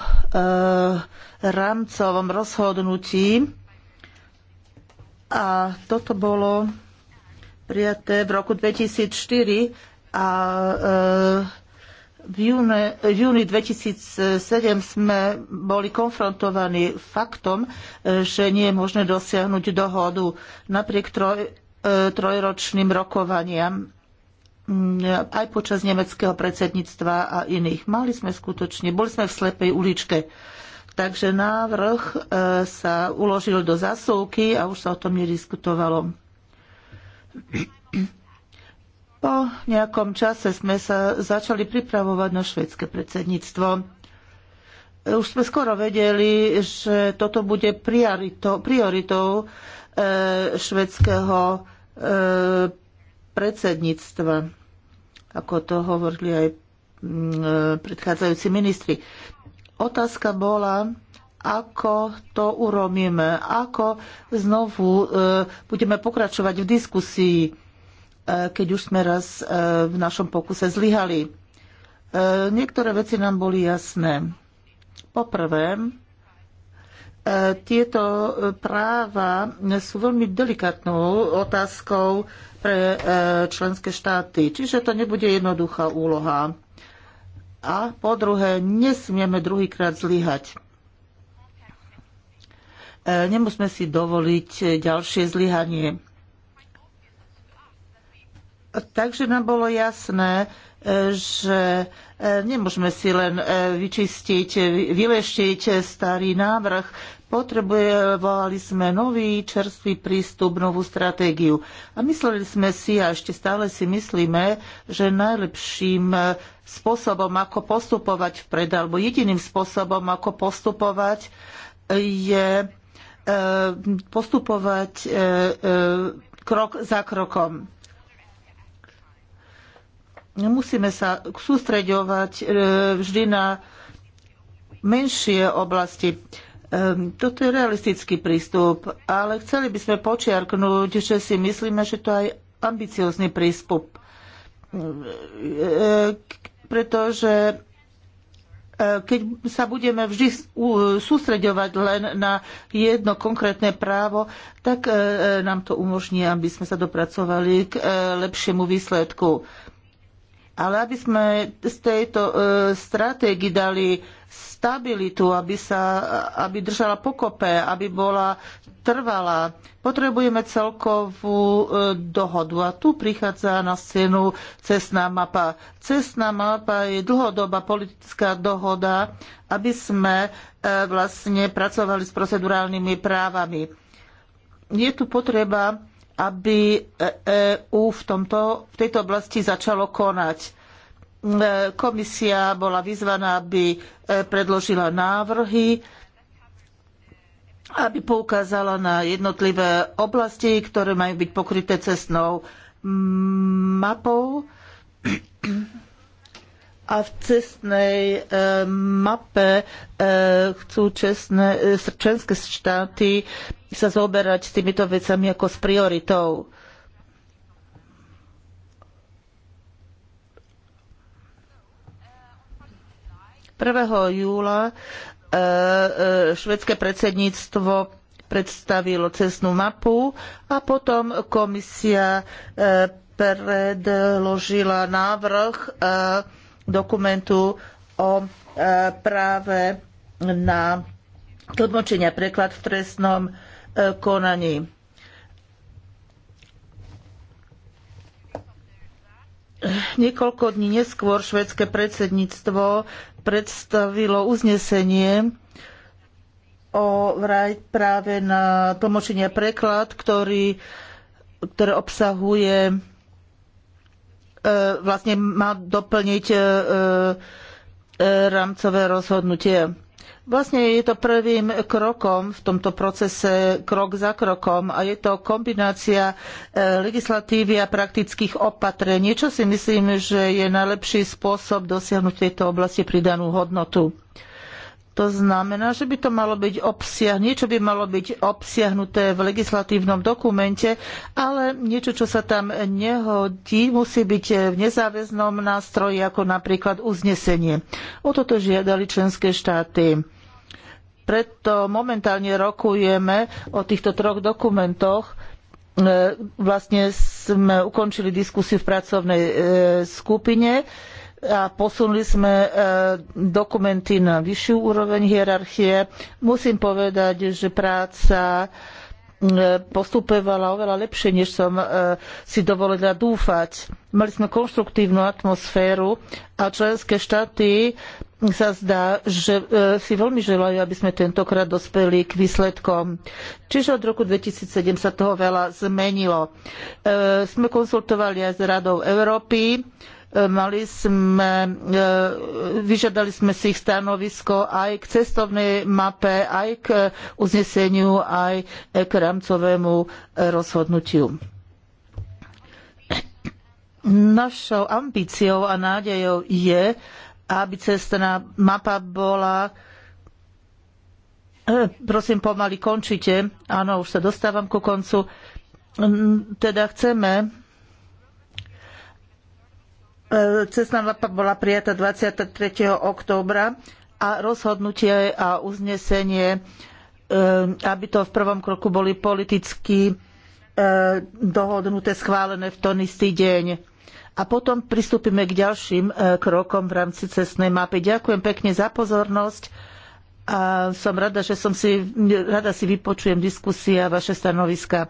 rámcovom rozhodnutí a toto bolo prijaté v roku 2004 a e, v, júni v júni 2007 sme boli konfrontovaní faktom, e, že nie je možné dosiahnuť dohodu napriek troj, e, trojročným rokovaniam mm, aj počas nemeckého predsedníctva a iných. Mali sme skutočne, boli sme v slepej uličke. Takže návrh e, sa uložil do zasúky a už sa o tom nediskutovalo. Po nejakom čase sme sa začali pripravovať na švedské predsedníctvo. Už sme skoro vedeli, že toto bude prioritou, prioritou e, švedského e, predsedníctva, ako to hovorili aj predchádzajúci ministri. Otázka bola, ako to urobíme, ako znovu e, budeme pokračovať v diskusii, e, keď už sme raz e, v našom pokuse zlyhali. niektoré veci nám boli jasné. Poprvé, tieto práva sú veľmi delikatnou otázkou pre členské štáty, čiže to nebude jednoduchá úloha. A po druhé, nesmieme druhýkrát zlyhať. E, nemusíme si dovoliť ďalšie zlyhanie. Takže nám bolo jasné, e, že e, nemôžeme si len vyčistiť, vyleštiť starý návrh. Potrebovali sme nový čerstvý prístup, novú stratégiu. A mysleli sme si, a ešte stále si myslíme, že najlepším e, spôsobom, ako postupovať vpred, alebo jediným spôsobom, ako postupovať, je e, postupovať e, krok za krokom. Musíme sa sústreďovať vždy na menšie oblasti. Ehm, toto je realistický prístup, ale chceli by sme počiarknúť, že si myslíme, že to je aj ambiciózny prístup, ehm, e, pretože e, keď sa budeme vždy sústreďovať len na jedno konkrétne právo, tak e, nám to umožní, aby sme sa dopracovali k lepšiemu výsledku. Ale aby sme z tejto e, stratégii dali stabilitu, aby, sa, aby držala pokope, aby bola trvalá, potrebujeme celkovú e, dohodu. A tu prichádza na scénu cestná mapa. Cestná mapa je dlhodobá politická dohoda, aby sme e, vlastne pracovali s procedurálnymi právami. Je tu potreba aby EÚ e v, tomto, v tejto oblasti začalo konať. E, komisia bola vyzvaná, aby e, predložila návrhy, aby poukázala na jednotlivé oblasti, ktoré majú byť pokryté cestnou mapou a v cestnej e, mape e, chcú čestné, e, členské štáty sa zaoberať týmito vecami ako s prioritou. Prvého júla e, švedské predsedníctvo predstavilo cestnú mapu a potom komisia e, predložila návrh e, dokumentu o e, práve na tlmočenie preklad v trestnom e, konaní. Niekoľko dní neskôr švédske predsedníctvo predstavilo uznesenie o práve na tlmočenie preklad, ktorý, ktoré obsahuje E, vlastne má doplniť e, e, rámcové rozhodnutie. Vlastne je to prvým krokom v tomto procese, krok za krokom a je to kombinácia legislatívy a praktických opatrení, čo si myslím, že je najlepší spôsob dosiahnuť v tejto oblasti pridanú hodnotu. To znamená, že by to malo byť obsiah, niečo by malo byť obsiahnuté v legislatívnom dokumente, ale niečo, čo sa tam nehodí, musí byť v nezáväznom nástroji, ako napríklad uznesenie. O toto žiadali členské štáty. Preto momentálne rokujeme o týchto troch dokumentoch. E, vlastne sme ukončili diskusiu v pracovnej e, skupine a posunuli sme e, dokumenty na vyššiu úroveň hierarchie. Musím povedať, že práca e, postupovala oveľa lepšie, než som e, si dovolila dúfať. Mali sme konštruktívnu atmosféru a členské štáty sa zdá, že si veľmi želajú, aby sme tentokrát dospeli k výsledkom. Čiže od roku 2007 sa toho veľa zmenilo. Sme konzultovali aj s Radou Európy Mali sme, e, vyžiadali sme si ich stanovisko aj k cestovnej mape, aj k uzneseniu, aj k rámcovému e, rozhodnutiu. Našou ambíciou a nádejou je, aby cestná mapa bola e, Prosím, pomaly končite. Áno, už sa dostávam ku koncu. Teda chceme, Cestná mapa bola prijatá 23. októbra a rozhodnutie a uznesenie, e, aby to v prvom kroku boli politicky e, dohodnuté, schválené v ten istý deň. A potom pristúpime k ďalším e, krokom v rámci cestnej mapy. Ďakujem pekne za pozornosť a som rada, že som si, rada si vypočujem diskusie a vaše stanoviska.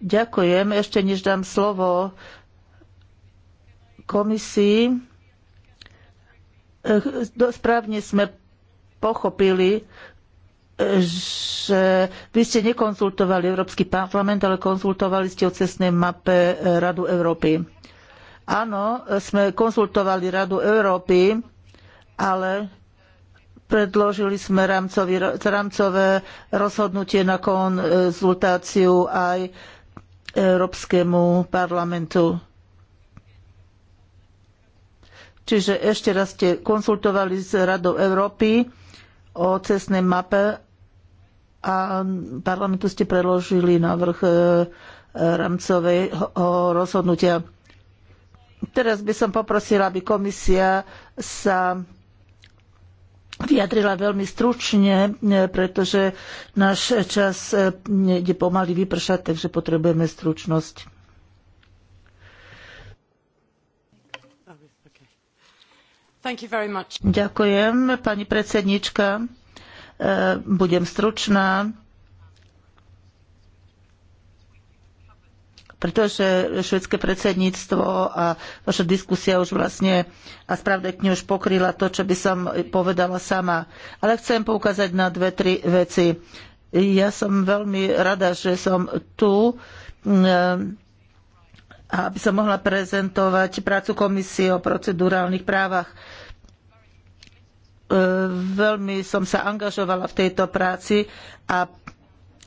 Ďakujem. Ešte než dám slovo komisii eh, správne sme pochopili, eh, že vy ste nekonzultovali Európsky parlament, ale konzultovali ste o cestnej mape eh, Radu Európy. Áno, sme konzultovali Radu Európy, ale predložili sme rámcový, rámcové rozhodnutie na konzultáciu aj Európskemu parlamentu Čiže ešte raz ste konzultovali s Radou Európy o cestnej mape a parlamentu ste preložili návrh e, rámcového rozhodnutia. Teraz by som poprosila, aby komisia sa vyjadrila veľmi stručne, e, pretože náš čas ide e, pomaly vypršať, takže potrebujeme stručnosť. Ďakujem, pani predsednička. E, budem stručná, pretože švedské predsedníctvo a vaša diskusia už vlastne a spravdekne už pokryla to, čo by som povedala sama. Ale chcem poukázať na dve, tri veci. Ja som veľmi rada, že som tu. Ehm, aby som mohla prezentovať prácu komisie o procedurálnych právach. E, veľmi som sa angažovala v tejto práci a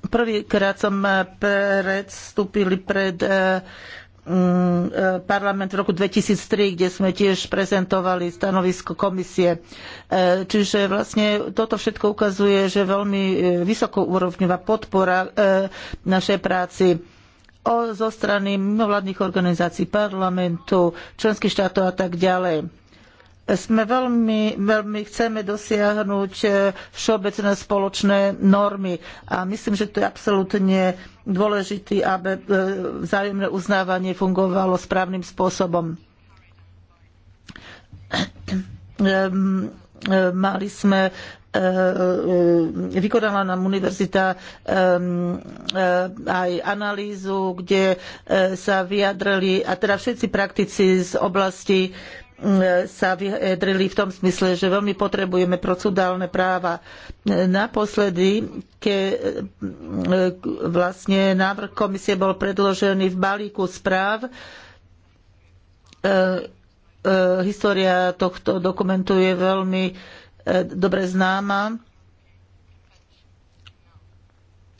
prvýkrát som e, predstúpili pred e, parlament v roku 2003, kde sme tiež prezentovali stanovisko komisie. Čiže vlastne toto všetko ukazuje, že veľmi vysokou úrovňová podpora našej práci o, zo strany mimovládnych organizácií, parlamentu, členských štátov a tak ďalej. Sme veľmi, veľmi chceme dosiahnuť e, všeobecné spoločné normy a myslím, že to je absolútne dôležité, aby e, vzájomné uznávanie fungovalo správnym spôsobom ehm, E, mali sme e, e, vykonala nám univerzita aj analýzu, kde sa vyjadrili, a teda všetci praktici z oblasti sa vyjadrili v tom smysle, že veľmi potrebujeme procedurálne práva. Naposledy, keď vlastne návrh komisie bol predložený v balíku správ, E, história tohto dokumentu je veľmi e, dobre známa.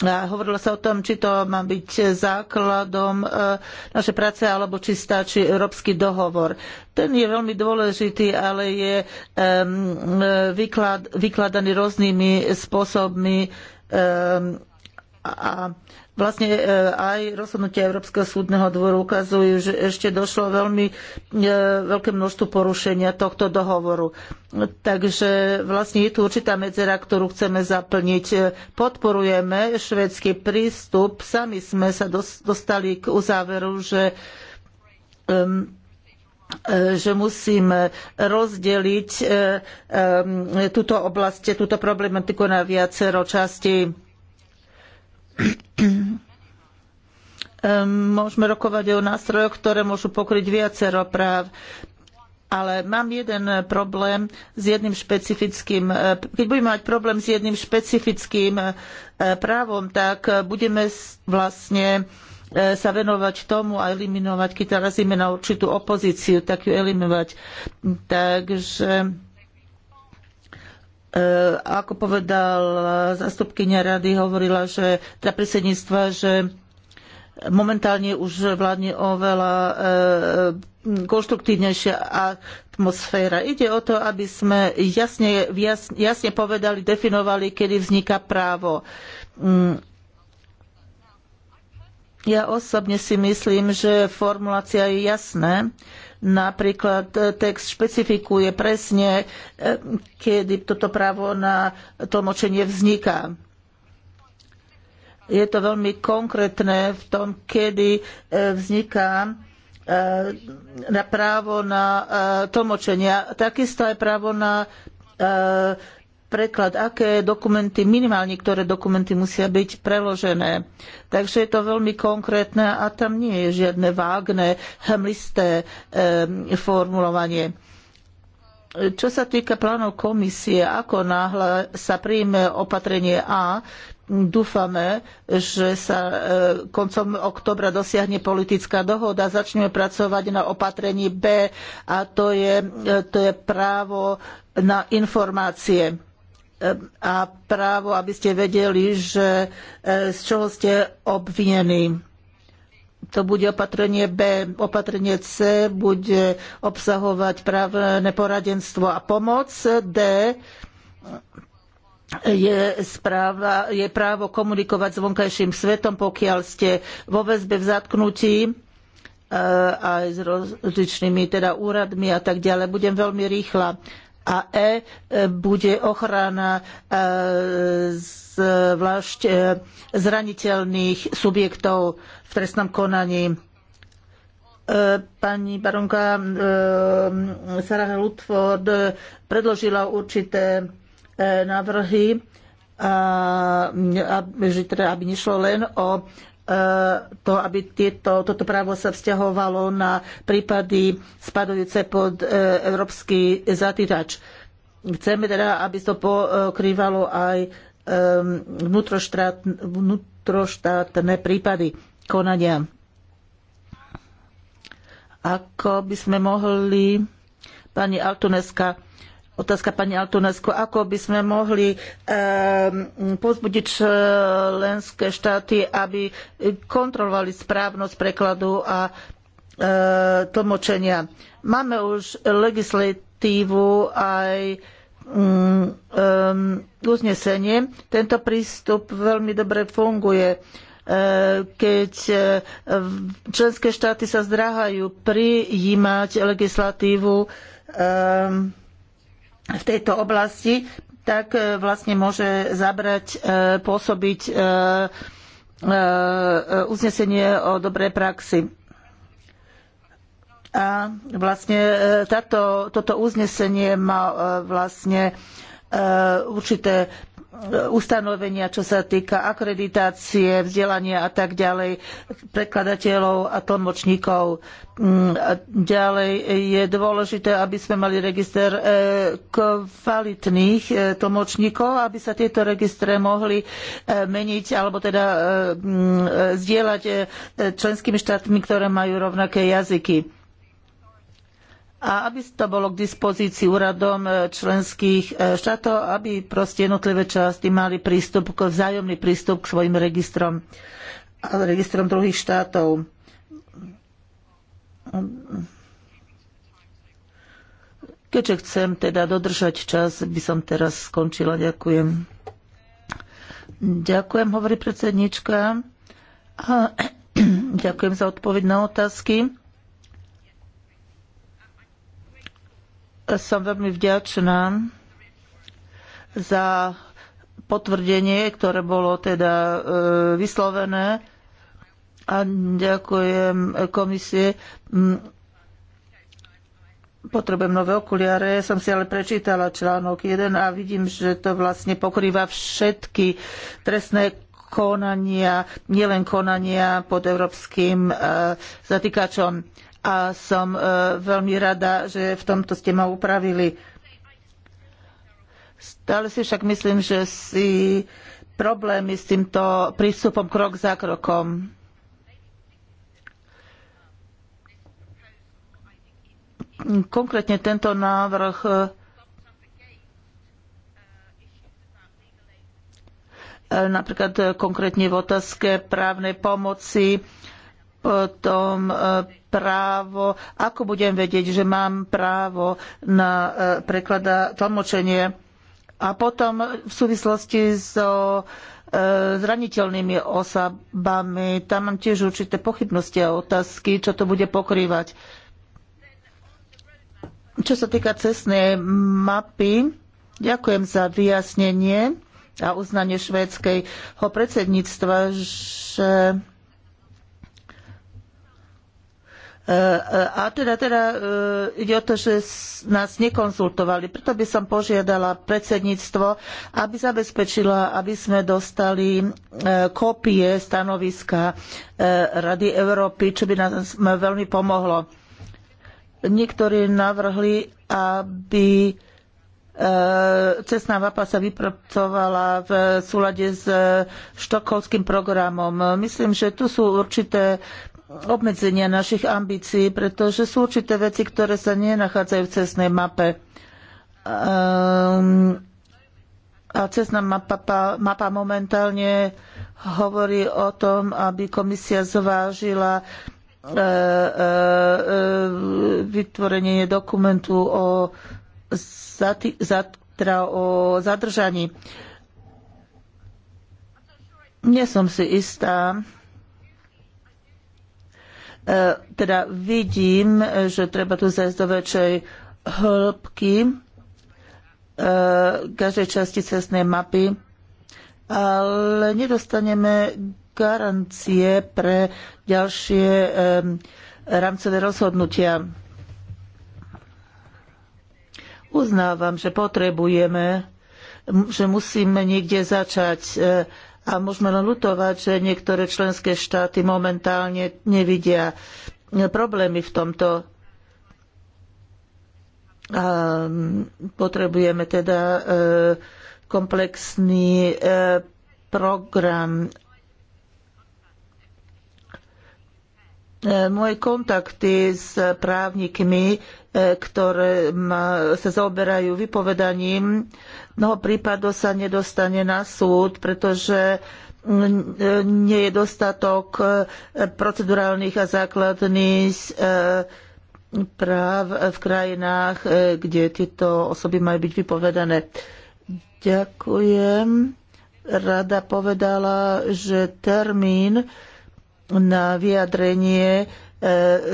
A hovorilo sa o tom, či to má byť základom e, našej práce, alebo či stačí Európsky dohovor. Ten je veľmi dôležitý, ale je vykladaný rôznymi spôsobmi a vlastne e, aj rozhodnutia Európskeho súdneho dvoru ukazujú, že ešte došlo veľmi e, veľké množstvo porušenia tohto dohovoru. Takže vlastne je tu určitá medzera, ktorú chceme zaplniť. E, podporujeme švedský prístup. Sami sme sa dostali k uzáveru, že že musíme rozdeliť túto oblasť, túto problematiku na viacero častí Ehm, môžeme rokovať o nástrojoch, ktoré môžu pokryť viacero práv. Ale mám jeden eh, problém s jedným špecifickým. Eh, keď budeme mať problém s jedným špecifickým eh, právom, tak budeme vlastne sa venovať tomu a eliminovať, keď narazíme na určitú opozíciu, tak ju eliminovať. Hm, takže E, ako povedal zastupkynia rady, hovorila, že teda predsedníctva, že momentálne už vládne oveľa e, e, konštruktívnejšia atmosféra. Ide o to, aby sme jasne, jasne povedali, definovali, kedy vzniká právo. Mm. Ja osobne si myslím, že formulácia je jasná Napríklad e, text špecifikuje presne, e, kedy toto právo na tlmočenie vzniká. Je to veľmi konkrétne v tom, kedy e, vzniká na právo na tlmočenie. Takisto aj právo na preklad, aké dokumenty, minimálne ktoré dokumenty musia byť preložené. Takže je to veľmi konkrétne a tam nie je žiadne vágne, hmlisté formulovanie. Čo sa týka plánov komisie, ako náhle sa príjme opatrenie A, dúfame, že sa e, koncom oktobra dosiahne politická dohoda. Začneme pracovať na opatrení B a to je, e, to je právo na informácie a právo, aby ste vedeli, že e, z čoho ste obvinení. To bude opatrenie B. Opatrenie C bude obsahovať právne poradenstvo a pomoc. D je, správa, je právo komunikovať s vonkajším svetom, pokiaľ ste vo väzbe v zatknutí e, aj s rozličnými teda úradmi a tak ďalej. Budem veľmi rýchla a e, e bude ochrana e, zvlášť e, zraniteľných subjektov v trestnom konaní. Pani baronka Sarah Ludford predložila určité návrhy, a, aby, teda, aby nešlo len o E, to, aby tieto, toto právo sa vzťahovalo na prípady spadujúce pod e, európsky zatýrač. Chceme teda, aby to pokrývalo aj e, vnútroštátne prípady konania. Ako by sme mohli, pani Altuneska, Otázka pani Altunesko, ako by sme mohli ehm, pozbudiť členské štáty, aby kontrolovali správnosť prekladu a e, tlmočenia. Máme už legislatívu aj mm, ehm, uznesenie. Tento prístup veľmi dobre funguje e, keď e, členské štáty sa zdráhajú prijímať legislatívu ehm, v tejto oblasti, tak e, vlastne môže zabrať e, pôsobiť e, uznesenie o dobrej praxi. A vlastne táto, toto uznesenie má vlastne určité ustanovenia, čo sa týka akreditácie, vzdelania a tak ďalej, prekladateľov a tlmočníkov. Mm, ďalej je dôležité, aby sme mali register e, kvalitných e, tlmočníkov, aby sa tieto registre mohli e, meniť alebo teda mm, zdieľať členskými štátmi, ktoré majú rovnaké jazyky a aby to bolo k dispozícii úradom e, členských e, štátov, aby proste jednotlivé časti mali prístup, vzájomný prístup k svojim registrom, a registrom druhých štátov. Keďže chcem teda dodržať čas, by som teraz skončila. Ďakujem. Ďakujem, hovorí predsednička. A, ďakujem za odpoveď na otázky. Som veľmi vďačná za potvrdenie, ktoré bolo teda e, vyslovené a ďakujem komisie. Mm, potrebujem nové okuliare, som si ale prečítala článok 1 a vidím, že to vlastne pokrýva všetky trestné konania, nielen konania pod európskym e, zatýkačom a som e, veľmi rada, že v tomto ste ma upravili. Stále si však myslím, že si problémy s týmto prístupom krok za krokom. Konkrétne tento návrh e, napríklad konkrétne v otázke právnej pomoci potom e, právo, ako budem vedieť, že mám právo na e, prekladá tlmočenie. A potom v súvislosti so e, zraniteľnými osobami, tam mám tiež určité pochybnosti a otázky, čo to bude pokrývať. Čo sa týka cestnej mapy, ďakujem za vyjasnenie a uznanie švédskejho predsedníctva, že E, e, a teda, teda e, ide o to, že nás nekonzultovali. Preto by som požiadala predsedníctvo, aby zabezpečila, aby sme dostali kópie stanoviska Rady Európy, čo by nám veľmi pomohlo. Niektorí navrhli, aby cestná mapa sa vypracovala v súlade s štokholským programom. Myslím, že tu sú určité obmedzenia našich ambícií, pretože sú určité veci, ktoré sa nenachádzajú v cestnej mape. Um, a cestná mapa, mapa momentálne hovorí o tom, aby komisia zvážila e, e, e, vytvorenie dokumentu o, zati, zat, teda o zadržaní. Nie som si istá, E, teda vidím, že treba tu zajsť do väčšej hĺbky e, každej časti cestnej mapy, ale nedostaneme garancie pre ďalšie e, rámcové rozhodnutia. Uznávam, že potrebujeme, že musíme niekde začať a môžeme len lutovať, že niektoré členské štáty momentálne nevidia problémy v tomto. A mm, potrebujeme teda e, komplexný e, program e, moje kontakty s právnikmi E, ktoré sa zaoberajú vypovedaním. Mnoho prípadov sa nedostane na súd, pretože nie je dostatok e, procedurálnych a základných e, práv v krajinách, kde tieto osoby majú byť vypovedané. Ďakujem. Rada povedala, že termín na vyjadrenie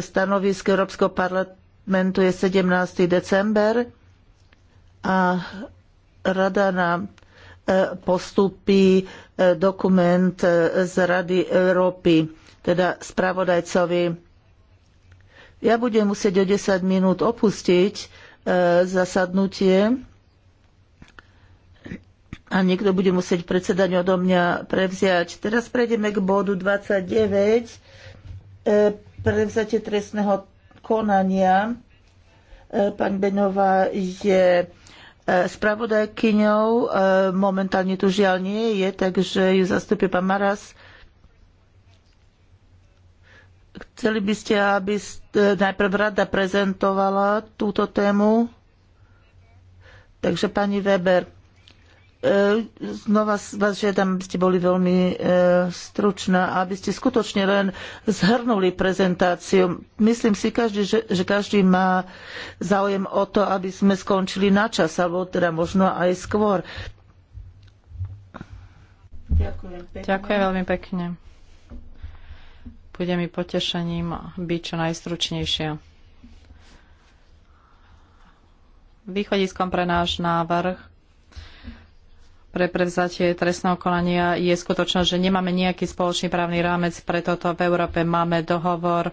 stanovisk Európskeho parlamentu je 17. december a rada nám e, postupí e, dokument e, z Rady Európy, teda spravodajcovi. Ja budem musieť o 10 minút opustiť zasadnutie a niekto bude musieť predsedať odo mňa prevziať. Teraz prejdeme k bodu 29, prevzatie trestného konania. E, pani Beňová je e, spravodajkyňou, e, momentálne tu žiaľ nie je, takže ju zastupuje pán Maras. Chceli by ste, aby najprv rada prezentovala túto tému? Takže pani Weber. E, znova vás žiadam, aby ste boli veľmi e, stručná, aby ste skutočne len zhrnuli prezentáciu. Myslím si, každý, že, že každý má záujem o to, aby sme skončili na čas, alebo teda možno aj skôr. Ďakujem, pekne. Ďakujem veľmi pekne. Bude mi potešením byť čo najstručnejšia. Východiskom pre náš návrh pre prevzatie trestného konania je skutočnosť, že nemáme nejaký spoločný právny rámec pre toto. V Európe máme dohovor,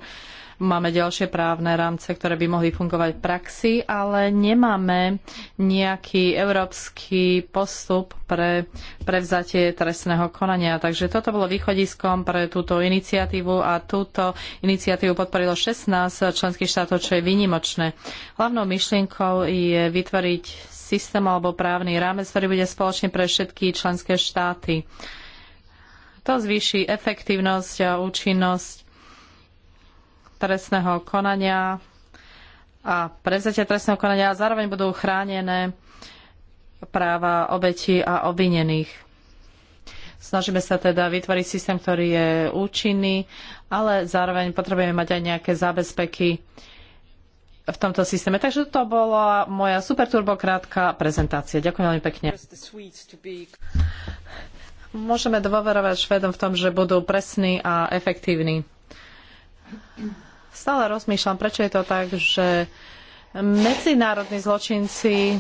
máme ďalšie právne rámce, ktoré by mohli fungovať v praxi, ale nemáme nejaký európsky postup pre prevzatie trestného konania. Takže toto bolo východiskom pre túto iniciatívu a túto iniciatívu podporilo 16 členských štátov, čo je výnimočné. Hlavnou myšlienkou je vytvoriť systém alebo právny rámec, ktorý bude spoločný pre všetky členské štáty. To zvýši efektívnosť a účinnosť trestného konania a prezatia trestného konania a zároveň budú chránené práva obetí a obvinených. Snažíme sa teda vytvoriť systém, ktorý je účinný, ale zároveň potrebujeme mať aj nejaké zábezpeky v tomto systéme. Takže to bola moja super turbokrátka prezentácia. Ďakujem veľmi pekne. Môžeme dôverovať Švedom v tom, že budú presní a efektívni. Stále rozmýšľam, prečo je to tak, že medzinárodní zločinci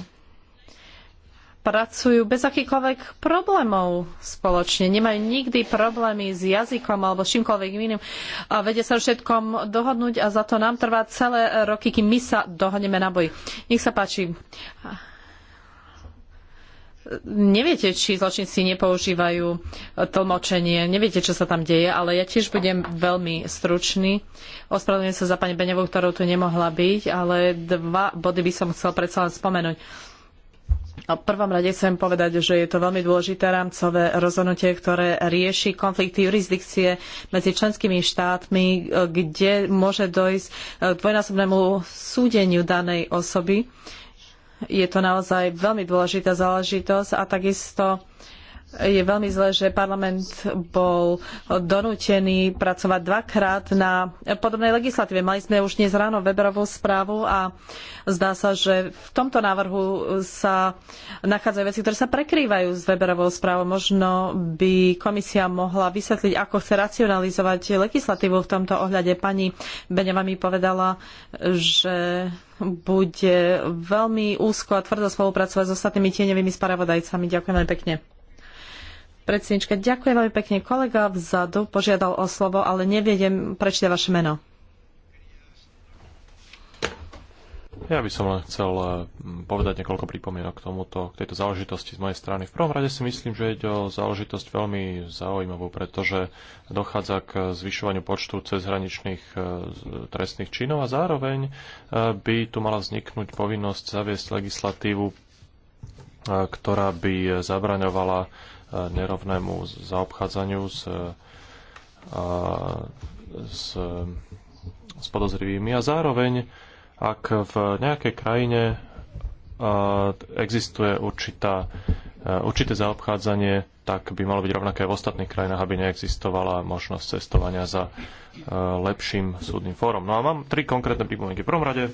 pracujú bez akýchkoľvek problémov spoločne. Nemajú nikdy problémy s jazykom alebo s čímkoľvek iným. A vedia sa všetkom dohodnúť a za to nám trvá celé roky, kým my sa dohodneme na boji. Nech sa páči. Neviete, či zločinci nepoužívajú tlmočenie, neviete, čo sa tam deje, ale ja tiež budem veľmi stručný. Ospravedlňujem sa za pani Benevu, ktorou tu nemohla byť, ale dva body by som chcel predsa len spomenúť No, v prvom rade chcem povedať, že je to veľmi dôležité rámcové rozhodnutie, ktoré rieši konflikty jurisdikcie medzi členskými štátmi, e, kde môže dojsť e, k dvojnásobnému súdeniu danej osoby. Je to naozaj veľmi dôležitá záležitosť a takisto je veľmi zlé, že parlament bol donútený pracovať dvakrát na podobnej legislatíve. Mali sme už dnes ráno Weberovú správu a zdá sa, že v tomto návrhu sa nachádzajú veci, ktoré sa prekrývajú s Weberovou správou. Možno by komisia mohla vysvetliť, ako chce racionalizovať legislatívu v tomto ohľade. Pani Beňová mi povedala, že bude veľmi úzko a tvrdo spolupracovať s ostatnými tieňovými spravodajcami. Ďakujem veľmi pekne. Predsednička, ďakujem veľmi pekne. Kolega vzadu požiadal o slovo, ale nevedem prečítať vaše meno. Ja by som len chcel eh, povedať niekoľko pripomienok k tomuto, k tejto záležitosti z mojej strany. V prvom rade si myslím, že ide o záležitosť veľmi zaujímavú, pretože dochádza k zvyšovaniu počtu cezhraničných eh, trestných činov a zároveň eh, by tu mala vzniknúť povinnosť zaviesť legislatívu, ktorá by zabraňovala nerovnému zaobchádzaniu s, a, s, s podozrivými. A zároveň, ak v nejakej krajine existuje určitá, určité zaobchádzanie, tak by malo byť rovnaké v ostatných krajinách, aby neexistovala možnosť cestovania za lepším súdnym fórom. No a mám tri konkrétne pripomienky. V prvom rade,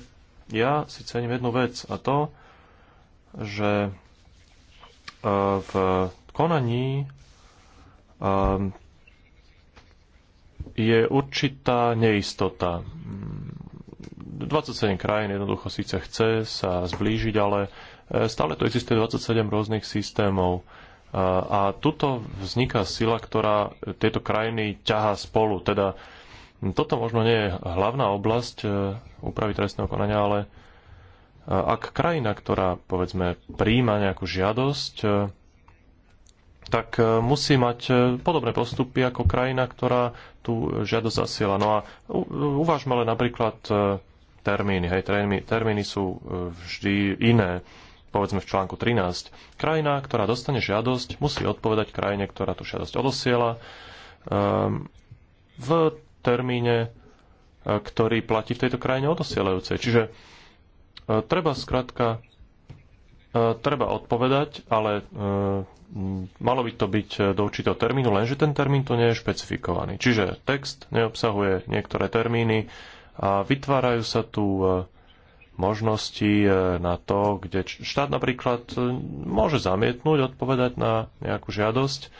ja si cením jednu vec a to, že v konaní ehm, je určitá neistota. 27 mm, krajín jednoducho síce chce sa zblížiť, ale e, stále to existuje 27 rôznych systémov. E, a tuto vzniká sila, ktorá tieto krajiny ťahá spolu. Teda toto možno nie je hlavná oblasť e, úpravy trestného konania, ale ak krajina, ktorá povedzme príjma nejakú žiadosť, tak e, musí mať e, podobné postupy ako krajina, ktorá tú žiadosť zasiela. No a uvažme ale napríklad e, termíny. Hej, termíny, termíny sú vždy iné. Povedzme v článku 13. Krajina, ktorá dostane žiadosť, musí odpovedať krajine, ktorá tú žiadosť odosiela ehm, v termíne, ktorý platí v tejto krajine odosielajúcej. Čiže treba skrátka E, treba odpovedať, ale e, malo by to byť e, do určitého termínu, lenže ten termín to nie je špecifikovaný. Čiže text neobsahuje niektoré termíny a vytvárajú sa tu možnosti na to, kde štát napríklad môže zamietnúť, odpovedať na nejakú žiadosť,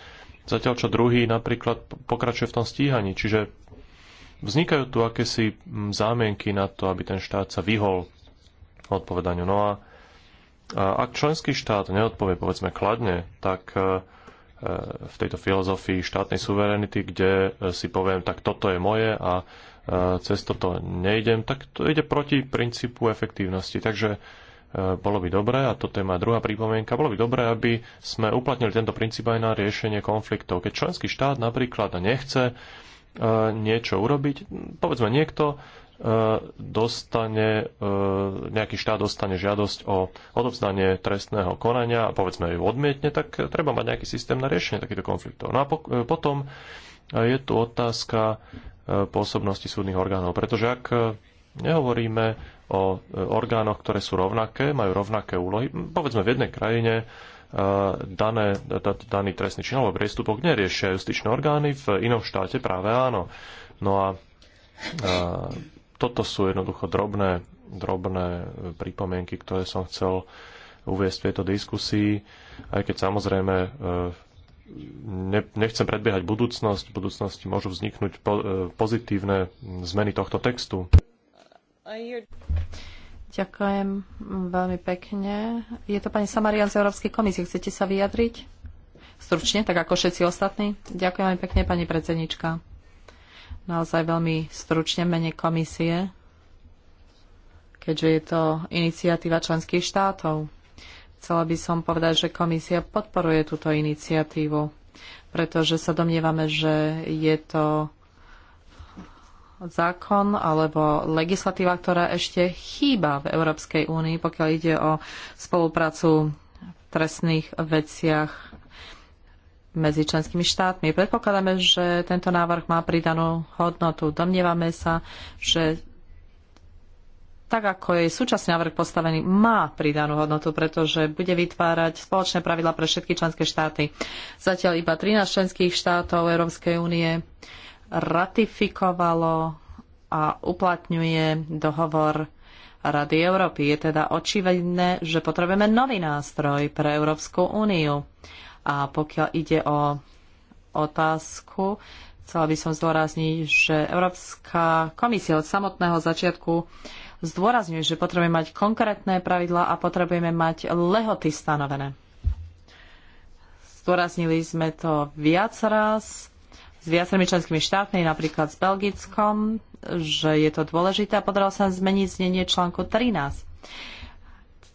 zatiaľ čo druhý napríklad pokračuje v tom stíhaní. Čiže vznikajú tu akési zámienky na to, aby ten štát sa vyhol odpovedaniu. No a a ak členský štát neodpovie, povedzme, kladne, tak e, e, v tejto filozofii štátnej suverenity, kde e, si poviem, tak toto je moje a cez toto nejdem, tak to ide proti princípu efektívnosti. Takže bolo by dobré, a toto je moja druhá pripomienka, bolo by dobré, aby sme uplatnili tento princíp aj na riešenie konfliktov. Keď členský štát napríklad nechce niečo urobiť, povedzme niekto E, dostane, e, nejaký štát dostane žiadosť o odovzdanie trestného konania a povedzme ju odmietne, tak treba mať nejaký systém na riešenie takýchto konfliktov. No a e, potom je tu otázka pôsobnosti súdnych orgánov, pretože ak nehovoríme o orgánoch, ktoré sú rovnaké, majú rovnaké úlohy, povedzme v jednej krajine dané, daný trestný čin alebo priestupok neriešia justičné orgány, v inom štáte práve áno. No a toto sú jednoducho drobné, drobné e, pripomienky, ktoré som chcel uviesť v tejto diskusii, aj keď samozrejme e, nechcem predbiehať budúcnosť, v budúcnosti môžu vzniknúť e, pozitívne zmeny tohto textu. Ďakujem veľmi pekne. Je to pani Samarian z Európskej komisie. Chcete sa vyjadriť? Stručne, tak ako všetci ostatní. Ďakujem veľmi pekne, pani predsednička naozaj veľmi stručne mene komisie, keďže je to iniciatíva členských štátov. Chcela by som povedať, že komisia podporuje túto iniciatívu, pretože sa domnievame, že je to zákon alebo legislatíva, ktorá ešte chýba v Európskej únii, pokiaľ ide o spoluprácu v trestných veciach medzi členskými štátmi. Predpokladáme, že tento návrh má pridanú hodnotu. Domnievame sa, že tak ako je súčasný návrh postavený, má pridanú hodnotu, pretože bude vytvárať spoločné pravidla pre všetky členské štáty. Zatiaľ iba 13 členských štátov Európskej únie ratifikovalo a uplatňuje dohovor Rady Európy. Je teda očividné, že potrebujeme nový nástroj pre Európsku úniu. A pokiaľ ide o otázku, chcela by som zdôrazniť, že Európska komisia od samotného začiatku zdôrazňuje, že potrebujeme mať konkrétne pravidlá a potrebujeme mať lehoty stanovené. Zdôraznili sme to viac raz s viacerými členskými štátmi, napríklad s Belgickom, že je to dôležité a podarilo sa zmeniť znenie článku 13.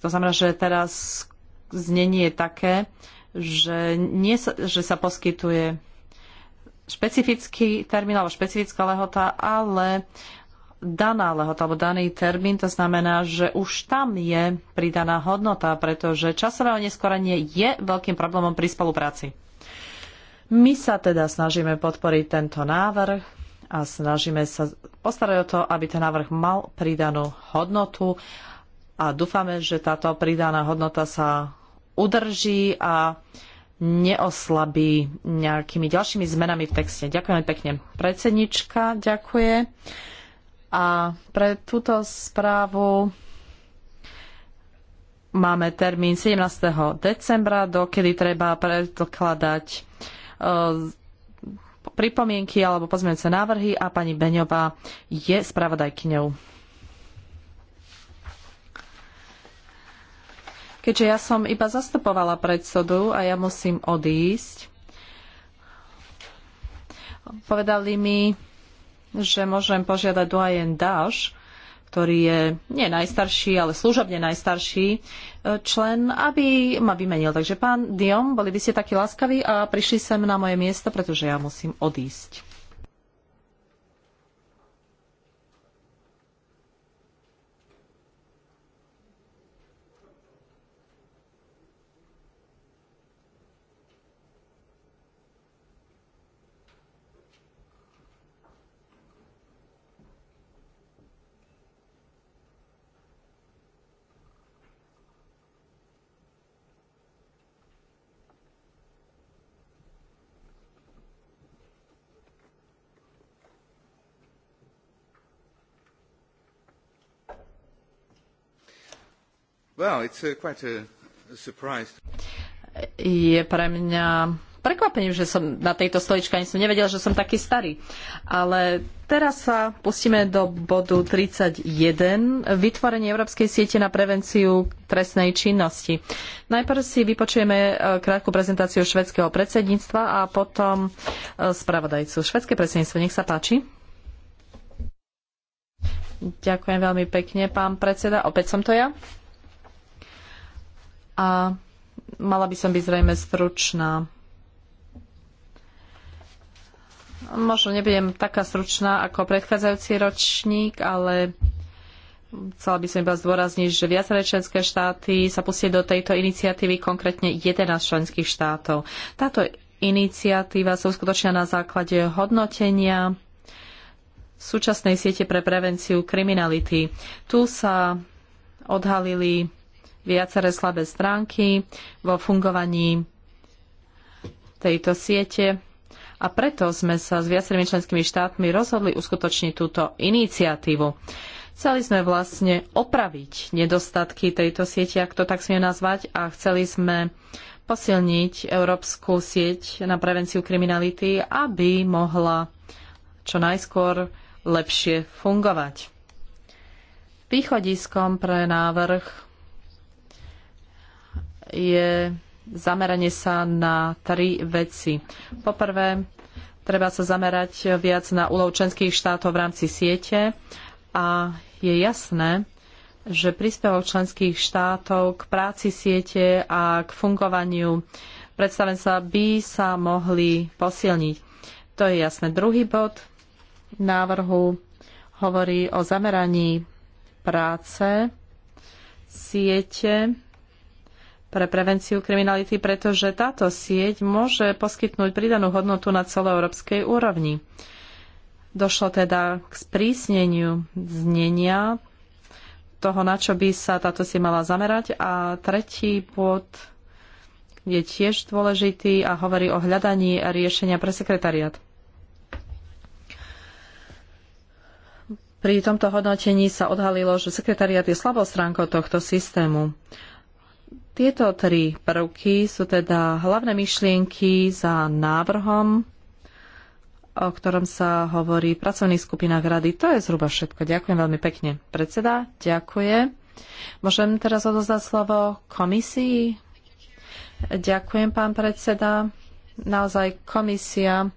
To znamená, že teraz znenie je také, že, nie, že sa poskytuje špecifický termín alebo špecifická lehota, ale daná lehota alebo daný termín, to znamená, že už tam je pridaná hodnota, pretože časové oneskorenie je veľkým problémom pri spolupráci. My sa teda snažíme podporiť tento návrh a snažíme sa postarať o to, aby ten návrh mal pridanú hodnotu a dúfame, že táto pridaná hodnota sa udrží a neoslabí nejakými ďalšími zmenami v texte. Ďakujem pekne. Predsednička, ďakuje. A pre túto správu máme termín 17. decembra, dokedy treba predkladať e, pripomienky alebo pozmeňujúce návrhy a pani Beňová je spravodajkyňou. Keďže ja som iba zastupovala predsedu a ja musím odísť, povedali mi, že môžem požiadať Duajen Daš, ktorý je nie najstarší, ale služobne najstarší e, člen, aby ma vymenil. Takže pán Diom, boli by ste takí láskaví a prišli sem na moje miesto, pretože ja musím odísť. Uh, Je pre mňa prekvapením, že som na tejto stoličke ani som nevedel, že som taký starý. Ale teraz sa pustíme do bodu 31, vytvorenie Európskej siete na prevenciu trestnej činnosti. Najprv si vypočujeme e, krátku prezentáciu švedského predsedníctva a potom e, spravodajcu. Švedské predsedníctvo, nech sa páči. Ďakujem veľmi pekne, pán predseda. Opäť som to ja a mala by som byť zrejme stručná. Možno nebudem taká stručná ako predchádzajúci ročník, ale chcela by som iba zdôrazniť, že viaceré členské štáty sa pustie do tejto iniciatívy, konkrétne 11 členských štátov. Táto iniciatíva sa uskutočnila na základe hodnotenia súčasnej siete pre prevenciu kriminality. Tu sa odhalili viaceré slabé stránky vo fungovaní tejto siete a preto sme sa s viacerými členskými štátmi rozhodli uskutočniť túto iniciatívu. Chceli sme vlastne opraviť nedostatky tejto siete, ak to tak sme nazvať, a chceli sme posilniť európsku sieť na prevenciu kriminality, aby mohla čo najskôr lepšie fungovať. Východiskom pre návrh je zameranie sa na tri veci. Poprvé, treba sa zamerať viac na úlohu členských štátov v rámci siete a je jasné, že príspevok členských štátov k práci siete a k fungovaniu predstavenstva by sa mohli posilniť. To je jasné. Druhý bod návrhu hovorí o zameraní práce siete pre prevenciu kriminality, pretože táto sieť môže poskytnúť pridanú hodnotu na celoeurópskej úrovni. Došlo teda k sprísneniu znenia toho, na čo by sa táto sieť mala zamerať. A tretí bod je tiež dôležitý a hovorí o hľadaní a riešenia pre sekretariat. Pri tomto hodnotení sa odhalilo, že sekretariat je slabou stránkou tohto systému. Tieto tri prvky sú teda hlavné myšlienky za návrhom, o ktorom sa hovorí v pracovných skupinách rady. To je zhruba všetko. Ďakujem veľmi pekne. Predseda, ďakujem. Môžem teraz odozdať slovo komisii? Ďakujem, pán predseda. Naozaj komisia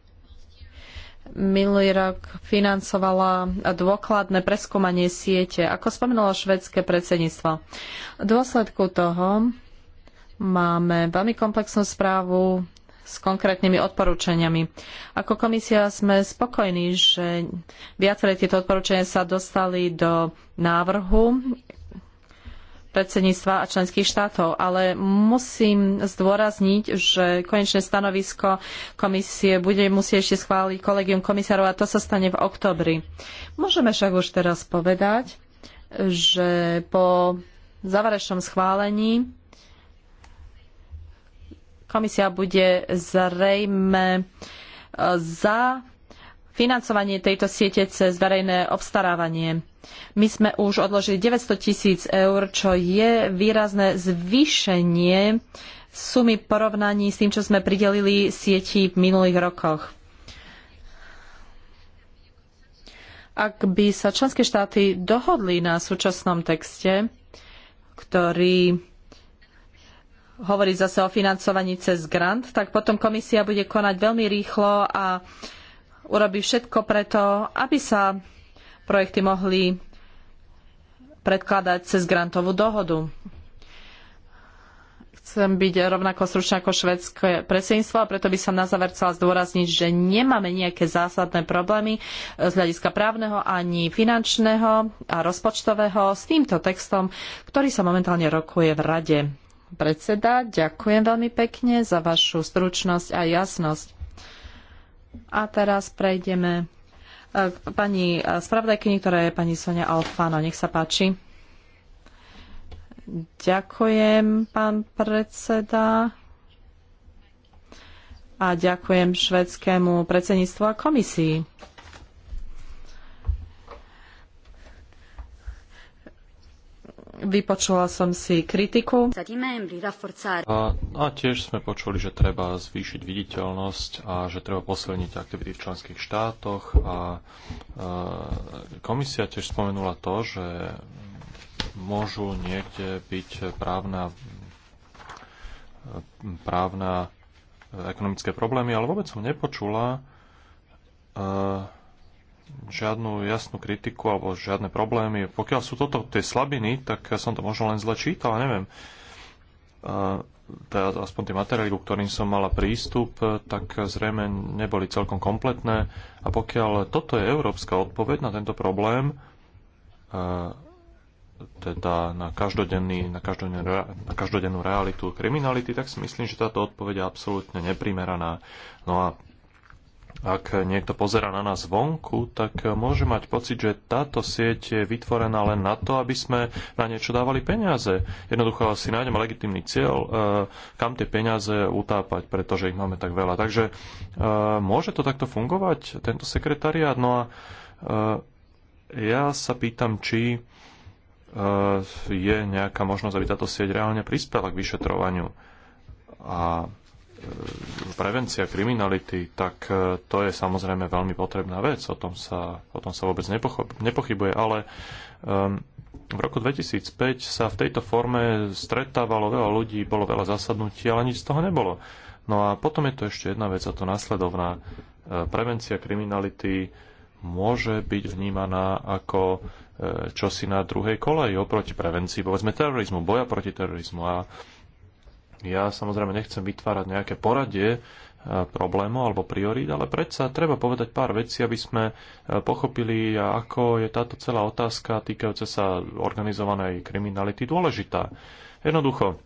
minulý rok financovala dôkladné preskúmanie siete, ako spomenulo švedské predsedníctvo. V dôsledku toho Máme veľmi komplexnú správu s konkrétnymi odporúčaniami. Ako komisia sme spokojní, že viaceré tieto odporúčania sa dostali do návrhu predsedníctva a členských štátov, ale musím zdôrazniť, že konečné stanovisko komisie bude musieť ešte schváliť kolegium komisárov a to sa stane v oktobri. Môžeme však už teraz povedať, že po záverečnom schválení Komisia bude zrejme e, za financovanie tejto siete cez verejné obstarávanie. My sme už odložili 900 tisíc eur, čo je výrazné zvýšenie sumy porovnaní s tým, čo sme pridelili sieti v minulých rokoch. Ak by sa členské štáty dohodli na súčasnom texte, ktorý hovorí zase o financovaní cez grant, tak potom komisia bude konať veľmi rýchlo a urobí všetko preto, aby sa projekty mohli predkladať cez grantovú dohodu. Chcem byť rovnako stručná ako švedské predsedníctvo a preto by som na záver chcela zdôrazniť, že nemáme nejaké zásadné problémy z hľadiska právneho ani finančného a rozpočtového s týmto textom, ktorý sa momentálne rokuje v Rade predseda. Ďakujem veľmi pekne za vašu stručnosť a jasnosť. A teraz prejdeme e, k pani spravodajkyni, ktorá je pani Sonia Alfano. Nech sa páči. Ďakujem, pán predseda. A ďakujem švedskému predsedníctvu a komisii Vypočula som si kritiku. A, a tiež sme počuli, že treba zvýšiť viditeľnosť a že treba posilniť aktivity v členských štátoch. A, a komisia tiež spomenula to, že môžu niekde byť právna, právna ekonomické problémy, ale vôbec som nepočula, žiadnu jasnú kritiku alebo žiadne problémy. Pokiaľ sú toto tie slabiny, tak ja som to možno len zle čítal, neviem. Teda aspoň tie materiály, ku ktorým som mala prístup, tak zrejme neboli celkom kompletné. A pokiaľ toto je európska odpoveď na tento problém, teda na, každodenný, na, každodenný, na každodennú realitu kriminality, tak si myslím, že táto odpoveď je absolútne neprimeraná. No a ak niekto pozera na nás vonku, tak môže mať pocit, že táto sieť je vytvorená len na to, aby sme na niečo dávali peniaze. Jednoducho si nájdeme legitimný cieľ, e, kam tie peniaze utápať, pretože ich máme tak veľa. Takže e, môže to takto fungovať, tento sekretariát? No a e, ja sa pýtam, či je nejaká možnosť, aby táto sieť reálne prispela k vyšetrovaniu. A prevencia kriminality, tak e, to je samozrejme veľmi potrebná vec, o tom sa, o tom sa vôbec nepochybuje, ale um, v roku 2005 sa v tejto forme stretávalo veľa ľudí, bolo veľa zasadnutí, ale nič z toho nebolo. No a potom je to ešte jedna vec, a to následovná. E, prevencia kriminality môže byť vnímaná ako e, čosi na druhej koleji oproti prevencii, povedzme, terorizmu, boja proti terorizmu. A ja samozrejme nechcem vytvárať nejaké poradie e, problémov alebo priorít, ale predsa treba povedať pár vecí, aby sme e, pochopili, ako je táto celá otázka týkajúca sa organizovanej kriminality dôležitá. Jednoducho,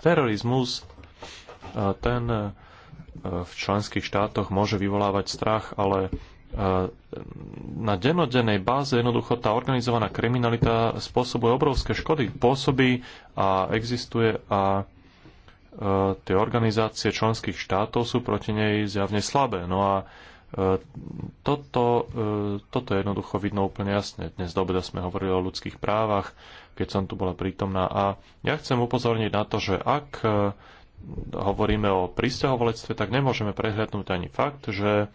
terorizmus, e, ten v členských štátoch môže vyvolávať strach, ale Ehm, na denodenej báze jednoducho tá organizovaná kriminalita spôsobuje obrovské škody, pôsobí a existuje a e, tie organizácie členských štátov sú proti nej zjavne slabé. No a e, toto, e, toto je jednoducho vidno úplne jasne. Dnes do obeda sme hovorili o ľudských právach, keď som tu bola prítomná. A ja chcem upozorniť na to, že ak hovoríme o pristahovalectve, tak nemôžeme prehľadnúť ani fakt, že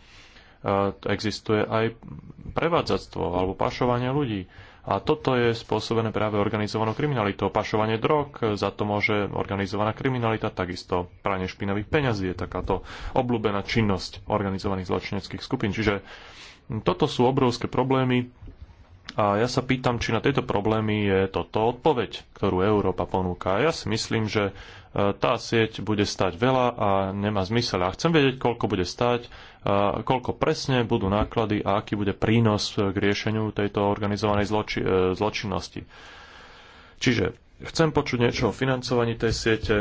existuje aj prevádzactvo alebo pašovanie ľudí. A toto je spôsobené práve organizovanou kriminalitou. Pašovanie drog, za to môže organizovaná kriminalita, takisto pranie špinavých peňazí je takáto obľúbená činnosť organizovaných zločineckých skupín. Čiže toto sú obrovské problémy a ja sa pýtam, či na tieto problémy je toto odpoveď, ktorú Európa ponúka. Ja si myslím, že tá sieť bude stať veľa a nemá zmysel. A chcem vedieť, koľko bude stať, koľko presne budú náklady a aký bude prínos k riešeniu tejto organizovanej zloči- e, zločinnosti. Čiže chcem počuť niečo o financovaní tej siete,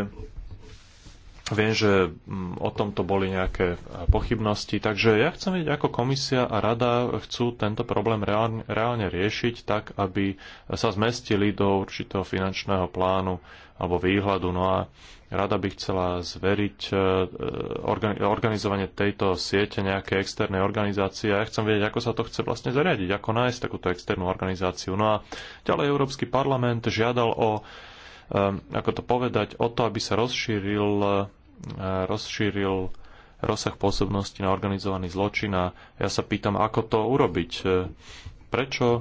Viem, že mm, o tomto boli nejaké e, pochybnosti, takže ja chcem vedieť, ako komisia a rada chcú tento problém reálne, reálne riešiť tak, aby sa zmestili do určitého finančného plánu alebo výhľadu. No a rada by chcela zveriť e, e, organizovanie tejto siete nejaké externé organizácie. A Ja chcem vedieť, ako sa to chce vlastne zariadiť, ako nájsť takúto externú organizáciu. No a ďalej Európsky parlament žiadal o, ako to povedať, o to, aby sa rozšíril rozšíril rozsah pôsobnosti na organizovaný zločin a ja sa pýtam, ako to urobiť. E, prečo e,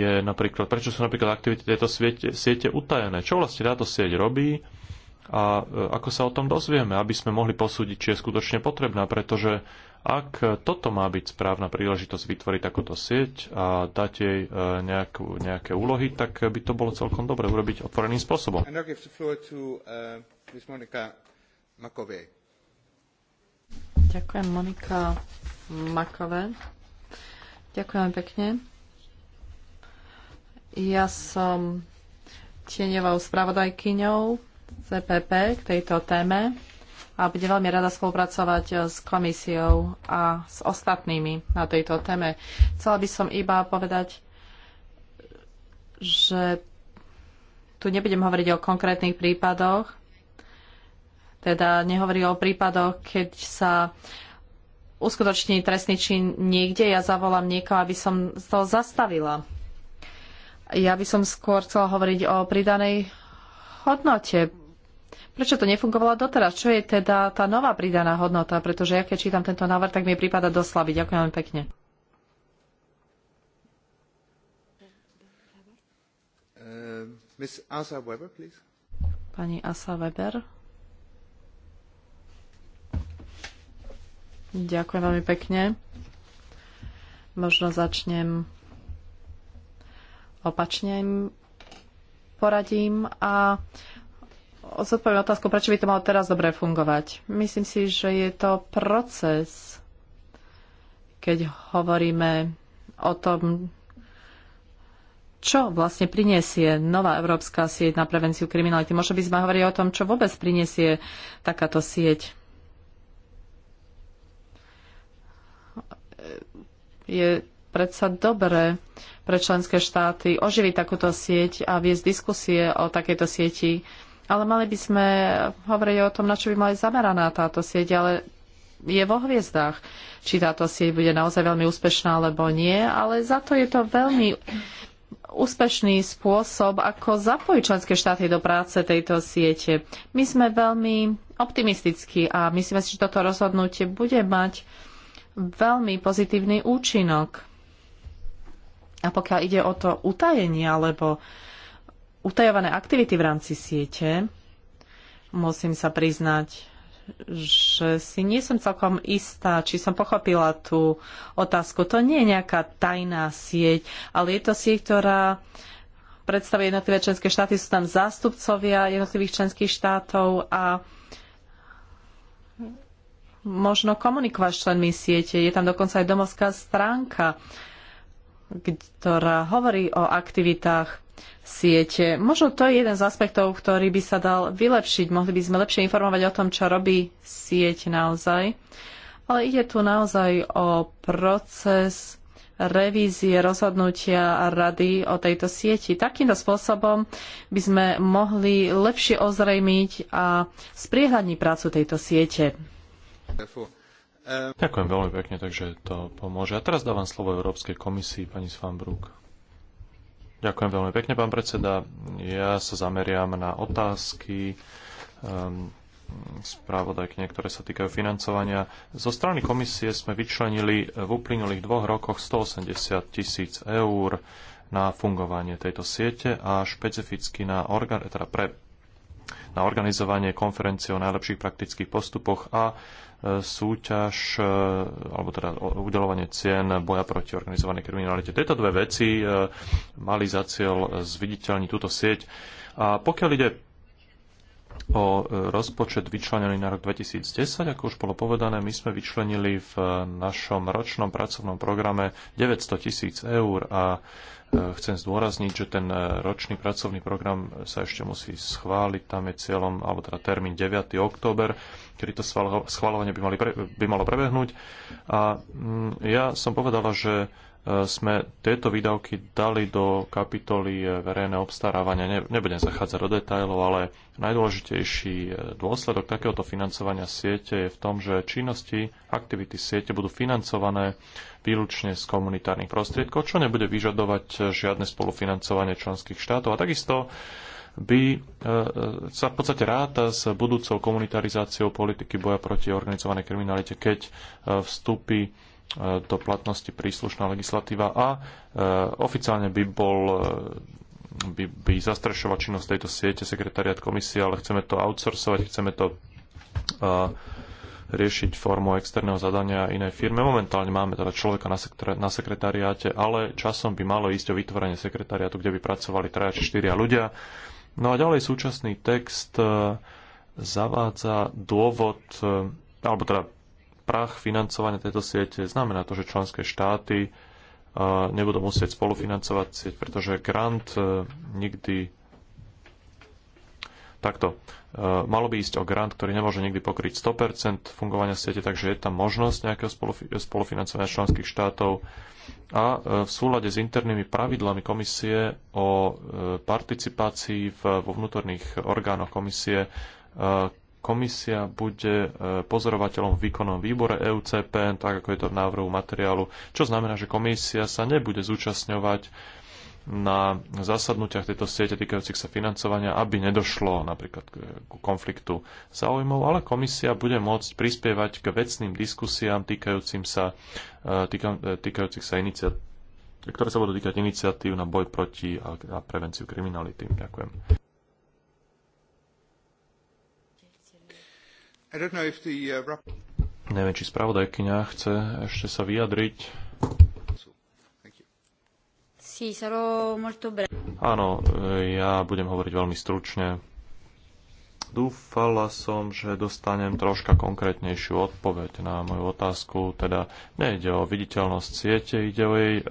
je napríklad, prečo sú napríklad aktivity tejto siete, siete utajené? Čo vlastne táto sieť robí a e, ako sa o tom dozvieme, aby sme mohli posúdiť, či je skutočne potrebná, pretože ak toto má byť správna príležitosť vytvoriť takúto sieť a dať jej e, nejakú, nejaké úlohy, tak by to bolo celkom dobre urobiť otvoreným spôsobom. E, Ďakujem, Monika Makové. Ďakujem pekne. Ja som tieňovou spravodajkyňou CPP e k tejto téme a bude veľmi rada spolupracovať eh, s komisiou a s ostatnými na tejto téme. Chcela by som iba povedať, že tu nebudem hovoriť o konkrétnych prípadoch, teda nehovorí o prípadoch, keď sa uskutoční trestný čin niekde, ja zavolám niekoho, aby som to zastavila. Ja by som skôr chcela hovoriť o pridanej hodnote Prečo to nefungovalo doteraz? Čo je teda tá nová pridaná hodnota? Pretože ja keď čítam tento návrh, tak mi prípada doslabý. Ďakujem veľmi pekne. Uh, Weber, Pani Asa Weber. Ďakujem veľmi pekne. Možno začnem opačným poradím a zodpoviem otázku, prečo by to malo teraz dobre fungovať. Myslím si, že je to proces, keď hovoríme o tom, čo vlastne prinesie nová európska sieť na prevenciu kriminality. Možno by sme hovorili o tom, čo vôbec prinesie takáto sieť. Je predsa dobré pre členské štáty oživiť takúto sieť a viesť diskusie o takejto sieti ale mali by sme hovoriť o tom, na čo by mala zameraná táto sieť, ale je vo hviezdách, či táto sieť bude naozaj veľmi úspešná alebo nie, ale za to je to veľmi úspešný spôsob, ako zapojiť členské štáty do práce tejto siete. My sme veľmi optimistickí a myslíme si, že toto rozhodnutie bude mať veľmi pozitívny účinok. A pokiaľ ide o to utajenie alebo utajované aktivity v rámci siete, musím sa priznať, že si nie som celkom istá, či som pochopila tú otázku. To nie je nejaká tajná sieť, ale je to sieť, ktorá predstavuje jednotlivé členské štáty, sú tam zástupcovia jednotlivých členských štátov a možno komunikovať s členmi siete. Je tam dokonca aj domovská stránka, ktorá hovorí o aktivitách siete. Možno to je jeden z aspektov, ktorý by sa dal vylepšiť. Mohli by sme lepšie informovať o tom, čo robí sieť naozaj. Ale ide tu naozaj o proces revízie rozhodnutia rady o tejto sieti. Takýmto spôsobom by sme mohli lepšie ozrejmiť a spriehľadniť prácu tejto siete. Ďakujem veľmi pekne, takže to pomôže. A teraz dávam slovo Európskej komisii, pani Svambrúk. Ďakujem veľmi pekne, pán predseda. Ja sa zameriam na otázky um, ehm, spravodajkne, ktoré sa týkajú financovania. Zo strany komisie sme vyčlenili v uplynulých dvoch rokoch 180 tisíc eur na fungovanie tejto siete a špecificky na, orga, teda pre, na organizovanie konferencie o najlepších praktických postupoch a súťaž, e, alebo teda udelovanie cien boja proti organizovanej kriminalite. Tieto dve veci e, mali za cieľ zviditeľniť túto sieť. A pokiaľ ide o e, rozpočet vyčlenený na rok 2010, ako už bolo povedané, my sme vyčlenili v našom ročnom pracovnom programe 900 tisíc eur a Eh, chcem zdôrazniť, že ten eh, ročný pracovný program sa ešte musí schváliť. Tam je cieľom, alebo teda termín 9. október, kedy to schvalovanie by, mali pre, by malo prebehnúť. A mm, ja som povedala, že Eh, sme tieto výdavky dali do kapitoly eh, verejné obstarávania. Ne, nebudem zachádzať do detajlov, ale najdôležitejší eh, dôsledok takéhoto financovania siete je v tom, že činnosti, aktivity siete budú financované výlučne z komunitárnych prostriedkov, čo nebude vyžadovať žiadne spolufinancovanie členských štátov. A takisto by sa v podstate ráta s budúcou komunitarizáciou politiky boja proti organizovanej kriminalite, keď vstúpi E, do platnosti príslušná legislatíva a e, oficiálne by bol e, by, by zastrešovať činnosť tejto siete sekretariat komisie, ale chceme to outsourcovať, chceme to uh, riešiť formu externého zadania inej firme. Momentálne máme teda človeka na, sekre, na sekretariáte, ale časom by malo ísť o vytvorenie sekretariátu, kde by pracovali 3 či 4 ľudia. No a ďalej súčasný text zavádza dôvod, alebo teda prach financovania tejto siete. Znamená to, že členské štáty e, nebudú musieť spolufinancovať sieť, pretože grant e, nikdy takto. E, malo by ísť o grant, ktorý nemôže nikdy pokryť 100% fungovania siete, takže je tam možnosť nejakého spolufinancovania členských štátov. A v súlade s internými pravidlami komisie o participácii vo vnútorných orgánoch komisie komisia bude e, pozorovateľom v výkonnom výbore EUCP, tak ako je to v návrhu materiálu, čo znamená, že komisia sa nebude zúčastňovať na zasadnutiach tejto siete týkajúcich sa financovania, aby nedošlo napríklad k konfliktu záujmov, ale komisia bude môcť prispievať k vecným diskusiám týkajúcim sa, e, týka, e, týkajúcich sa iniciatív ktoré sa budú týkať iniciatív na boj proti a prevenciu kriminality. Ďakujem. Uh, Neviem, či spravodajkyňa chce ešte sa vyjadriť. Áno, ja budem hovoriť veľmi stručne. Dúfala som, že dostanem troška konkrétnejšiu odpoveď na moju otázku. Teda nejde o viditeľnosť siete, ide o jej e,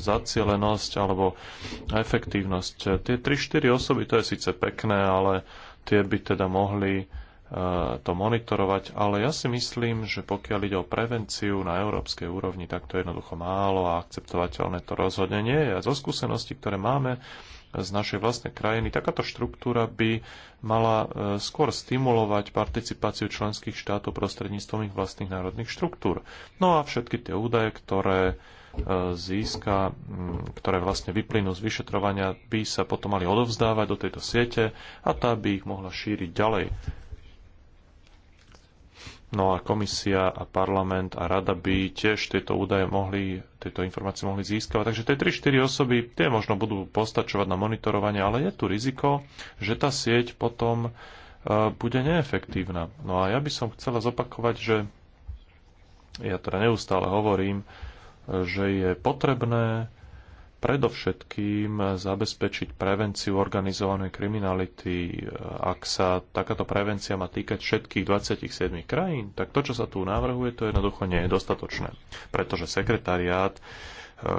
zacielenosť alebo efektívnosť. Tie 3-4 osoby, to je síce pekné, ale tie by teda mohli Eh, to monitorovať, ale ja si myslím, že pokiaľ ide o prevenciu na európskej úrovni, tak to je jednoducho málo a akceptovateľné to rozhodne nie je. A zo skúseností, ktoré máme z našej vlastnej krajiny, takáto štruktúra by mala eh, skôr stimulovať participáciu členských štátov prostredníctvom ich vlastných národných štruktúr. No a všetky tie údaje, ktoré eh, získa, mm, ktoré vlastne vyplynú z vyšetrovania, by sa potom mali odovzdávať do tejto siete a tá by ich mohla šíriť ďalej. No a komisia a parlament a rada by tiež tieto údaje mohli, tieto informácie mohli získavať. Takže tie 3-4 osoby, tie možno budú postačovať na monitorovanie, ale je tu riziko, že tá sieť potom e, bude neefektívna. No a ja by som chcela zopakovať, že ja teda neustále hovorím, e, že je potrebné predovšetkým zabezpečiť prevenciu organizovanej kriminality. Ak sa takáto prevencia má týkať všetkých 27 krajín, tak to, čo sa tu navrhuje, to jednoducho nie je dostatočné. Pretože sekretariát, e,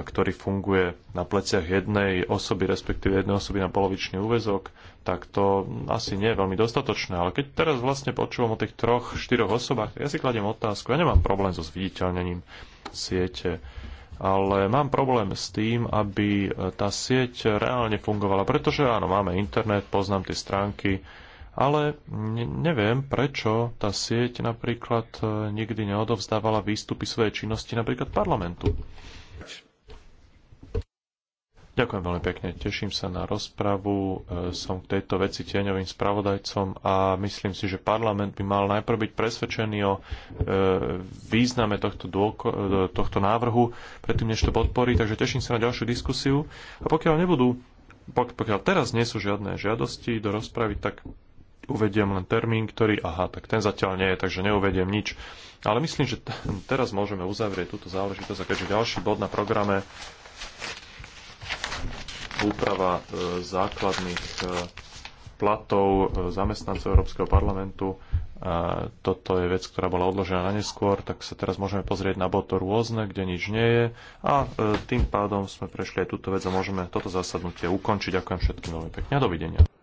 ktorý funguje na pleciach jednej osoby, respektíve jednej osoby na polovičný úvezok, tak to asi nie je veľmi dostatočné. Ale keď teraz vlastne počúvam o tých troch, štyroch osobách, ja si kladiem otázku, ja nemám problém so zviditeľnením siete ale mám problém s tým, aby e, tá sieť reálne fungovala, pretože áno, máme internet, poznám tie stránky, ale neviem, prečo tá sieť napríklad e, nikdy neodovzdávala výstupy svojej činnosti napríklad parlamentu. Ďakujem veľmi pekne, teším sa na rozpravu. E, som k tejto veci tieňovým spravodajcom a myslím si, že parlament by mal najprv byť presvedčený o e, význame tohto, dôko- e, tohto návrhu, predtým než to podporí, takže teším sa na ďalšiu diskusiu. A pokiaľ nebudú, pokiaľ teraz nie sú žiadne žiadosti do rozpravy, tak uvediem len termín, ktorý, aha, tak ten zatiaľ nie je, takže neuvediem nič. Ale myslím, že teraz môžeme uzavrieť túto záležitosť a keďže ďalší bod na programe úprava e, základných e, platov e, zamestnancov Európskeho parlamentu. Toto je vec, ktorá bola odložená na neskôr, tak sa teraz môžeme pozrieť na bod rôzne, kde nič nie je. A tým pádom sme prešli aj túto vec a môžeme toto zasadnutie ukončiť. Ďakujem všetkým veľmi pekne. Dovidenia.